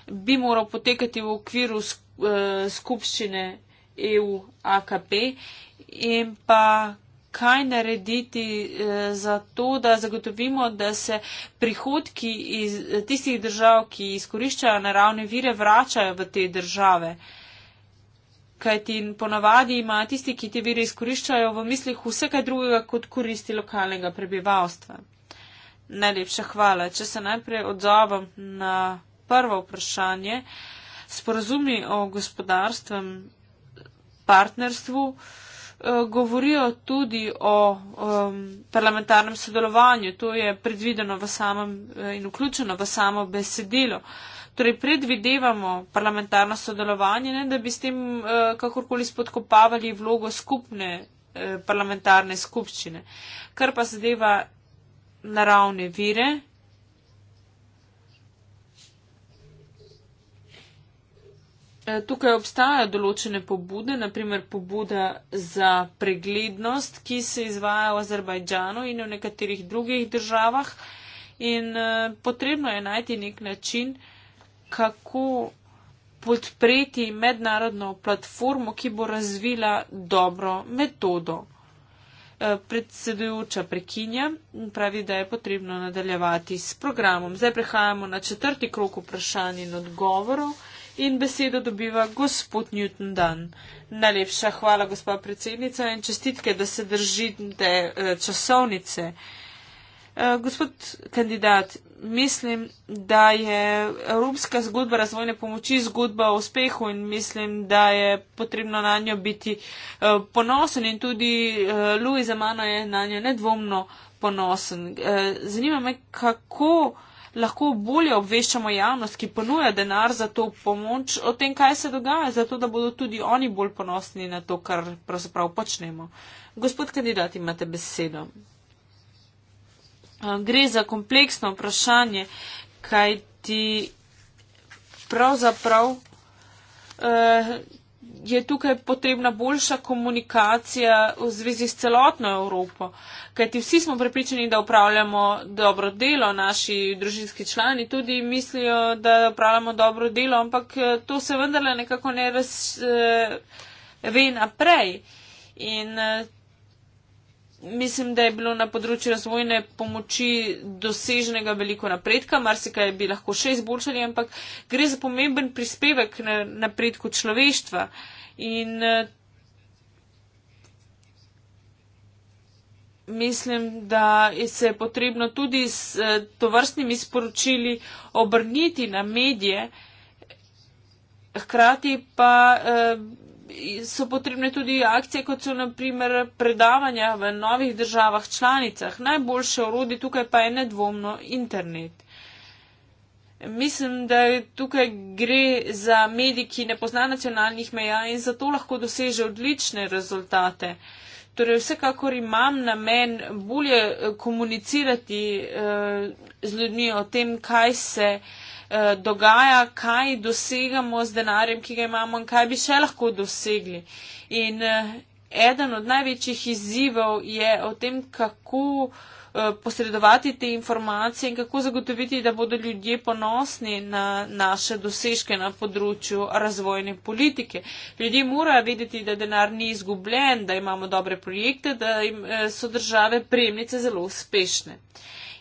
bi moral potekati v okviru eh, skupščine EU AKP in pa kaj narediti eh, za to, da zagotovimo, da se prihodki iz eh, tistih držav, ki izkoriščajo naravne vire, vračajo v te države. Kaj ti ponavadi ima tisti, ki te vire izkoriščajo v mislih vse kaj drugega kot koristi lokalnega prebivalstva. Najlepša hvala. Če se najprej odzovem na prvo vprašanje, sporazumi o gospodarstvem partnerstvu. Eh, Eh, govorijo tudi o um, parlamentarnem sodelovanju. To je predvideno v samem eh, in vključeno v samo besedilo. Torej, predvidevamo parlamentarno sodelovanje, ne, da bi s tem uh, kakorkoli spodkopavali vlogo skupne uh, parlamentarne skupščine. Kar pa zadeva naravne vire, Eh, tukaj obstajajo določene pobude, naprimer pobuda za preglednost, ki se izvaja v Azerbajdžanu in v nekaterih drugih državah. In eh, potrebno je najti nek način, kako podpreti mednarodno platformo, ki bo razvila dobro metodo. Eh, predsedujoča prekinja in pravi, da je potrebno nadaljevati s programom. Zdaj prehajamo na četrti krok vprašanj in odgovorov in besedo dobiva gospod Newton Dan. Najlepša hvala, gospa predsednica, in čestitke, da se držite eh, časovnice. Eh, gospod kandidat, mislim, da je evropska zgodba razvojne pomoči zgodba o uspehu in mislim, da je potrebno na njo biti eh, ponosen in tudi Louis za mano je na njo nedvomno ponosen. Zanima me, kako lahko bolje obveščamo javnost, ki ponuja denar za to pomoč, o tem, kaj se dogaja, zato da bodo tudi oni bolj ponosni na to, kar pravzaprav počnemo. Gospod kandidat, imate besedo. Gre za kompleksno vprašanje, kaj ti pravzaprav. Eh, je tukaj potrebna boljša komunikacija v zvezi s celotno Evropo. Ker ti vsi smo prepričani, da upravljamo dobro delo, naši družinski člani tudi mislijo, da upravljamo dobro delo, ampak eh, to se vendarle nekako ne razve eh, naprej. In eh, mislim, da je bilo na področju razvojne pomoči doseženega veliko napredka, marsikaj bi lahko še izboljšali, ampak gre za pomemben prispevek na napredku človeštva. In eh, mislim, da se je potrebno tudi s eh, tovrstnimi sporočili obrniti na medije, hkrati pa. Eh, so potrebne tudi akcije, kot so naprimer predavanja v novih državah članicah. Najboljše orodje tukaj pa je nedvomno internet. Mislim, da tukaj gre za medij, ki ne pozna nacionalnih meja in zato lahko doseže odlične rezultate. Torej, vsekakor imam namen bolje eh, komunicirati eh, z ljudmi o tem, kaj se eh, uh, dogaja, kaj dosegamo z denarjem, ki ga imamo in kaj bi še lahko dosegli. In uh, eden od največjih izzivov je o tem, kako eh, posredovati te informacije in kako zagotoviti, da bodo ljudje ponosni na naše dosežke na področju razvojne politike. Ljudje morajo vedeti, da denar ni izgubljen, da imamo dobre projekte, da so države prejemnice zelo uspešne.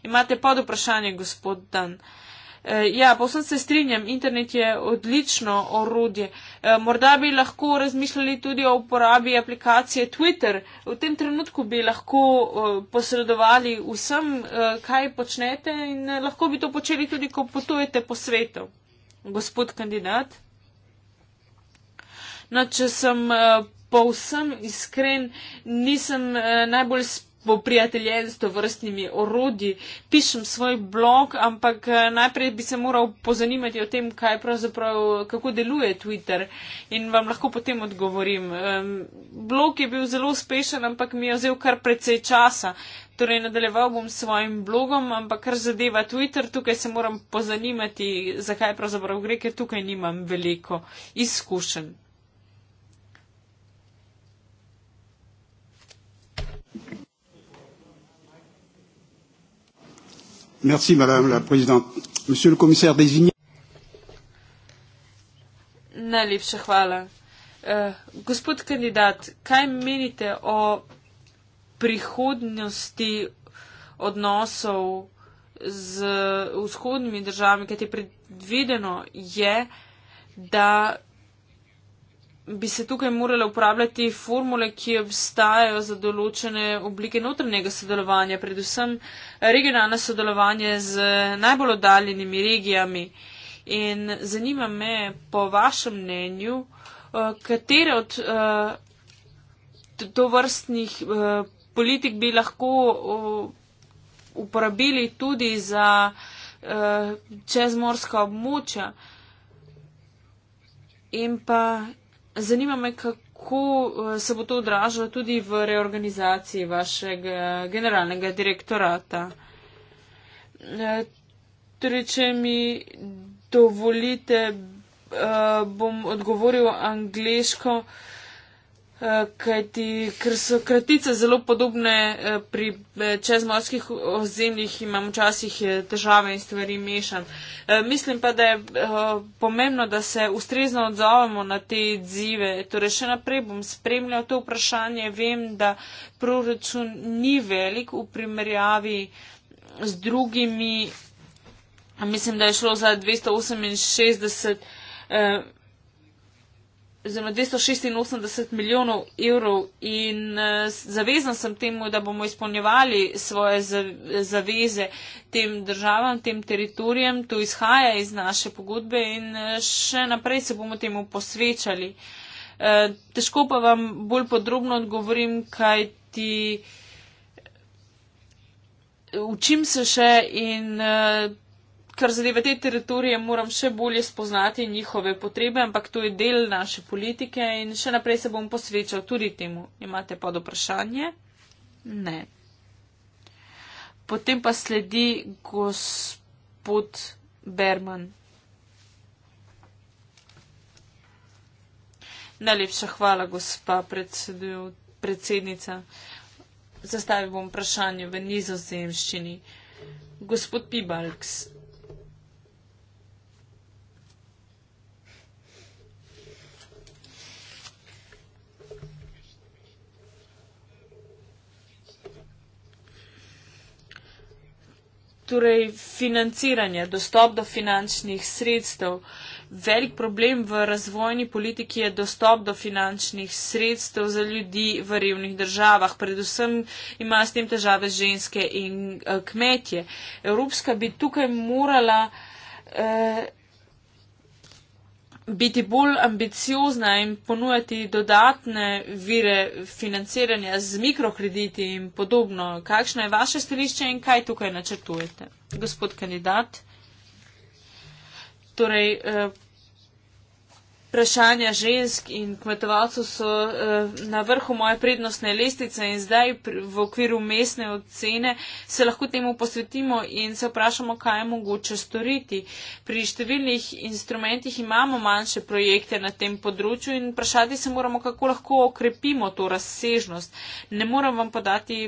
Imate pod vprašanje, gospod Dan. Uh, E, ja, povsem se strinjam, internet je odlično orodje. E, morda bi lahko razmišljali tudi o uporabi aplikacije Twitter. V tem trenutku bi lahko e, posredovali vsem, kaj počnete in lahko bi to počeli tudi, ko potujete po svetu, gospod kandidat. No, če sem povsem iskren, nisem najbolj spremljen v prijateljstvo vrstnimi orodji, pišem svoj blog, ampak eh, najprej bi se moral pozanimati o tem, kaj pravzaprav, kako deluje Twitter in vam lahko potem odgovorim. Blog je bil zelo uspešen, ampak mi je vzel kar precej časa. Torej, nadaljeval bom s svojim blogom, ampak kar zadeva Twitter, tukaj se moram pozanimati, zakaj pravzaprav gre, ker tukaj nimam veliko izkušenj. Merci Madame la Présidente. Monsieur le Commissaire désigné. Najlepša hvala. Uh, gospod kandidat, kaj menite o prihodnosti odnosov z vzhodnimi državami, kajti predvideno je, da bi se tukaj morale uporabljati formule, ki obstajajo za določene oblike notrnega sodelovanja, predvsem regionalno sodelovanje z najbolj oddaljenimi regijami. In zanima me, po vašem mnenju, eh, katere od eh, to vrstnih eh, politik bi lahko uporabili tudi za čezmorska območja. In pa Zanima me, kako eh, se bo to odražalo tudi v reorganizaciji vašega eh, generalnega direktorata. Eh, torej, če mi dovolite, bom odgovoril angliško. Eh, kajti, ker so kratice zelo podobne eh, pri eh, čezmorskih ozemljih, imam včasih težave in stvari mešan. Mislim pa, da je pomembno, da se ustrezno odzovemo na te odzive. Torej, še naprej bom spremljal to vprašanje. Vem, da proračun ni velik v primerjavi z drugimi. Mislim, da je šlo za 268 oziroma 286 milijonov evrov in uh, zavezan sem temu, da bomo izpolnjevali svoje zaveze tem državam, tem teritorijem. To izhaja iz naše pogodbe in uh, še naprej se bomo temu posvečali. Uh, težko pa vam bolj podrobno odgovorim, kaj ti. Učim se še in uh, kar zadeva te teritorije, moram še bolje spoznati njihove potrebe, ampak to je del naše politike in še naprej se bom posvečal tudi temu. Imate pod vprašanje? Ne. Potem pa sledi gospod Berman. Najlepša hvala, gospa predsednica. Zastavim vam vprašanje v nizozemščini. Gospod Pibalks, torej financiranje, dostop do finančnih sredstev. Velik problem v razvojni politiki je dostop do finančnih sredstev za ljudi v revnih državah. Predvsem ima s tem težave ženske in eh, kmetje. Evropska bi tukaj morala. Eh, biti bolj ambiciozna in ponujati dodatne vire financiranja z mikrokrediti in podobno. Kakšno je vaše stališče in kaj tukaj načrtujete, gospod kandidat? Torej, eh, vprašanja žensk in kmetovalcev so eh, na vrhu moje prednostne listice in zdaj v okviru mestne ocene se lahko temu posvetimo in se vprašamo, kaj je mogoče storiti. Pri številnih instrumentih imamo manjše projekte na tem področju in vprašati se moramo, kako lahko okrepimo to razsežnost. Ne moram vam podati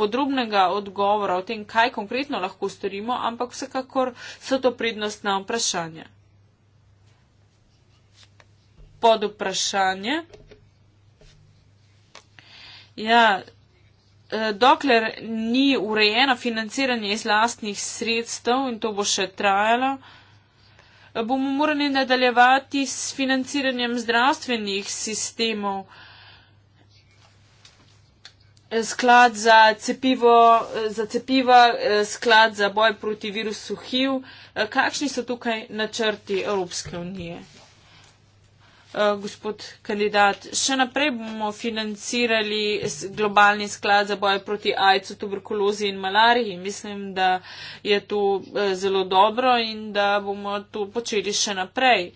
podrobnega odgovora o tem, kaj konkretno lahko storimo, ampak vsekakor so to prednostna vprašanja pod vprašanje. Ja, e, dokler ni urejeno financiranje iz lastnih sredstev in to bo še trajalo, bomo morali nadaljevati s financiranjem zdravstvenih sistemov. Sklad za, cepivo, za cepiva, e, sklad za boj proti virusu HIV. E, kakšni so tukaj načrti Evropske unije? Eh, gospod kandidat. Še naprej bomo financirali globalni sklad za boj proti AIDS-u, tuberkulozi in malariji. Mislim, da je to eh, zelo dobro in da bomo to počeli še naprej.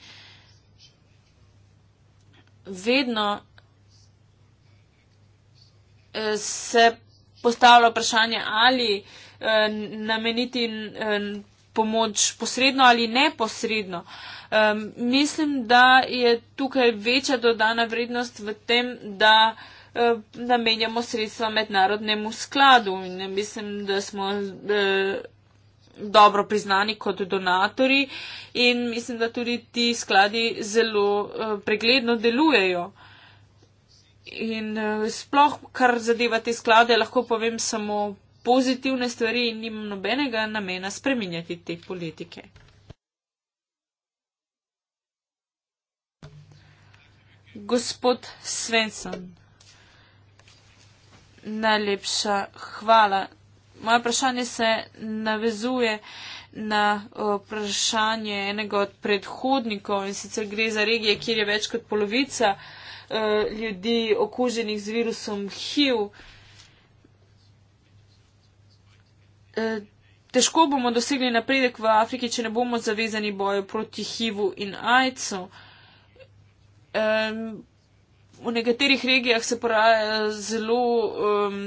Vedno eh, se postavlja vprašanje, ali nameniti pomoč, posredno ali neposredno. Um, mislim, da je tukaj večja dodana vrednost v tem, da um, namenjamo sredstva mednarodnemu skladu in mislim, da smo um, dobro priznani kot donatori in mislim, da tudi ti skladi zelo um, pregledno delujejo. In uh, sploh, kar zadeva te sklade, lahko povem samo pozitivne stvari in nimam nobenega namena spreminjati te politike. Gospod Svensson, najlepša hvala. Moje vprašanje se navezuje na vprašanje enega od predhodnikov in sicer gre za regije, kjer je več kot polovica uh, ljudi okuženih z virusom HIV. Uh, Eh, težko bomo dosegli napredek v Afriki, če ne bomo zavezani boju proti HIV-u in AIDS-u. V nekaterih regijah se porajajo zelo um,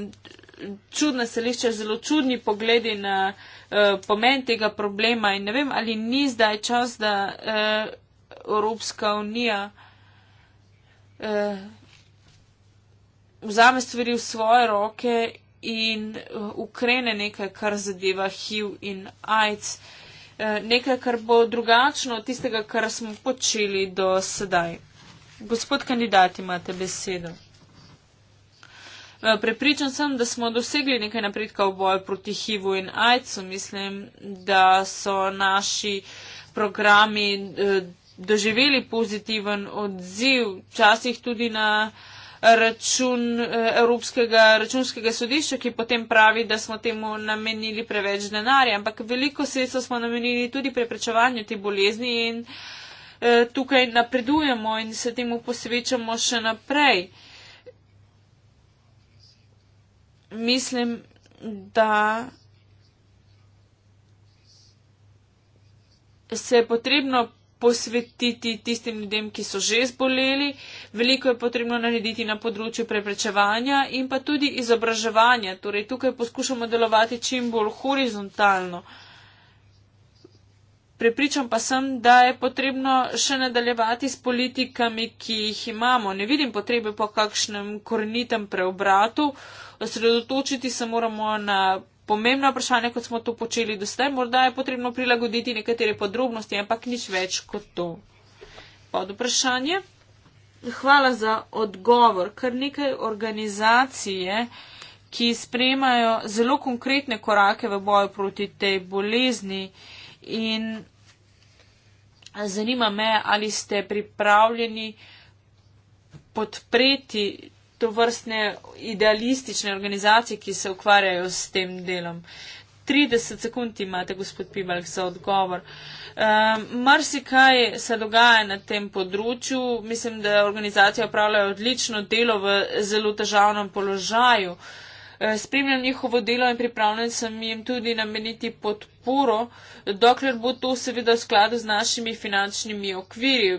čudna stališča, zelo čudni pogledi na uh, pomen tega problema in ne vem, ali ni zdaj čas, da uh, Evropska unija uh, vzame stvari v svoje roke in uh, ukrene nekaj, kar zadeva HIV in AIDS. Uh, nekaj, kar bo drugačno od tistega, kar smo počeli do sedaj. Gospod kandidat, imate besedo. Uh, prepričan sem, da smo dosegli nekaj napredka v boju proti HIV-u in AIDS-u. Mislim, da so naši programi doživeli pozitiven odziv, včasih tudi na račun eh, Evropskega računskega sodišča, ki potem pravi, da smo temu namenili preveč denarja, ampak veliko sredstva smo namenili tudi preprečevanju te bolezni in eh, tukaj napredujemo in se temu posvečamo še naprej. Mislim, da se je potrebno posvetiti tistim ljudem, ki so že zboleli. Veliko je potrebno narediti na področju preprečevanja in pa tudi izobraževanja. Torej, tukaj poskušamo delovati čim bolj horizontalno. Prepričam pa sem, da je potrebno še nadaljevati s politikami, ki jih imamo. Ne vidim potrebe po kakšnem korenitem preobratu. Osredotočiti se moramo na pomembna vprašanja, kot smo to počeli do zdaj, morda je potrebno prilagoditi nekatere podrobnosti, ampak nič več kot to. Pod vprašanje. Hvala za odgovor. Kar nekaj organizacije, ki spremajo zelo konkretne korake v boju proti tej bolezni in zanima me, ali ste pripravljeni podpreti to vrstne idealistične organizacije, ki se ukvarjajo s tem delom. 30 sekund imate, gospod Pibalk, za odgovor. Um, Marsikaj se dogaja na tem področju. Mislim, da organizacije opravljajo odlično delo v zelo težavnem položaju. Ehm, spremljam njihovo delo in pripravljen sem jim tudi nameniti podporo, dokler bo to seveda v skladu z našimi finančnimi okviri.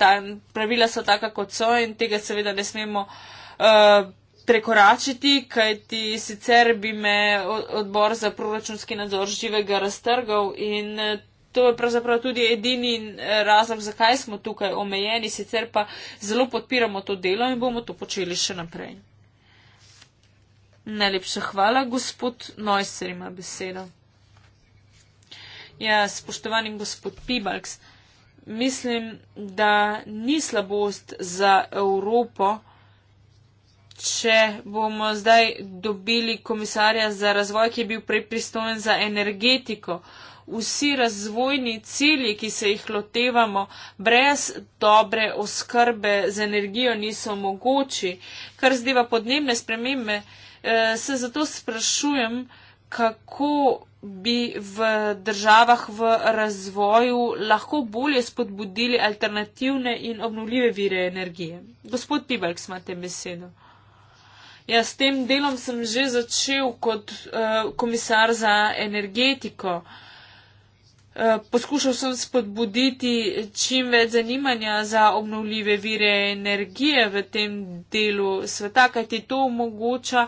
Ta, pravila so taka, kot so in tega seveda ne smemo uh, Eh, prekoračiti, kajti sicer bi me odbor za proračunski nadzor živega raztrgal in eh, to je pravzaprav tudi edini eh, razlog, zakaj smo tukaj omejeni, sicer pa zelo podpiramo to delo in bomo to počeli še naprej. Najlepša hvala, gospod Nojser ima besedo. Ja, spoštovani gospod Pibalks, mislim, da ni slabost za Evropo, če bomo zdaj dobili komisarja za razvoj, ki je bil prej pristojen za energetiko, vsi razvojni cilji, ki se jih lotevamo, brez dobre oskrbe z energijo niso mogoči, kar zdiva podnebne spremembe, eh, se zato sprašujem, kako bi v državah v razvoju lahko bolje spodbudili alternativne in obnuljive vire energije. Gospod Pibalk, smate besedo. Ja, s tem delom sem že začel kot uh, komisar za energetiko. Eh, poskušal sem spodbuditi čim več zanimanja za obnovljive vire energije v tem delu sveta, kajti to omogoča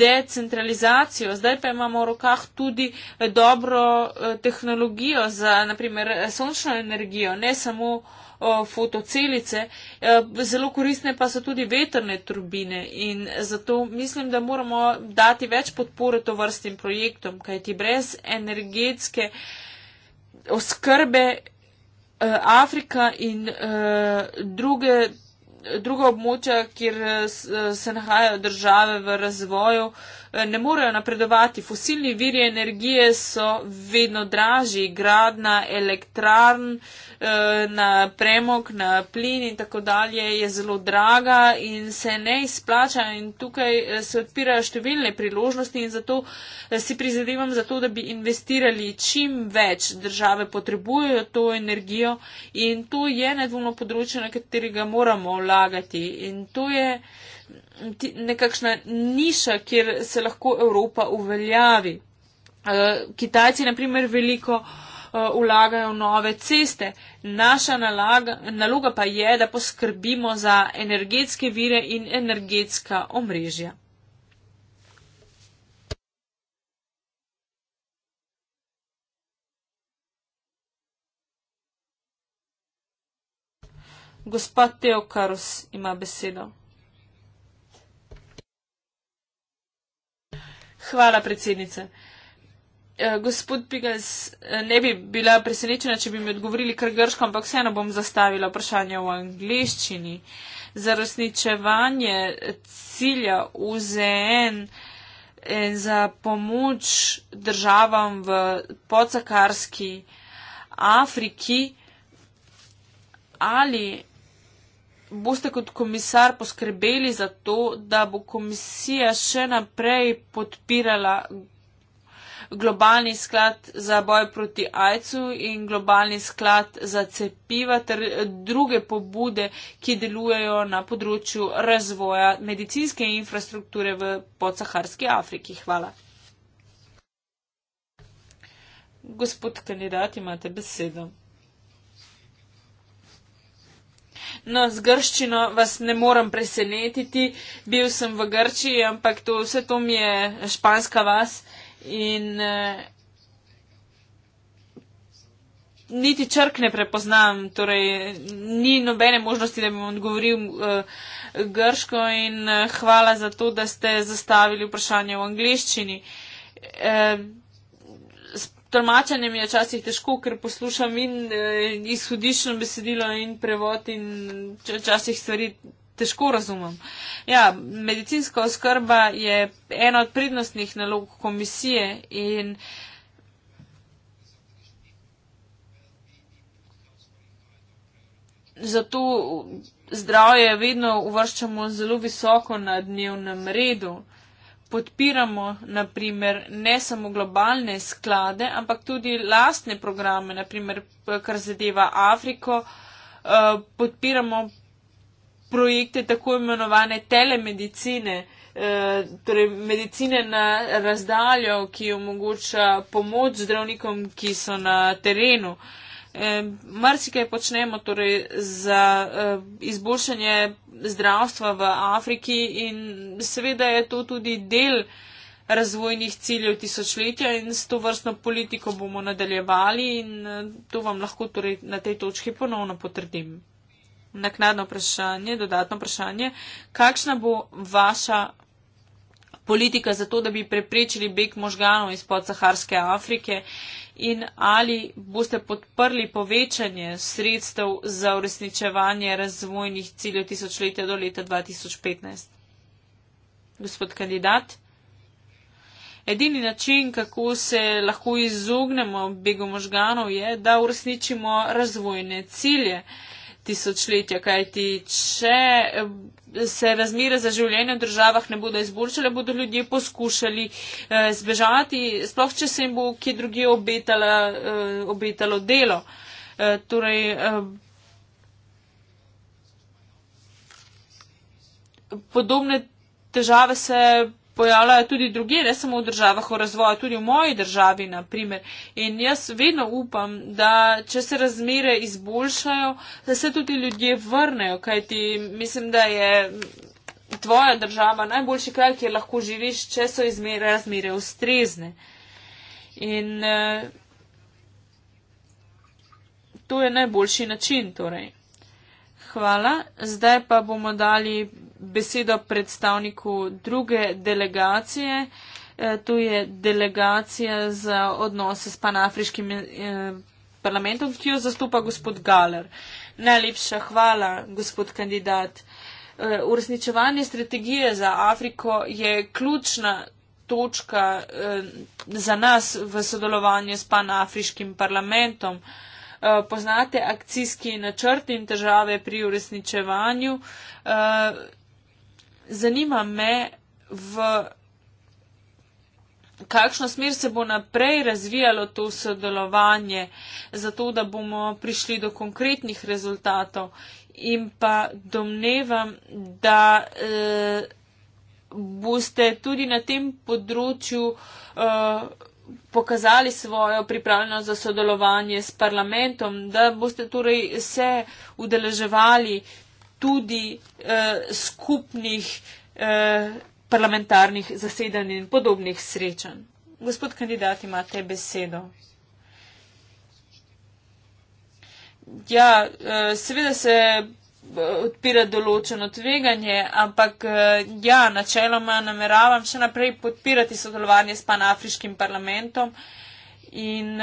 decentralizacijo. Zdaj pa imamo v rokah tudi dobro eh, tehnologijo za naprimer sončno energijo, ne samo uh, fotocelice. E, zelo koristne pa so tudi veterne turbine in zato mislim, da moramo dati več podpore to vrstim projektom, kajti brez energetske oskrbe e, Afrika in e, druge, druga območja, kjer se nahajajo države v razvoju, ne morejo napredovati. Fosilni viri energije so vedno dražji, gradna elektrarn eh, na premog, na plin in tako dalje je zelo draga in se ne izplača in tukaj eh, se odpirajo številne priložnosti in zato eh, si prizadevam za to, da bi investirali čim več. Države potrebujejo to energijo in to je nedvomno področje, na katerega moramo vlagati. In to je uh, nekakšna niša, kjer se lahko Evropa uveljavi. Eh, Kitajci, na primer, veliko eh, vlagajo v nove ceste. Naša nalaga, naloga pa je, da poskrbimo za energetske vire in energetska omrežja. Gospod Teokarus ima besedo. Hvala, predsednica. Eh, gospod Pigas, eh, ne bi bila presenečena, če bi mi odgovorili kar grško, ampak vseeno bom zastavila vprašanje v angliščini. Za razničevanje cilja UZN in eh, za pomoč državam v podsakarski Afriki ali boste kot komisar poskrbeli za to, da bo komisija še naprej podpirala globalni sklad za boj proti AIDS-u in globalni sklad za cepiva ter druge pobude, ki delujejo na področju razvoja medicinske infrastrukture v podsaharski Afriki. Hvala. Gospod kandidat, imate besedo. No, z grščino vas ne morem presenetiti, bil sem v Grčiji, ampak to vse to mi je španska vas in eh, niti črk ne prepoznam, torej ni nobene možnosti, da bi vam odgovoril eh, grško in eh, hvala za to, da ste zastavili vprašanje v angliščini. Eh, tolmačenjem je včasih težko, ker poslušam in eh, izhodiščno besedilo in prevod in včasih stvari težko razumem. Ja, medicinska oskrba je ena od prednostnih nalog komisije in zato zdravje vedno uvrščamo zelo visoko na dnevnem redu podpiramo naprimer ne samo globalne sklade, ampak tudi lastne programe, naprimer eh, kar zadeva Afriko, eh, podpiramo projekte tako imenovane telemedicine, eh, torej medicine na razdaljo, ki omogoča pomoč zdravnikom, ki so na terenu. Eh, Mrzikaj počnemo torej, za eh, izboljšanje zdravstva v Afriki in seveda je to tudi del razvojnih ciljev tisočletja in s to vrstno politiko bomo nadaljevali in to vam lahko torej na tej točki ponovno potrdim. Naknadno vprašanje, dodatno vprašanje, kakšna bo vaša politika za to, da bi preprečili beg možganov iz podsaharske Afrike in ali boste podprli povečanje sredstev za uresničevanje razvojnih ciljev tisočletja do leta 2015. Gospod kandidat, edini način, kako se lahko izognemo begu možganov, je, da uresničimo razvojne cilje tisočletja, kajti če eh, se razmere za življenje v državah ne bodo izboljšale, bodo ljudje poskušali eh, zbežati, sploh če se jim bo kje drugje obetala, eh, obetalo delo. Eh, torej, eh, podobne težave se pojavljajo tudi druge, ne samo v državah v razvoju, tudi v moji državi, naprimer. In jaz vedno upam, da če se razmere izboljšajo, da se tudi ljudje vrnejo, kajti mislim, da je tvoja država najboljši kraj, kjer lahko živiš, če so izmere, razmere ustrezne. In eh, to je najboljši način, torej. Hvala, zdaj pa bomo dali besedo predstavniku druge delegacije. E, to je delegacija za odnose s panafriškim e, parlamentom, ki jo zastopa gospod Galer. Najlepša hvala, gospod kandidat. E, uresničevanje strategije za Afriko je ključna točka za nas v sodelovanju s panafriškim parlamentom. Poznate akcijski načrt in težave pri uresničevanju zanima me v kakšno smer se bo naprej razvijalo to sodelovanje, zato da bomo prišli do konkretnih rezultatov in pa domnevam, da e, boste tudi na tem področju e, pokazali svojo pripravljenost za sodelovanje s parlamentom, da boste torej se udeleževali tudi eh, skupnih eh, parlamentarnih zasedanj in podobnih srečanj. Gospod kandidat, imate besedo. Ja, eh, seveda se eh, odpira določeno tveganje, ampak eh, ja, načeloma nameravam še naprej podpirati sodelovanje s panafriškim parlamentom in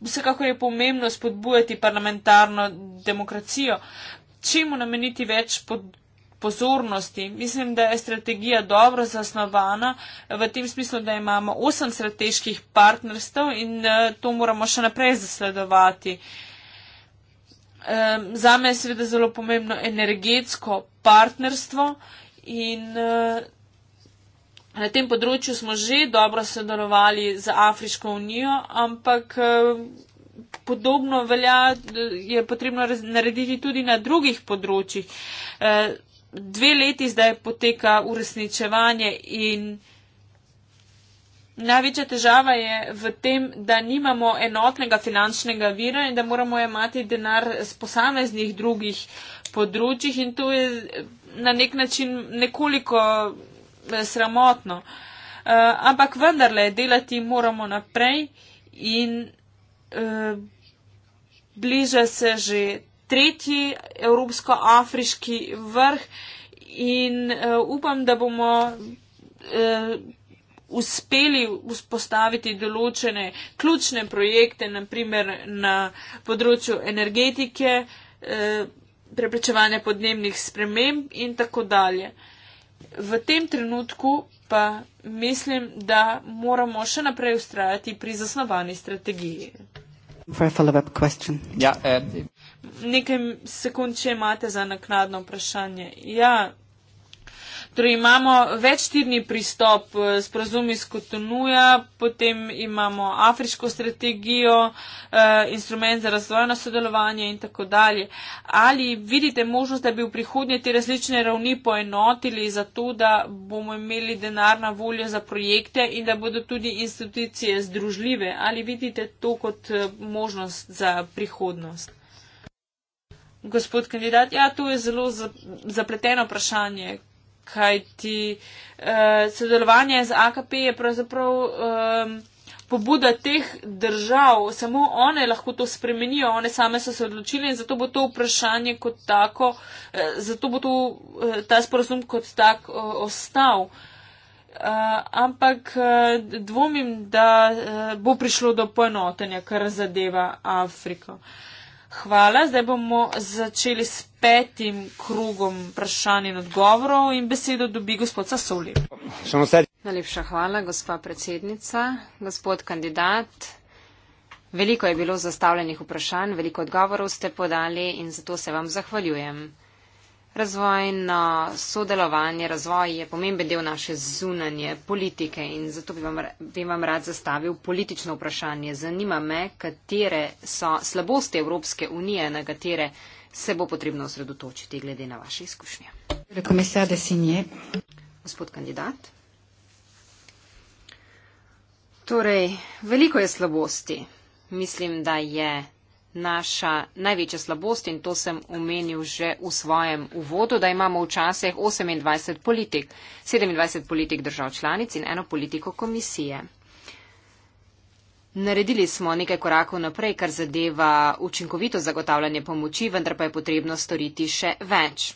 vsekako je pomembno spodbujati parlamentarno demokracijo čemu nameniti več pod, pozornosti. Mislim, da je strategija dobro zasnovana v tem smislu, da imamo osem strateških partnerstv in uh, to moramo še naprej zasledovati. Um, za me je seveda zelo pomembno energetsko partnerstvo in uh, na tem področju smo že dobro sodelovali z Afriško unijo, ampak uh, podobno velja, je potrebno narediti tudi na drugih področjih. Eh, dve leti zdaj poteka uresničevanje in največja težava je v tem, da nimamo enotnega finančnega vira in da moramo imati denar z posameznih drugih področjih in to je eh, na nek način nekoliko eh, sramotno. Ampak vendarle, delati moramo naprej in Eh, bliža se že tretji evropsko-afriški vrh in uh, upam, da bomo uh, uspeli vzpostaviti določene ključne projekte, naprimer na področju energetike, uh, preprečevanja podnebnih sprememb in tako dalje. V tem trenutku pa mislim, da moramo še naprej ustrajati pri zasnovani strategiji for a follow-up question. Ja, eh. Nekaj sekund, če imate za naknadno vprašanje. Ja, Torej imamo večtirni pristop eh, s prazumi skotonuja, potem imamo afriško strategijo, eh, instrument za razvojno sodelovanje in tako dalje. Ali vidite možnost, da bi v prihodnje te različne ravni poenotili za to, da bomo imeli denarna volja za projekte in da bodo tudi institucije združljive? Ali vidite to kot eh, možnost za prihodnost? Gospod kandidat, ja, to je zelo zapleteno vprašanje kaj ti uh, eh, sodelovanje z AKP je pravzaprav um, pobuda teh držav, samo one lahko to spremenijo, one same so se odločili in zato bo to vprašanje kot tako, uh, zato bo to, uh, ta sporozum kot tak uh, ostal. Uh, ampak dvomim, da uh, bo prišlo do poenotenja, kar zadeva Afriko. Uh, Hvala, zdaj bomo začeli s petim krogom vprašanj in odgovorov in besedo dobi gospod Sasoli. Najlepša hvala, gospa predsednica, gospod kandidat. Veliko je bilo zastavljenih vprašanj, veliko odgovorov ste podali in zato se vam zahvaljujem. Razvoj in sodelovanje, razvoj je pomemben del naše zunanje politike in zato bi vam, bi vam rad zastavil politično vprašanje. Zanima me, katere so slabosti Evropske unije, na katere se bo potrebno osredotočiti glede na vaše izkušnje. Gospod kandidat. Torej, veliko je slabosti. Mislim, da je naša največja slabost in to sem omenil že v svojem uvodu, da imamo včasih 28 politik, 27 politik držav članic in eno politiko komisije. Naredili smo nekaj korakov naprej, kar zadeva učinkovito zagotavljanje pomoči, vendar pa je potrebno storiti še več.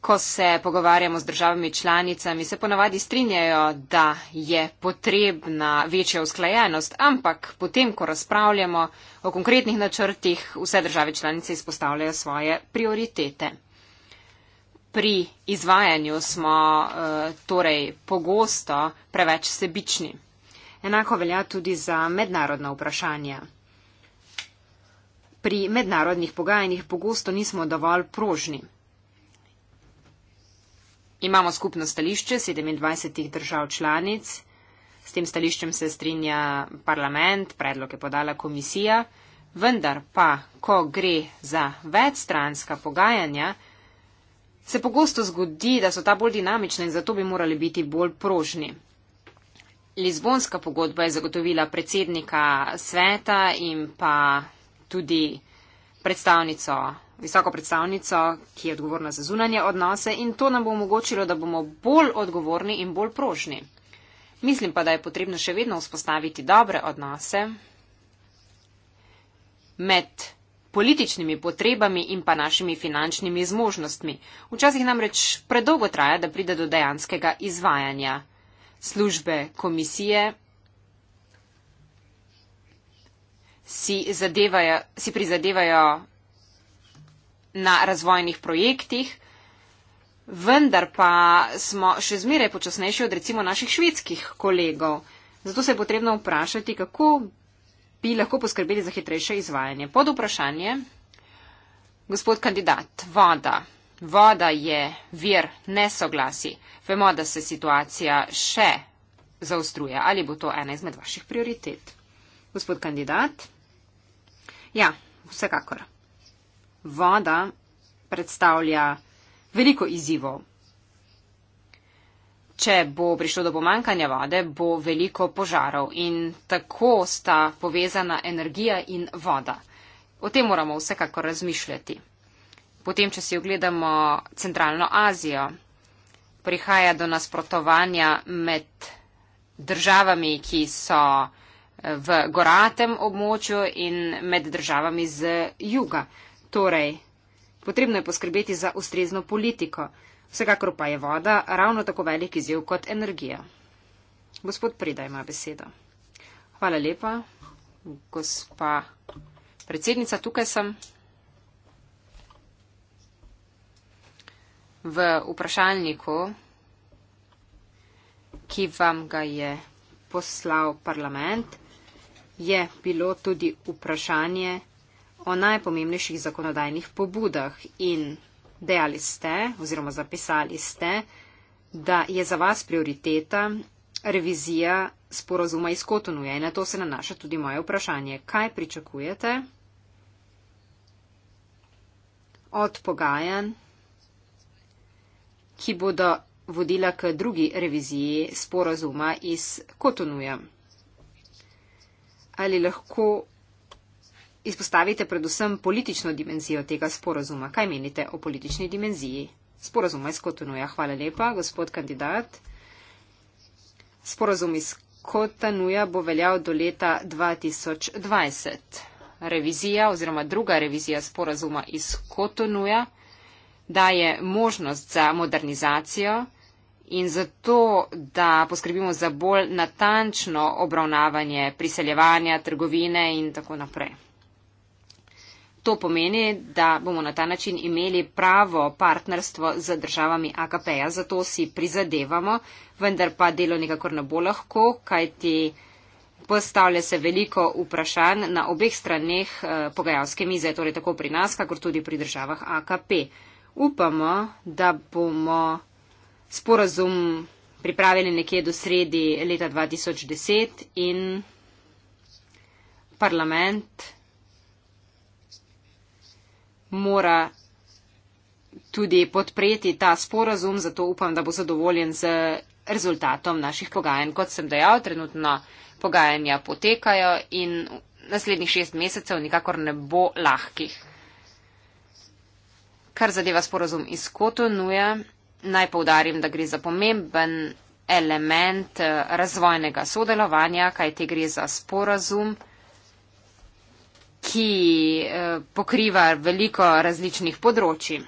Ko se pogovarjamo z državami članicami, se ponavadi strinjajo, da je potrebna večja usklajenost, ampak potem, ko razpravljamo o konkretnih načrtih, vse države članice izpostavljajo svoje prioritete. Pri izvajanju smo eh, torej pogosto preveč sebični. Enako velja tudi za mednarodna vprašanja. Pri mednarodnih pogajanjih pogosto nismo dovolj prožni. Imamo skupno stališče 27 držav članic. S tem stališčem se strinja parlament, predlog je podala komisija, vendar pa, ko gre za večstranska pogajanja, se pogosto zgodi, da so ta bolj dinamična in zato bi morali biti bolj prožni. Lizbonska pogodba je zagotovila predsednika sveta in pa tudi predstavnico visoko predstavnico, ki je odgovorna za zunanje odnose in to nam bo omogočilo, da bomo bolj odgovorni in bolj prožni. Mislim pa, da je potrebno še vedno vzpostaviti dobre odnose med političnimi potrebami in pa našimi finančnimi zmožnostmi. Včasih namreč predolgo traja, da pride do dejanskega izvajanja službe komisije. Si, zadevajo, si prizadevajo na razvojnih projektih, vendar pa smo še zmeraj počasnejši od recimo naših švedskih kolegov. Zato se je potrebno vprašati, kako bi lahko poskrbeli za hitrejše izvajanje. Pod vprašanje, gospod kandidat, voda. Voda je vir nesoglasi. Vemo, da se situacija še zaostruje. Ali bo to ena izmed vaših prioritet? Gospod kandidat. Ja, vsekakor voda predstavlja veliko izzivov. Če bo prišlo do pomankanja vode, bo veliko požarov in tako sta povezana energija in voda. O tem moramo vsekako razmišljati. Potem, če si ogledamo centralno Azijo, prihaja do nasprotovanja med državami, ki so eh, v goratem območju in med državami z juga. Torej, potrebno je poskrbeti za ustrezno politiko. Vsekakor pa je voda ravno tako velik izjiv kot energija. Gospod Preda ima besedo. Hvala lepa. Gospa predsednica, tukaj sem. V vprašalniku, ki vam ga je poslal parlament, je bilo tudi vprašanje, o najpomembnejših zakonodajnih pobudah in dejali ste oziroma zapisali ste, da je za vas prioriteta revizija sporozuma iz Kotonuja in na to se nanaša tudi moje vprašanje. Kaj pričakujete od pogajanj, ki bodo vodila k drugi reviziji sporozuma iz Kotonuja? Ali lahko izpostavite predvsem politično dimenzijo tega sporozuma. Kaj menite o politični dimenziji sporozuma iz Kotonuja? Hvala lepa, gospod kandidat. Sporozum iz Kotonuja bo veljal do leta 2020. Revizija oziroma druga revizija sporozuma iz Kotonuja daje možnost za modernizacijo in zato, da poskrbimo za bolj natančno obravnavanje priseljevanja, trgovine in tako naprej. To pomeni, da bomo na ta način imeli pravo partnerstvo z državami AKP-ja, zato si prizadevamo, vendar pa delo nekakor ne bo lahko, kajti postavlja se veliko vprašanj na obeh straneh eh, pogajalske mize, torej tako pri nas, kakor tudi pri državah AKP. Upamo, da bomo sporazum pripravili nekje do sredi leta 2010 in parlament mora tudi podpreti ta sporazum, zato upam, da bo zadovoljen z rezultatom naših pogajanj. Kot sem dejal, trenutno pogajanja potekajo in naslednjih šest mesecev nikakor ne bo lahkih. Kar zadeva sporazum iz Kotonuja, naj povdarim, da gre za pomemben element eh, razvojnega sodelovanja, kaj te gre za sporazum ki eh, pokriva veliko različnih področji.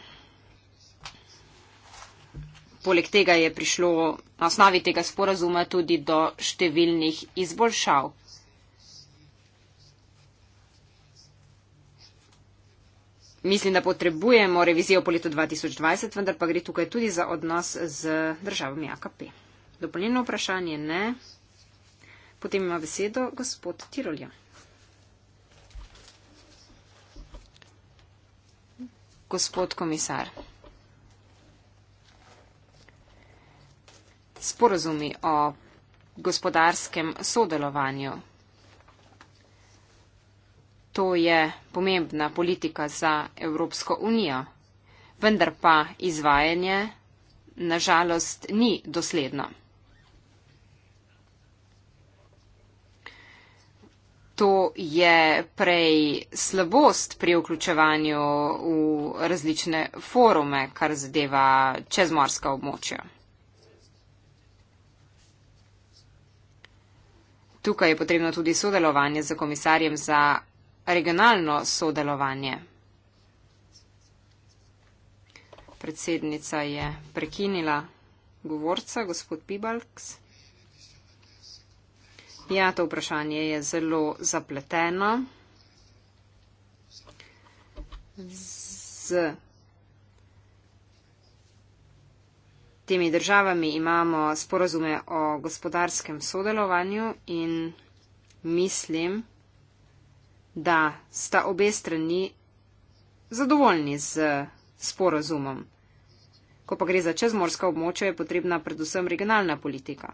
Poleg tega je prišlo na osnovi tega sporazuma tudi do številnih izboljšav. Mislim, da potrebujemo revizijo po letu 2020, vendar pa gre tukaj tudi za odnos z državami AKP. Dopolnjeno vprašanje ne. Potem ima besedo gospod Tirolja. gospod komisar. Sporozumi o gospodarskem sodelovanju. To je pomembna politika za Evropsko unijo, vendar pa izvajanje nažalost ni dosledno. to je prej slabost pri vključevanju v različne forume, kar zadeva čezmorska območja. Tukaj je potrebno tudi sodelovanje z komisarjem za regionalno sodelovanje. Predsednica je prekinila govorca, gospod Pibalks. Ja, to vprašanje je zelo zapleteno. Z temi državami imamo sporozume o gospodarskem sodelovanju in mislim, da sta obe strani zadovoljni z sporozumom. Ko pa gre za čezmorska območja, je potrebna predvsem regionalna politika.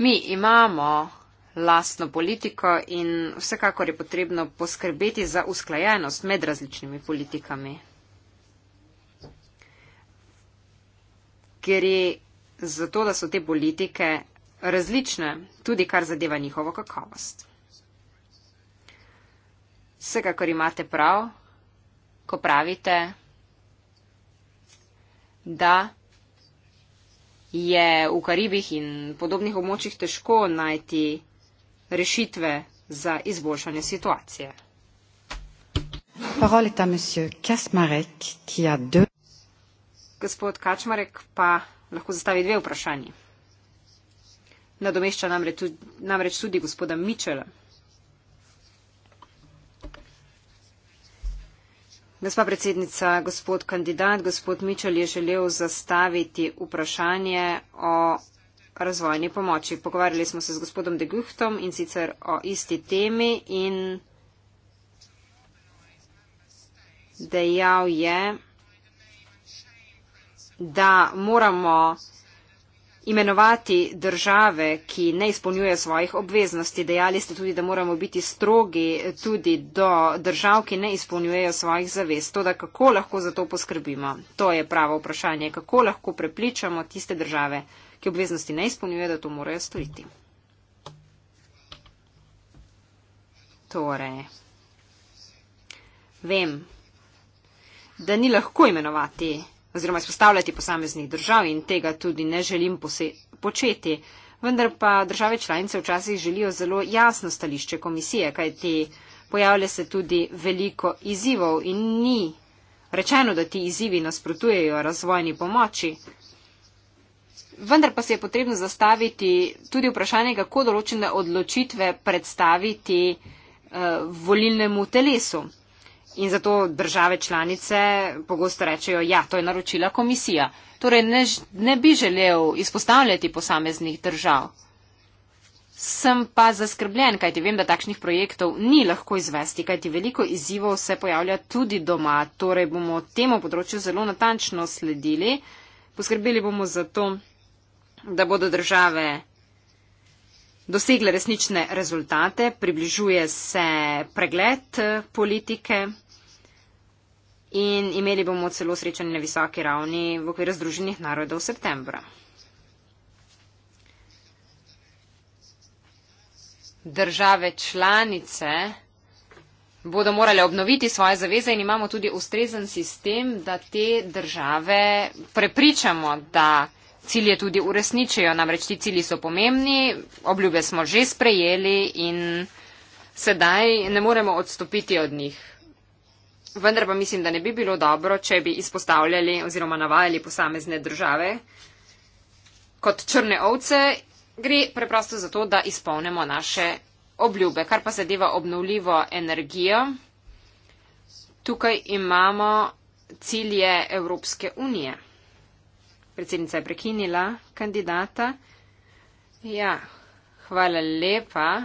Mi imamo lastno politiko in vsekakor je potrebno poskrbeti za usklajenost med različnimi politikami. Gre za to, da so te politike različne, tudi kar zadeva njihovo kakovost. Vsekakor imate prav, ko pravite, da je v Karibih in podobnih območjih težko najti rešitve za izboljšanje situacije. Gospod Kačmarek pa lahko zastavi dve vprašanji. Nadomešča namreč tudi gospoda Mičela. Gospa predsednica, gospod kandidat, gospod Mičel je želel zastaviti vprašanje o razvojni pomoči. Pogovarjali smo se z gospodom de Guhtom in sicer o isti temi in dejal je, da moramo imenovati države, ki ne izpolnjujejo svojih obveznosti. Dejali ste tudi, da moramo biti strogi tudi do držav, ki ne izpolnjujejo svojih zavez. To, da kako lahko za to poskrbimo, to je pravo vprašanje. Kako lahko prepličamo tiste države, ki obveznosti ne izpolnjujejo, da to morajo storiti. Torej, vem, da ni lahko imenovati oziroma izpostavljati posameznih držav in tega tudi ne želim početi. Vendar pa države članice včasih želijo zelo jasno stališče komisije, kajti pojavlja se tudi veliko izzivov in ni rečeno, da ti izzivi nasprotujejo razvojni pomoči. Vendar pa se je potrebno zastaviti tudi vprašanje, kako določene odločitve predstaviti eh, volilnemu telesu. In zato države članice pogosto rečejo, ja, to je naročila komisija. Torej, ne, ne bi želel izpostavljati posameznih držav. Sem pa zaskrbljen, kajti vem, da takšnih projektov ni lahko izvesti, kajti veliko izzivov se pojavlja tudi doma. Torej, bomo temu področju zelo natančno sledili. Poskrbeli bomo za to, da bodo države dosegle resnične rezultate, približuje se pregled eh, politike in imeli bomo celo srečanje na visoki ravni v okviru Združenih narodov v septembra. Države članice bodo morale obnoviti svoje zaveze in imamo tudi ustrezen sistem, da te države prepričamo, da cilje tudi uresničijo. Namreč ti cilji so pomembni, obljube smo že sprejeli in sedaj ne moremo odstopiti od njih. Vendar pa mislim, da ne bi bilo dobro, če bi izpostavljali oziroma navajali posamezne države kot črne ovce. Gre preprosto za to, da izpolnemo naše obljube. Kar pa zadeva obnovljivo energijo, tukaj imamo cilje Evropske unije. Predsednica je prekinila kandidata. Ja, hvala lepa,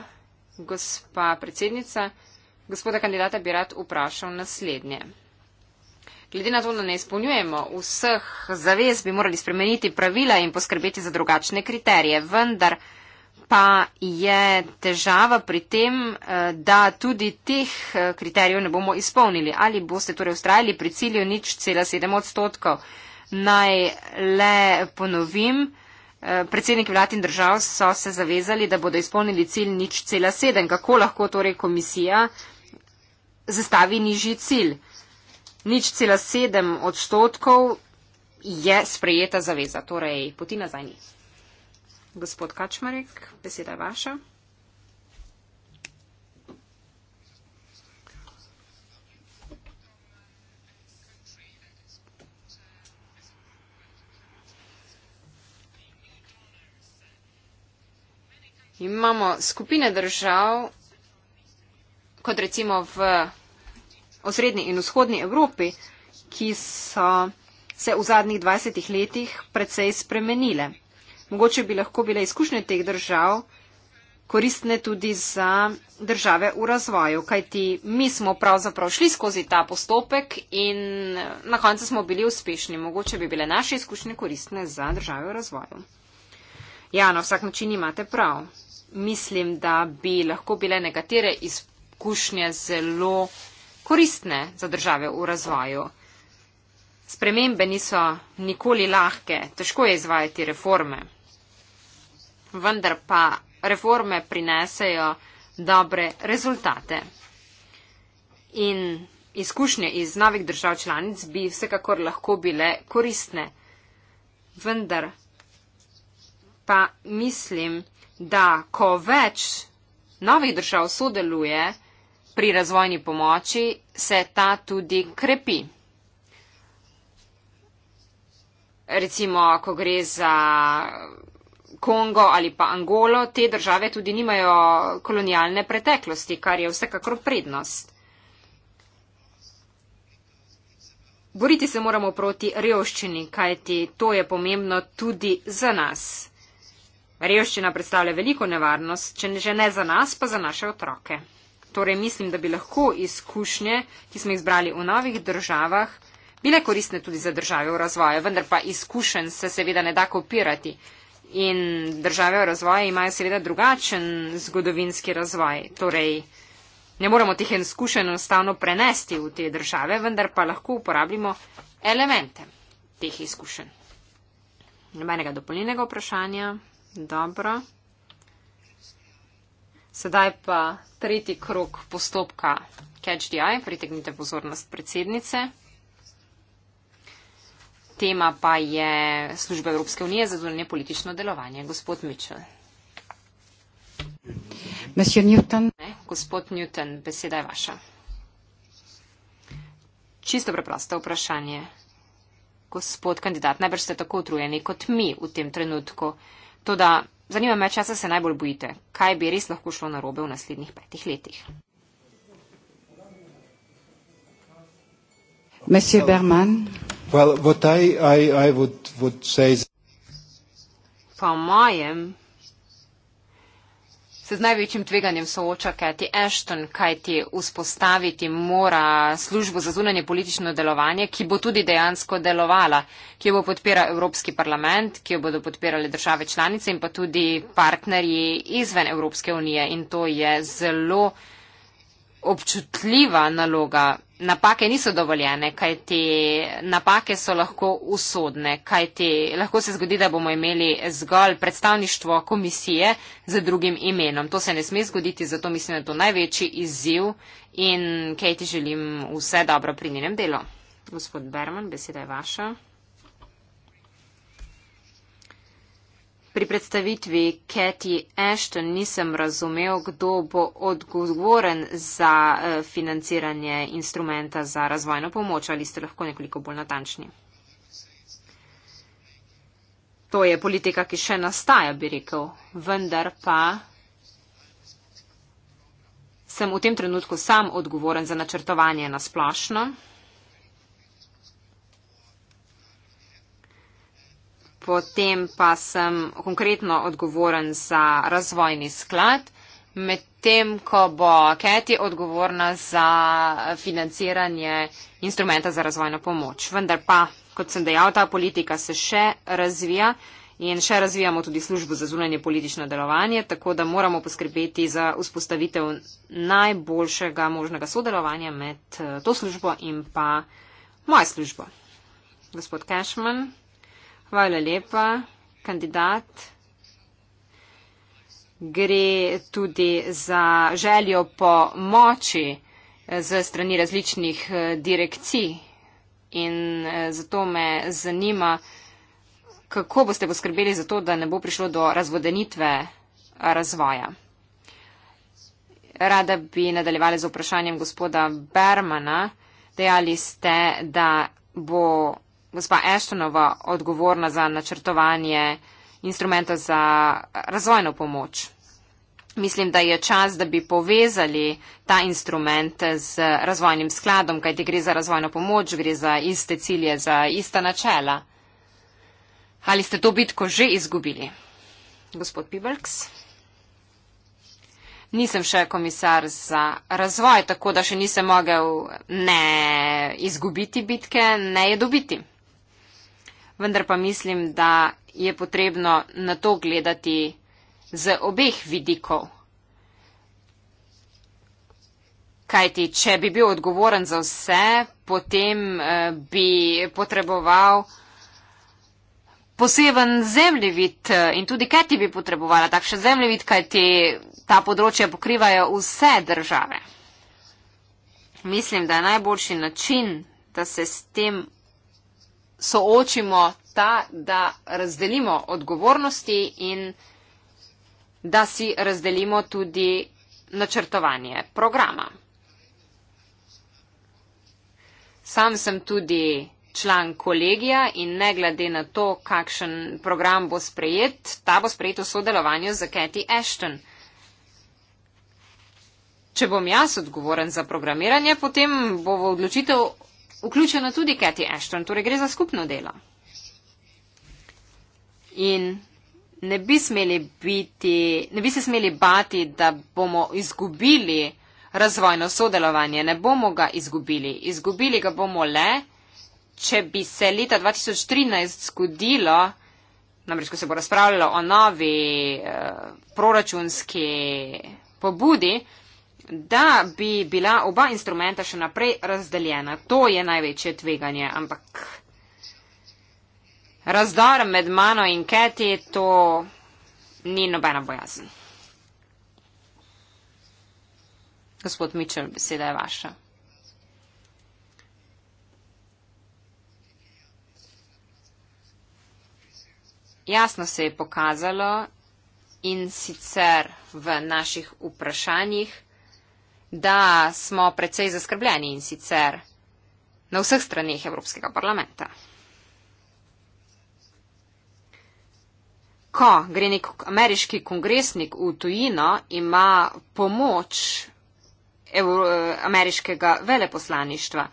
gospa predsednica. Gospoda kandidata bi rad vprašal naslednje. Glede na to, da ne izpolnjujemo vseh zavez, bi morali spremeniti pravila in poskrbeti za drugačne kriterije. Vendar pa je težava pri tem, eh, da tudi teh eh, kriterijev ne bomo izpolnili. Ali boste torej ustrajali pri cilju nič cela sedem odstotkov? Naj le ponovim, eh, predsednik vlad in držav so se zavezali, da bodo izpolnili cilj nič cela sedem. Kako lahko torej komisija zastavi nižji cilj? Nič cela sedem odstotkov je sprejeta zaveza, torej poti nazaj ni. Gospod Kačmarek, beseda je vaša. imamo skupine držav, kot recimo v osrednji in vzhodni Evropi, ki so se v zadnjih 20 letih precej spremenile. Mogoče bi lahko bile izkušnje teh držav koristne tudi za države v razvoju, kajti mi smo pravzaprav šli skozi ta postopek in na koncu smo bili uspešni. Mogoče bi bile naše izkušnje koristne za države v razvoju. Ja, na vsak način imate prav mislim, da bi lahko bile nekatere izkušnje zelo koristne za države v razvoju. Spremembe niso nikoli lahke, težko je izvajati reforme. Vendar pa reforme prinesejo dobre rezultate. In izkušnje iz novih držav članic bi vsekakor lahko bile koristne. Vendar pa mislim, da ko več novih držav sodeluje pri razvojni pomoči, se ta tudi krepi. Recimo, ko gre za Kongo ali pa Angolo, te države tudi nimajo kolonialne preteklosti, kar je vsekakor prednost. Boriti se moramo proti revščini, kajti to je pomembno tudi za nas. Revščina predstavlja veliko nevarnost, če ne že ne za nas, pa za naše otroke. Torej mislim, da bi lahko izkušnje, ki smo jih zbrali v novih državah, bile koristne tudi za države v razvoju, vendar pa izkušenj se seveda ne da kopirati. In države v razvoju imajo seveda drugačen zgodovinski razvoj. Torej, ne moramo teh izkušenj enostavno prenesti v te države, vendar pa lahko uporabimo elemente teh izkušenj. Nobenega dopolnilnega vprašanja. Dobro. Sedaj pa tretji krok postopka Catch the Eye. Pritegnite pozornost predsednice. Tema pa je Služba Evropske unije za zunanje politično delovanje. Gospod Mitchell. Newton. Ne, gospod Newton, beseda je vaša. Čisto preprosto vprašanje. Gospod kandidat, najbrž ste tako utrujeni kot mi v tem trenutku. Toda, zanima me, česa se najbolj bojite? Kaj bi res lahko šlo narobe v naslednjih petih letih? Monsieur Berman. Well, what I, I, I would, would say... Po mojem se z največjim tveganjem sooča Kati Ashton, kaj ti vzpostaviti mora službo za zunanje politično delovanje, ki bo tudi dejansko delovala, ki jo bo podpira Evropski parlament, ki jo bodo podpirali države članice in pa tudi partnerji izven Evropske unije. In to je zelo občutljiva naloga napake niso dovoljene, kaj ti napake so lahko usodne, kaj ti lahko se zgodi, da bomo imeli zgolj predstavništvo komisije z drugim imenom. To se ne sme zgoditi, zato mislim, da je to največji izziv in kaj ti želim vse dobro pri njenem delu. Gospod Berman, beseda je vaša. Pri predstavitvi Cathy Ashton nisem razumel, kdo bo odgovoren za eh, financiranje instrumenta za razvojno pomoč, ali ste lahko nekoliko bolj natančni. To je politika, ki še nastaja, bi rekel. Vendar pa sem v tem trenutku sam odgovoren za načrtovanje na splošno. potem pa sem konkretno odgovoren za razvojni sklad, medtem ko bo Keti odgovorna za financiranje instrumenta za razvojno pomoč. Vendar pa, kot sem dejal, ta politika se še razvija in še razvijamo tudi službo za zunanje politično delovanje, tako da moramo poskrbeti za vzpostavitev najboljšega možnega sodelovanja med eh, to službo in pa mojo službo. Gospod Cashman. Hvala lepa, kandidat. Gre tudi za željo po moči eh, z strani različnih eh, direkcij in eh, zato me zanima, kako boste poskrbeli za to, da ne bo prišlo do razvodenitve razvoja. Rada bi nadaljevala z vprašanjem gospoda Bermana. Dejali ste, da bo gospa Eštonova odgovorna za načrtovanje instrumenta za razvojno pomoč. Mislim, da je čas, da bi povezali ta instrument z razvojnim skladom, kajti gre za razvojno pomoč, gre za iste cilje, za ista načela. Ali ste to bitko že izgubili? Gospod Pibelks. Nisem še komisar za razvoj, tako da še nisem mogel ne izgubiti bitke, ne je dobiti vendar pa mislim, da je potrebno na to gledati z obeh vidikov. Kajti, če bi bil odgovoren za vse, potem eh, bi potreboval poseben zemljevid eh, in tudi Keti bi potrebovala takšen zemljevid, kajti ta področja pokrivajo vse države. Mislim, da je najboljši način, da se s tem soočimo ta, da razdelimo odgovornosti in da si razdelimo tudi načrtovanje programa. Sam sem tudi član kolegija in ne glede na to, kakšen program bo sprejet, ta bo sprejet v sodelovanju z Kathy Ashton. Če bom jaz odgovoren za programiranje, potem bo v odločitev vključena tudi Cathy Ashton, torej gre za skupno delo. In ne bi, biti, ne bi se smeli bati, da bomo izgubili razvojno sodelovanje, ne bomo ga izgubili. Izgubili ga bomo le, če bi se leta 2013 zgodilo, namreč ko se bo razpravljalo o novi eh, proračunski pobudi, da bi bila oba instrumenta še naprej razdeljena. To je največje tveganje, ampak razdor med mano in Keti, to ni nobena bojazen. Gospod Mičel, beseda je vaša. Jasno se je pokazalo in sicer v naših vprašanjih da smo precej zaskrbljeni in sicer na vseh stranih Evropskega parlamenta. Ko gre nek ameriški kongresnik v tujino, ima pomoč Evro ameriškega veleposlaništva.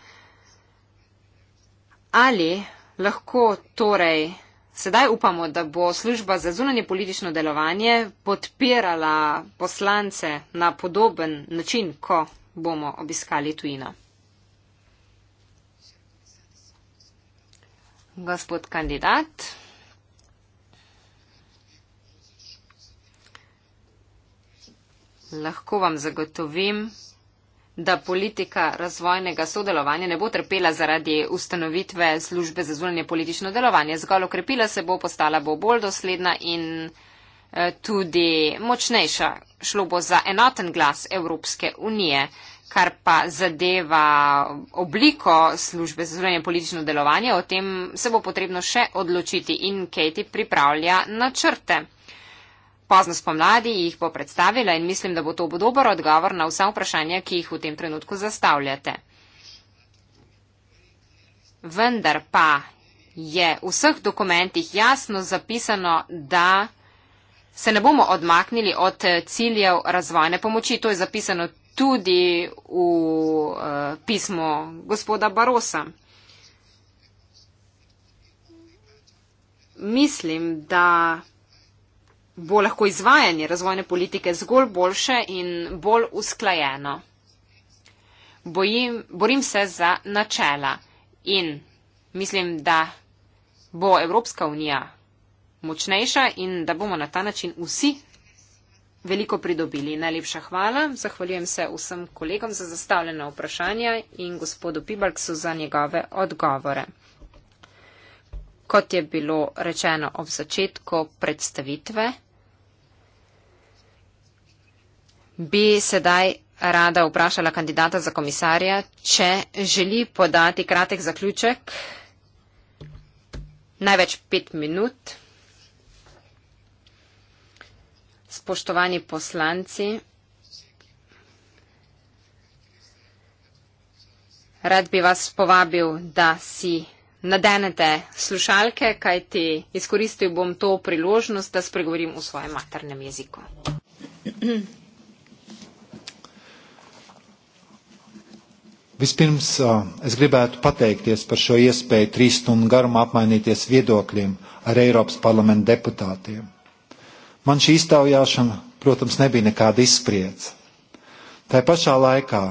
Ali lahko torej Sedaj upamo, da bo služba za zunanje politično delovanje podpirala poslance na podoben način, ko bomo obiskali tujino. Gospod kandidat. Lahko vam zagotovim, da politika razvojnega sodelovanja ne bo trpela zaradi ustanovitve službe za zunanje politično delovanje. Zgolj okrepila se bo, postala bo bolj dosledna in eh, tudi močnejša. Šlo bo za enoten glas Evropske unije, kar pa zadeva obliko službe za zunanje politično delovanje. O tem se bo potrebno še odločiti in Katie pripravlja načrte. Pozno spomladi jih bo predstavila in mislim, da bo to dober odgovor na vsa vprašanja, ki jih v tem trenutku zastavljate. Vendar pa je v vseh dokumentih jasno zapisano, da se ne bomo odmaknili od ciljev razvojne pomoči. To je zapisano tudi v eh, pismu gospoda Barosa. Mislim, da bo lahko izvajanje razvojne politike zgolj boljše in bolj usklajeno. Bojim, borim se za načela in mislim, da bo Evropska unija močnejša in da bomo na ta način vsi veliko pridobili. Najlepša hvala. Zahvaljujem se vsem kolegom za zastavljena vprašanja in gospodu Pibalksu za njegove odgovore. Kot je bilo rečeno ob začetku predstavitve, bi sedaj rada vprašala kandidata za komisarja, če želi podati kratek zaključek, največ pet minut. Spoštovani poslanci, rad bi vas povabil, da si nadenete slušalke, kajti izkoristil bom to priložnost, da spregovorim v svojem maternem jeziku. Vispirms eh, es gribētu pateikties par šo iespēju trīs stundu garumā apmainīties viedokļiem ar Eiropas parlamenta deputātiem. Man šī iztaujāšana, protams, nebija nekāda izspriedz. Tā pašā laikā,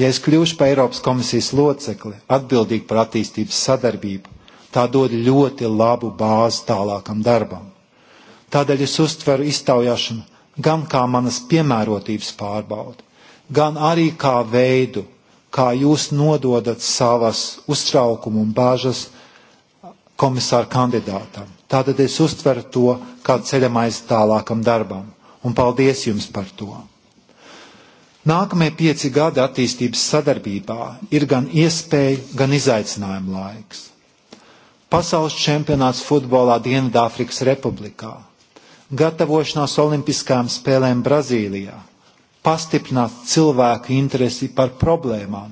ja es kļūšu par Eiropas komisijas locekli atbildīgu par attīstības sadarbību, tā dod ļoti labu bāzi tālākam darbam. Tādēļ es uztveru iztaujāšanu gan kā manas piemērotības pārbaudi, gan arī kā veidu kā jūs nododat savas uztraukumu un bāžas komisāra kandidātam. Tātad es uztveru to kā ceļamais tālākam darbam. Un paldies jums par to. Nākamie pieci gadi attīstības sadarbībā ir gan iespēja, gan izaicinājuma laiks. Pasaules čempionāts futbolā Dienvidāfrikas republikā. Gatavošanās Olimpiskajām spēlēm Brazīlijā pastiprināt cilvēku interesi par problēmām,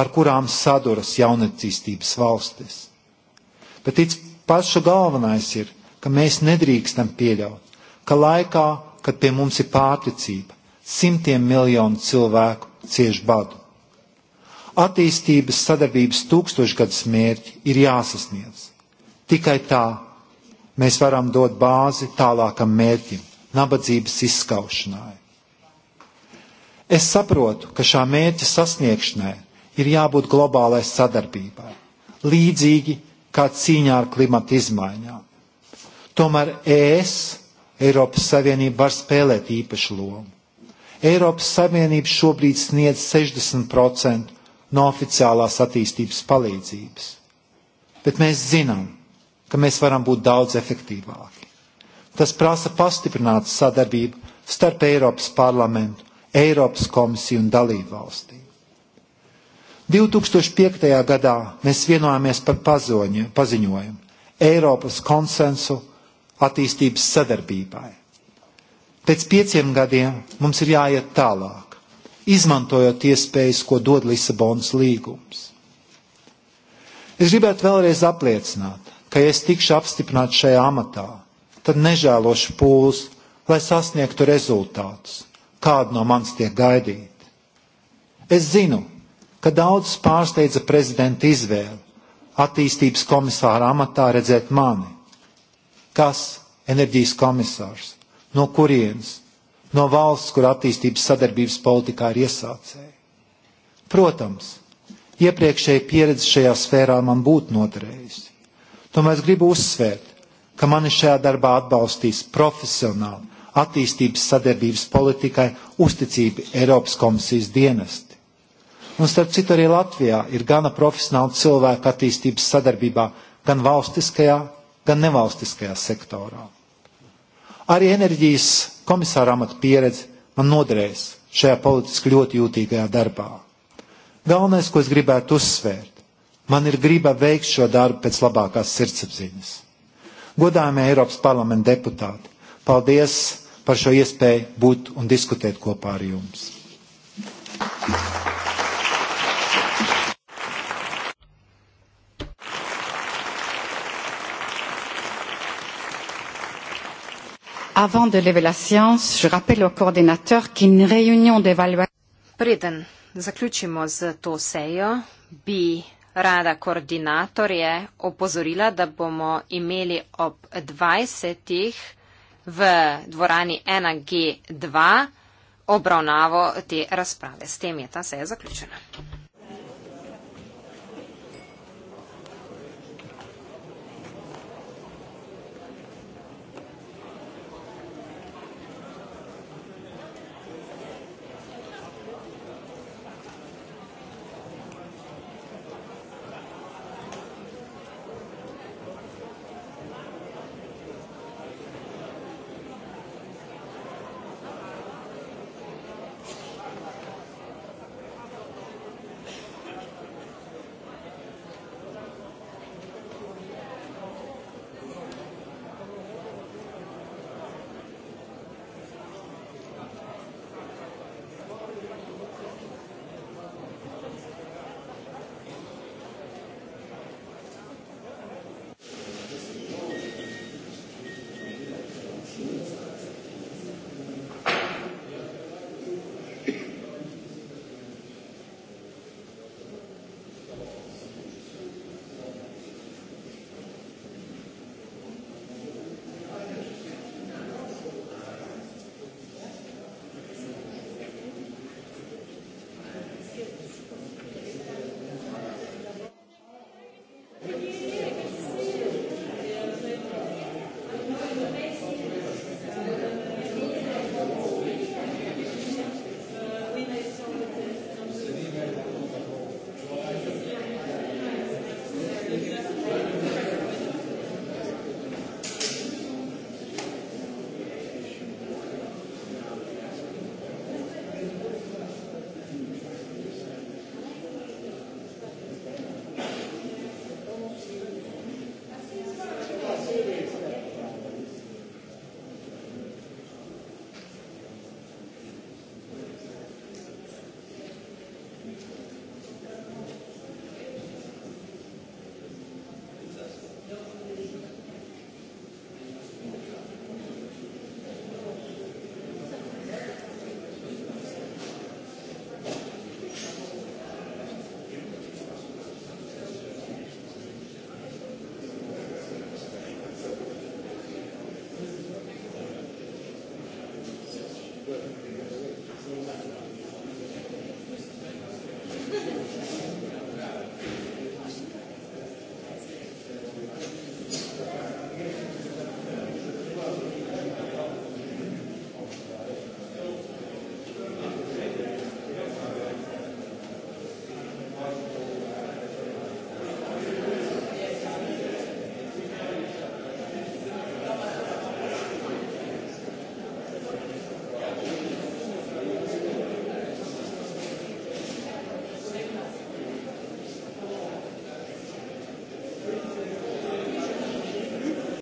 ar kurām saduras jaunatīstības valstis. Bet tas pats galvenais ir, ka mēs nedrīkstam pieļaut, ka laikā, kad pie mums ir pārticība, simtiem miljonu cilvēku cieš badu. Attīstības sadarbības tūkstošgadus mērķi ir jāsasniedz. Tikai tā mēs varam dot bāzi tālākam mērķim - nabadzības izskaušanai. Es saprotu, ka šā mērķa sasniegšanai ir jābūt globālai sadarbībai, līdzīgi kā cīņā ar klimatu izmaiņām. Tomēr ES Eiropas Savienība var spēlēt īpašu lomu. Eiropas Savienība šobrīd sniedz 60% no oficiālās attīstības palīdzības. Bet mēs zinām, ka mēs varam būt daudz efektīvāki. Tas prasa pastiprināt sadarbību starp Eiropas parlamentu Eiropas komisiju un dalību valstīm. 2005. gadā mēs vienojāmies par pazoņu, paziņojumu Eiropas konsensu attīstības sadarbībai. Pēc pieciem gadiem mums ir jāiet tālāk, izmantojot iespējas, ko dod Lisabonas līgums. Es gribētu vēlreiz apliecināt, ka, ja es tikšu apstiprināts šajā amatā, tad nežēlošu pūles, lai sasniegtu rezultātus, kādu no manis tiek gaidīt. Es zinu, ka daudz pārsteidza prezidenta izvēli attīstības komisāra amatā redzēt mani. Kas enerģijas komisārs? No kurienes? No valsts, kur attīstības sadarbības politikā ir iesācēji. Protams, iepriekšēja pieredze šajā sfērā man būtu noderējusi. Tomēr es gribu uzsvērt, ka mani šajā darbā atbalstīs profesionāli attīstības sadarbības politikai uzticību Eiropas komisijas dienesti. Un starp citu arī Latvijā ir gana profesionāli cilvēku attīstības sadarbībā gan valstiskajā, gan nevalstiskajā sektorā. Arī enerģijas komisāra amata pieredze man noderēs šajā politiski ļoti jūtīgajā darbā. Galvenais, ko es gribētu uzsvērt, man ir griba veikt šo darbu pēc labākās sirdsapziņas. Godājumie Eiropas parlamenta deputāti, paldies! prašu iespēju būt un diskutēt kopā ar jums. Avant de lever la séance, je rappelle au coordinateur qu'une réunion d'évaluation. zaključimo z to sejo, bi rada koordinatorje opozorila, da bomo imeli ob 20 v dvorani 1G2 obravnavo te razprave. S tem je ta seja zaključena.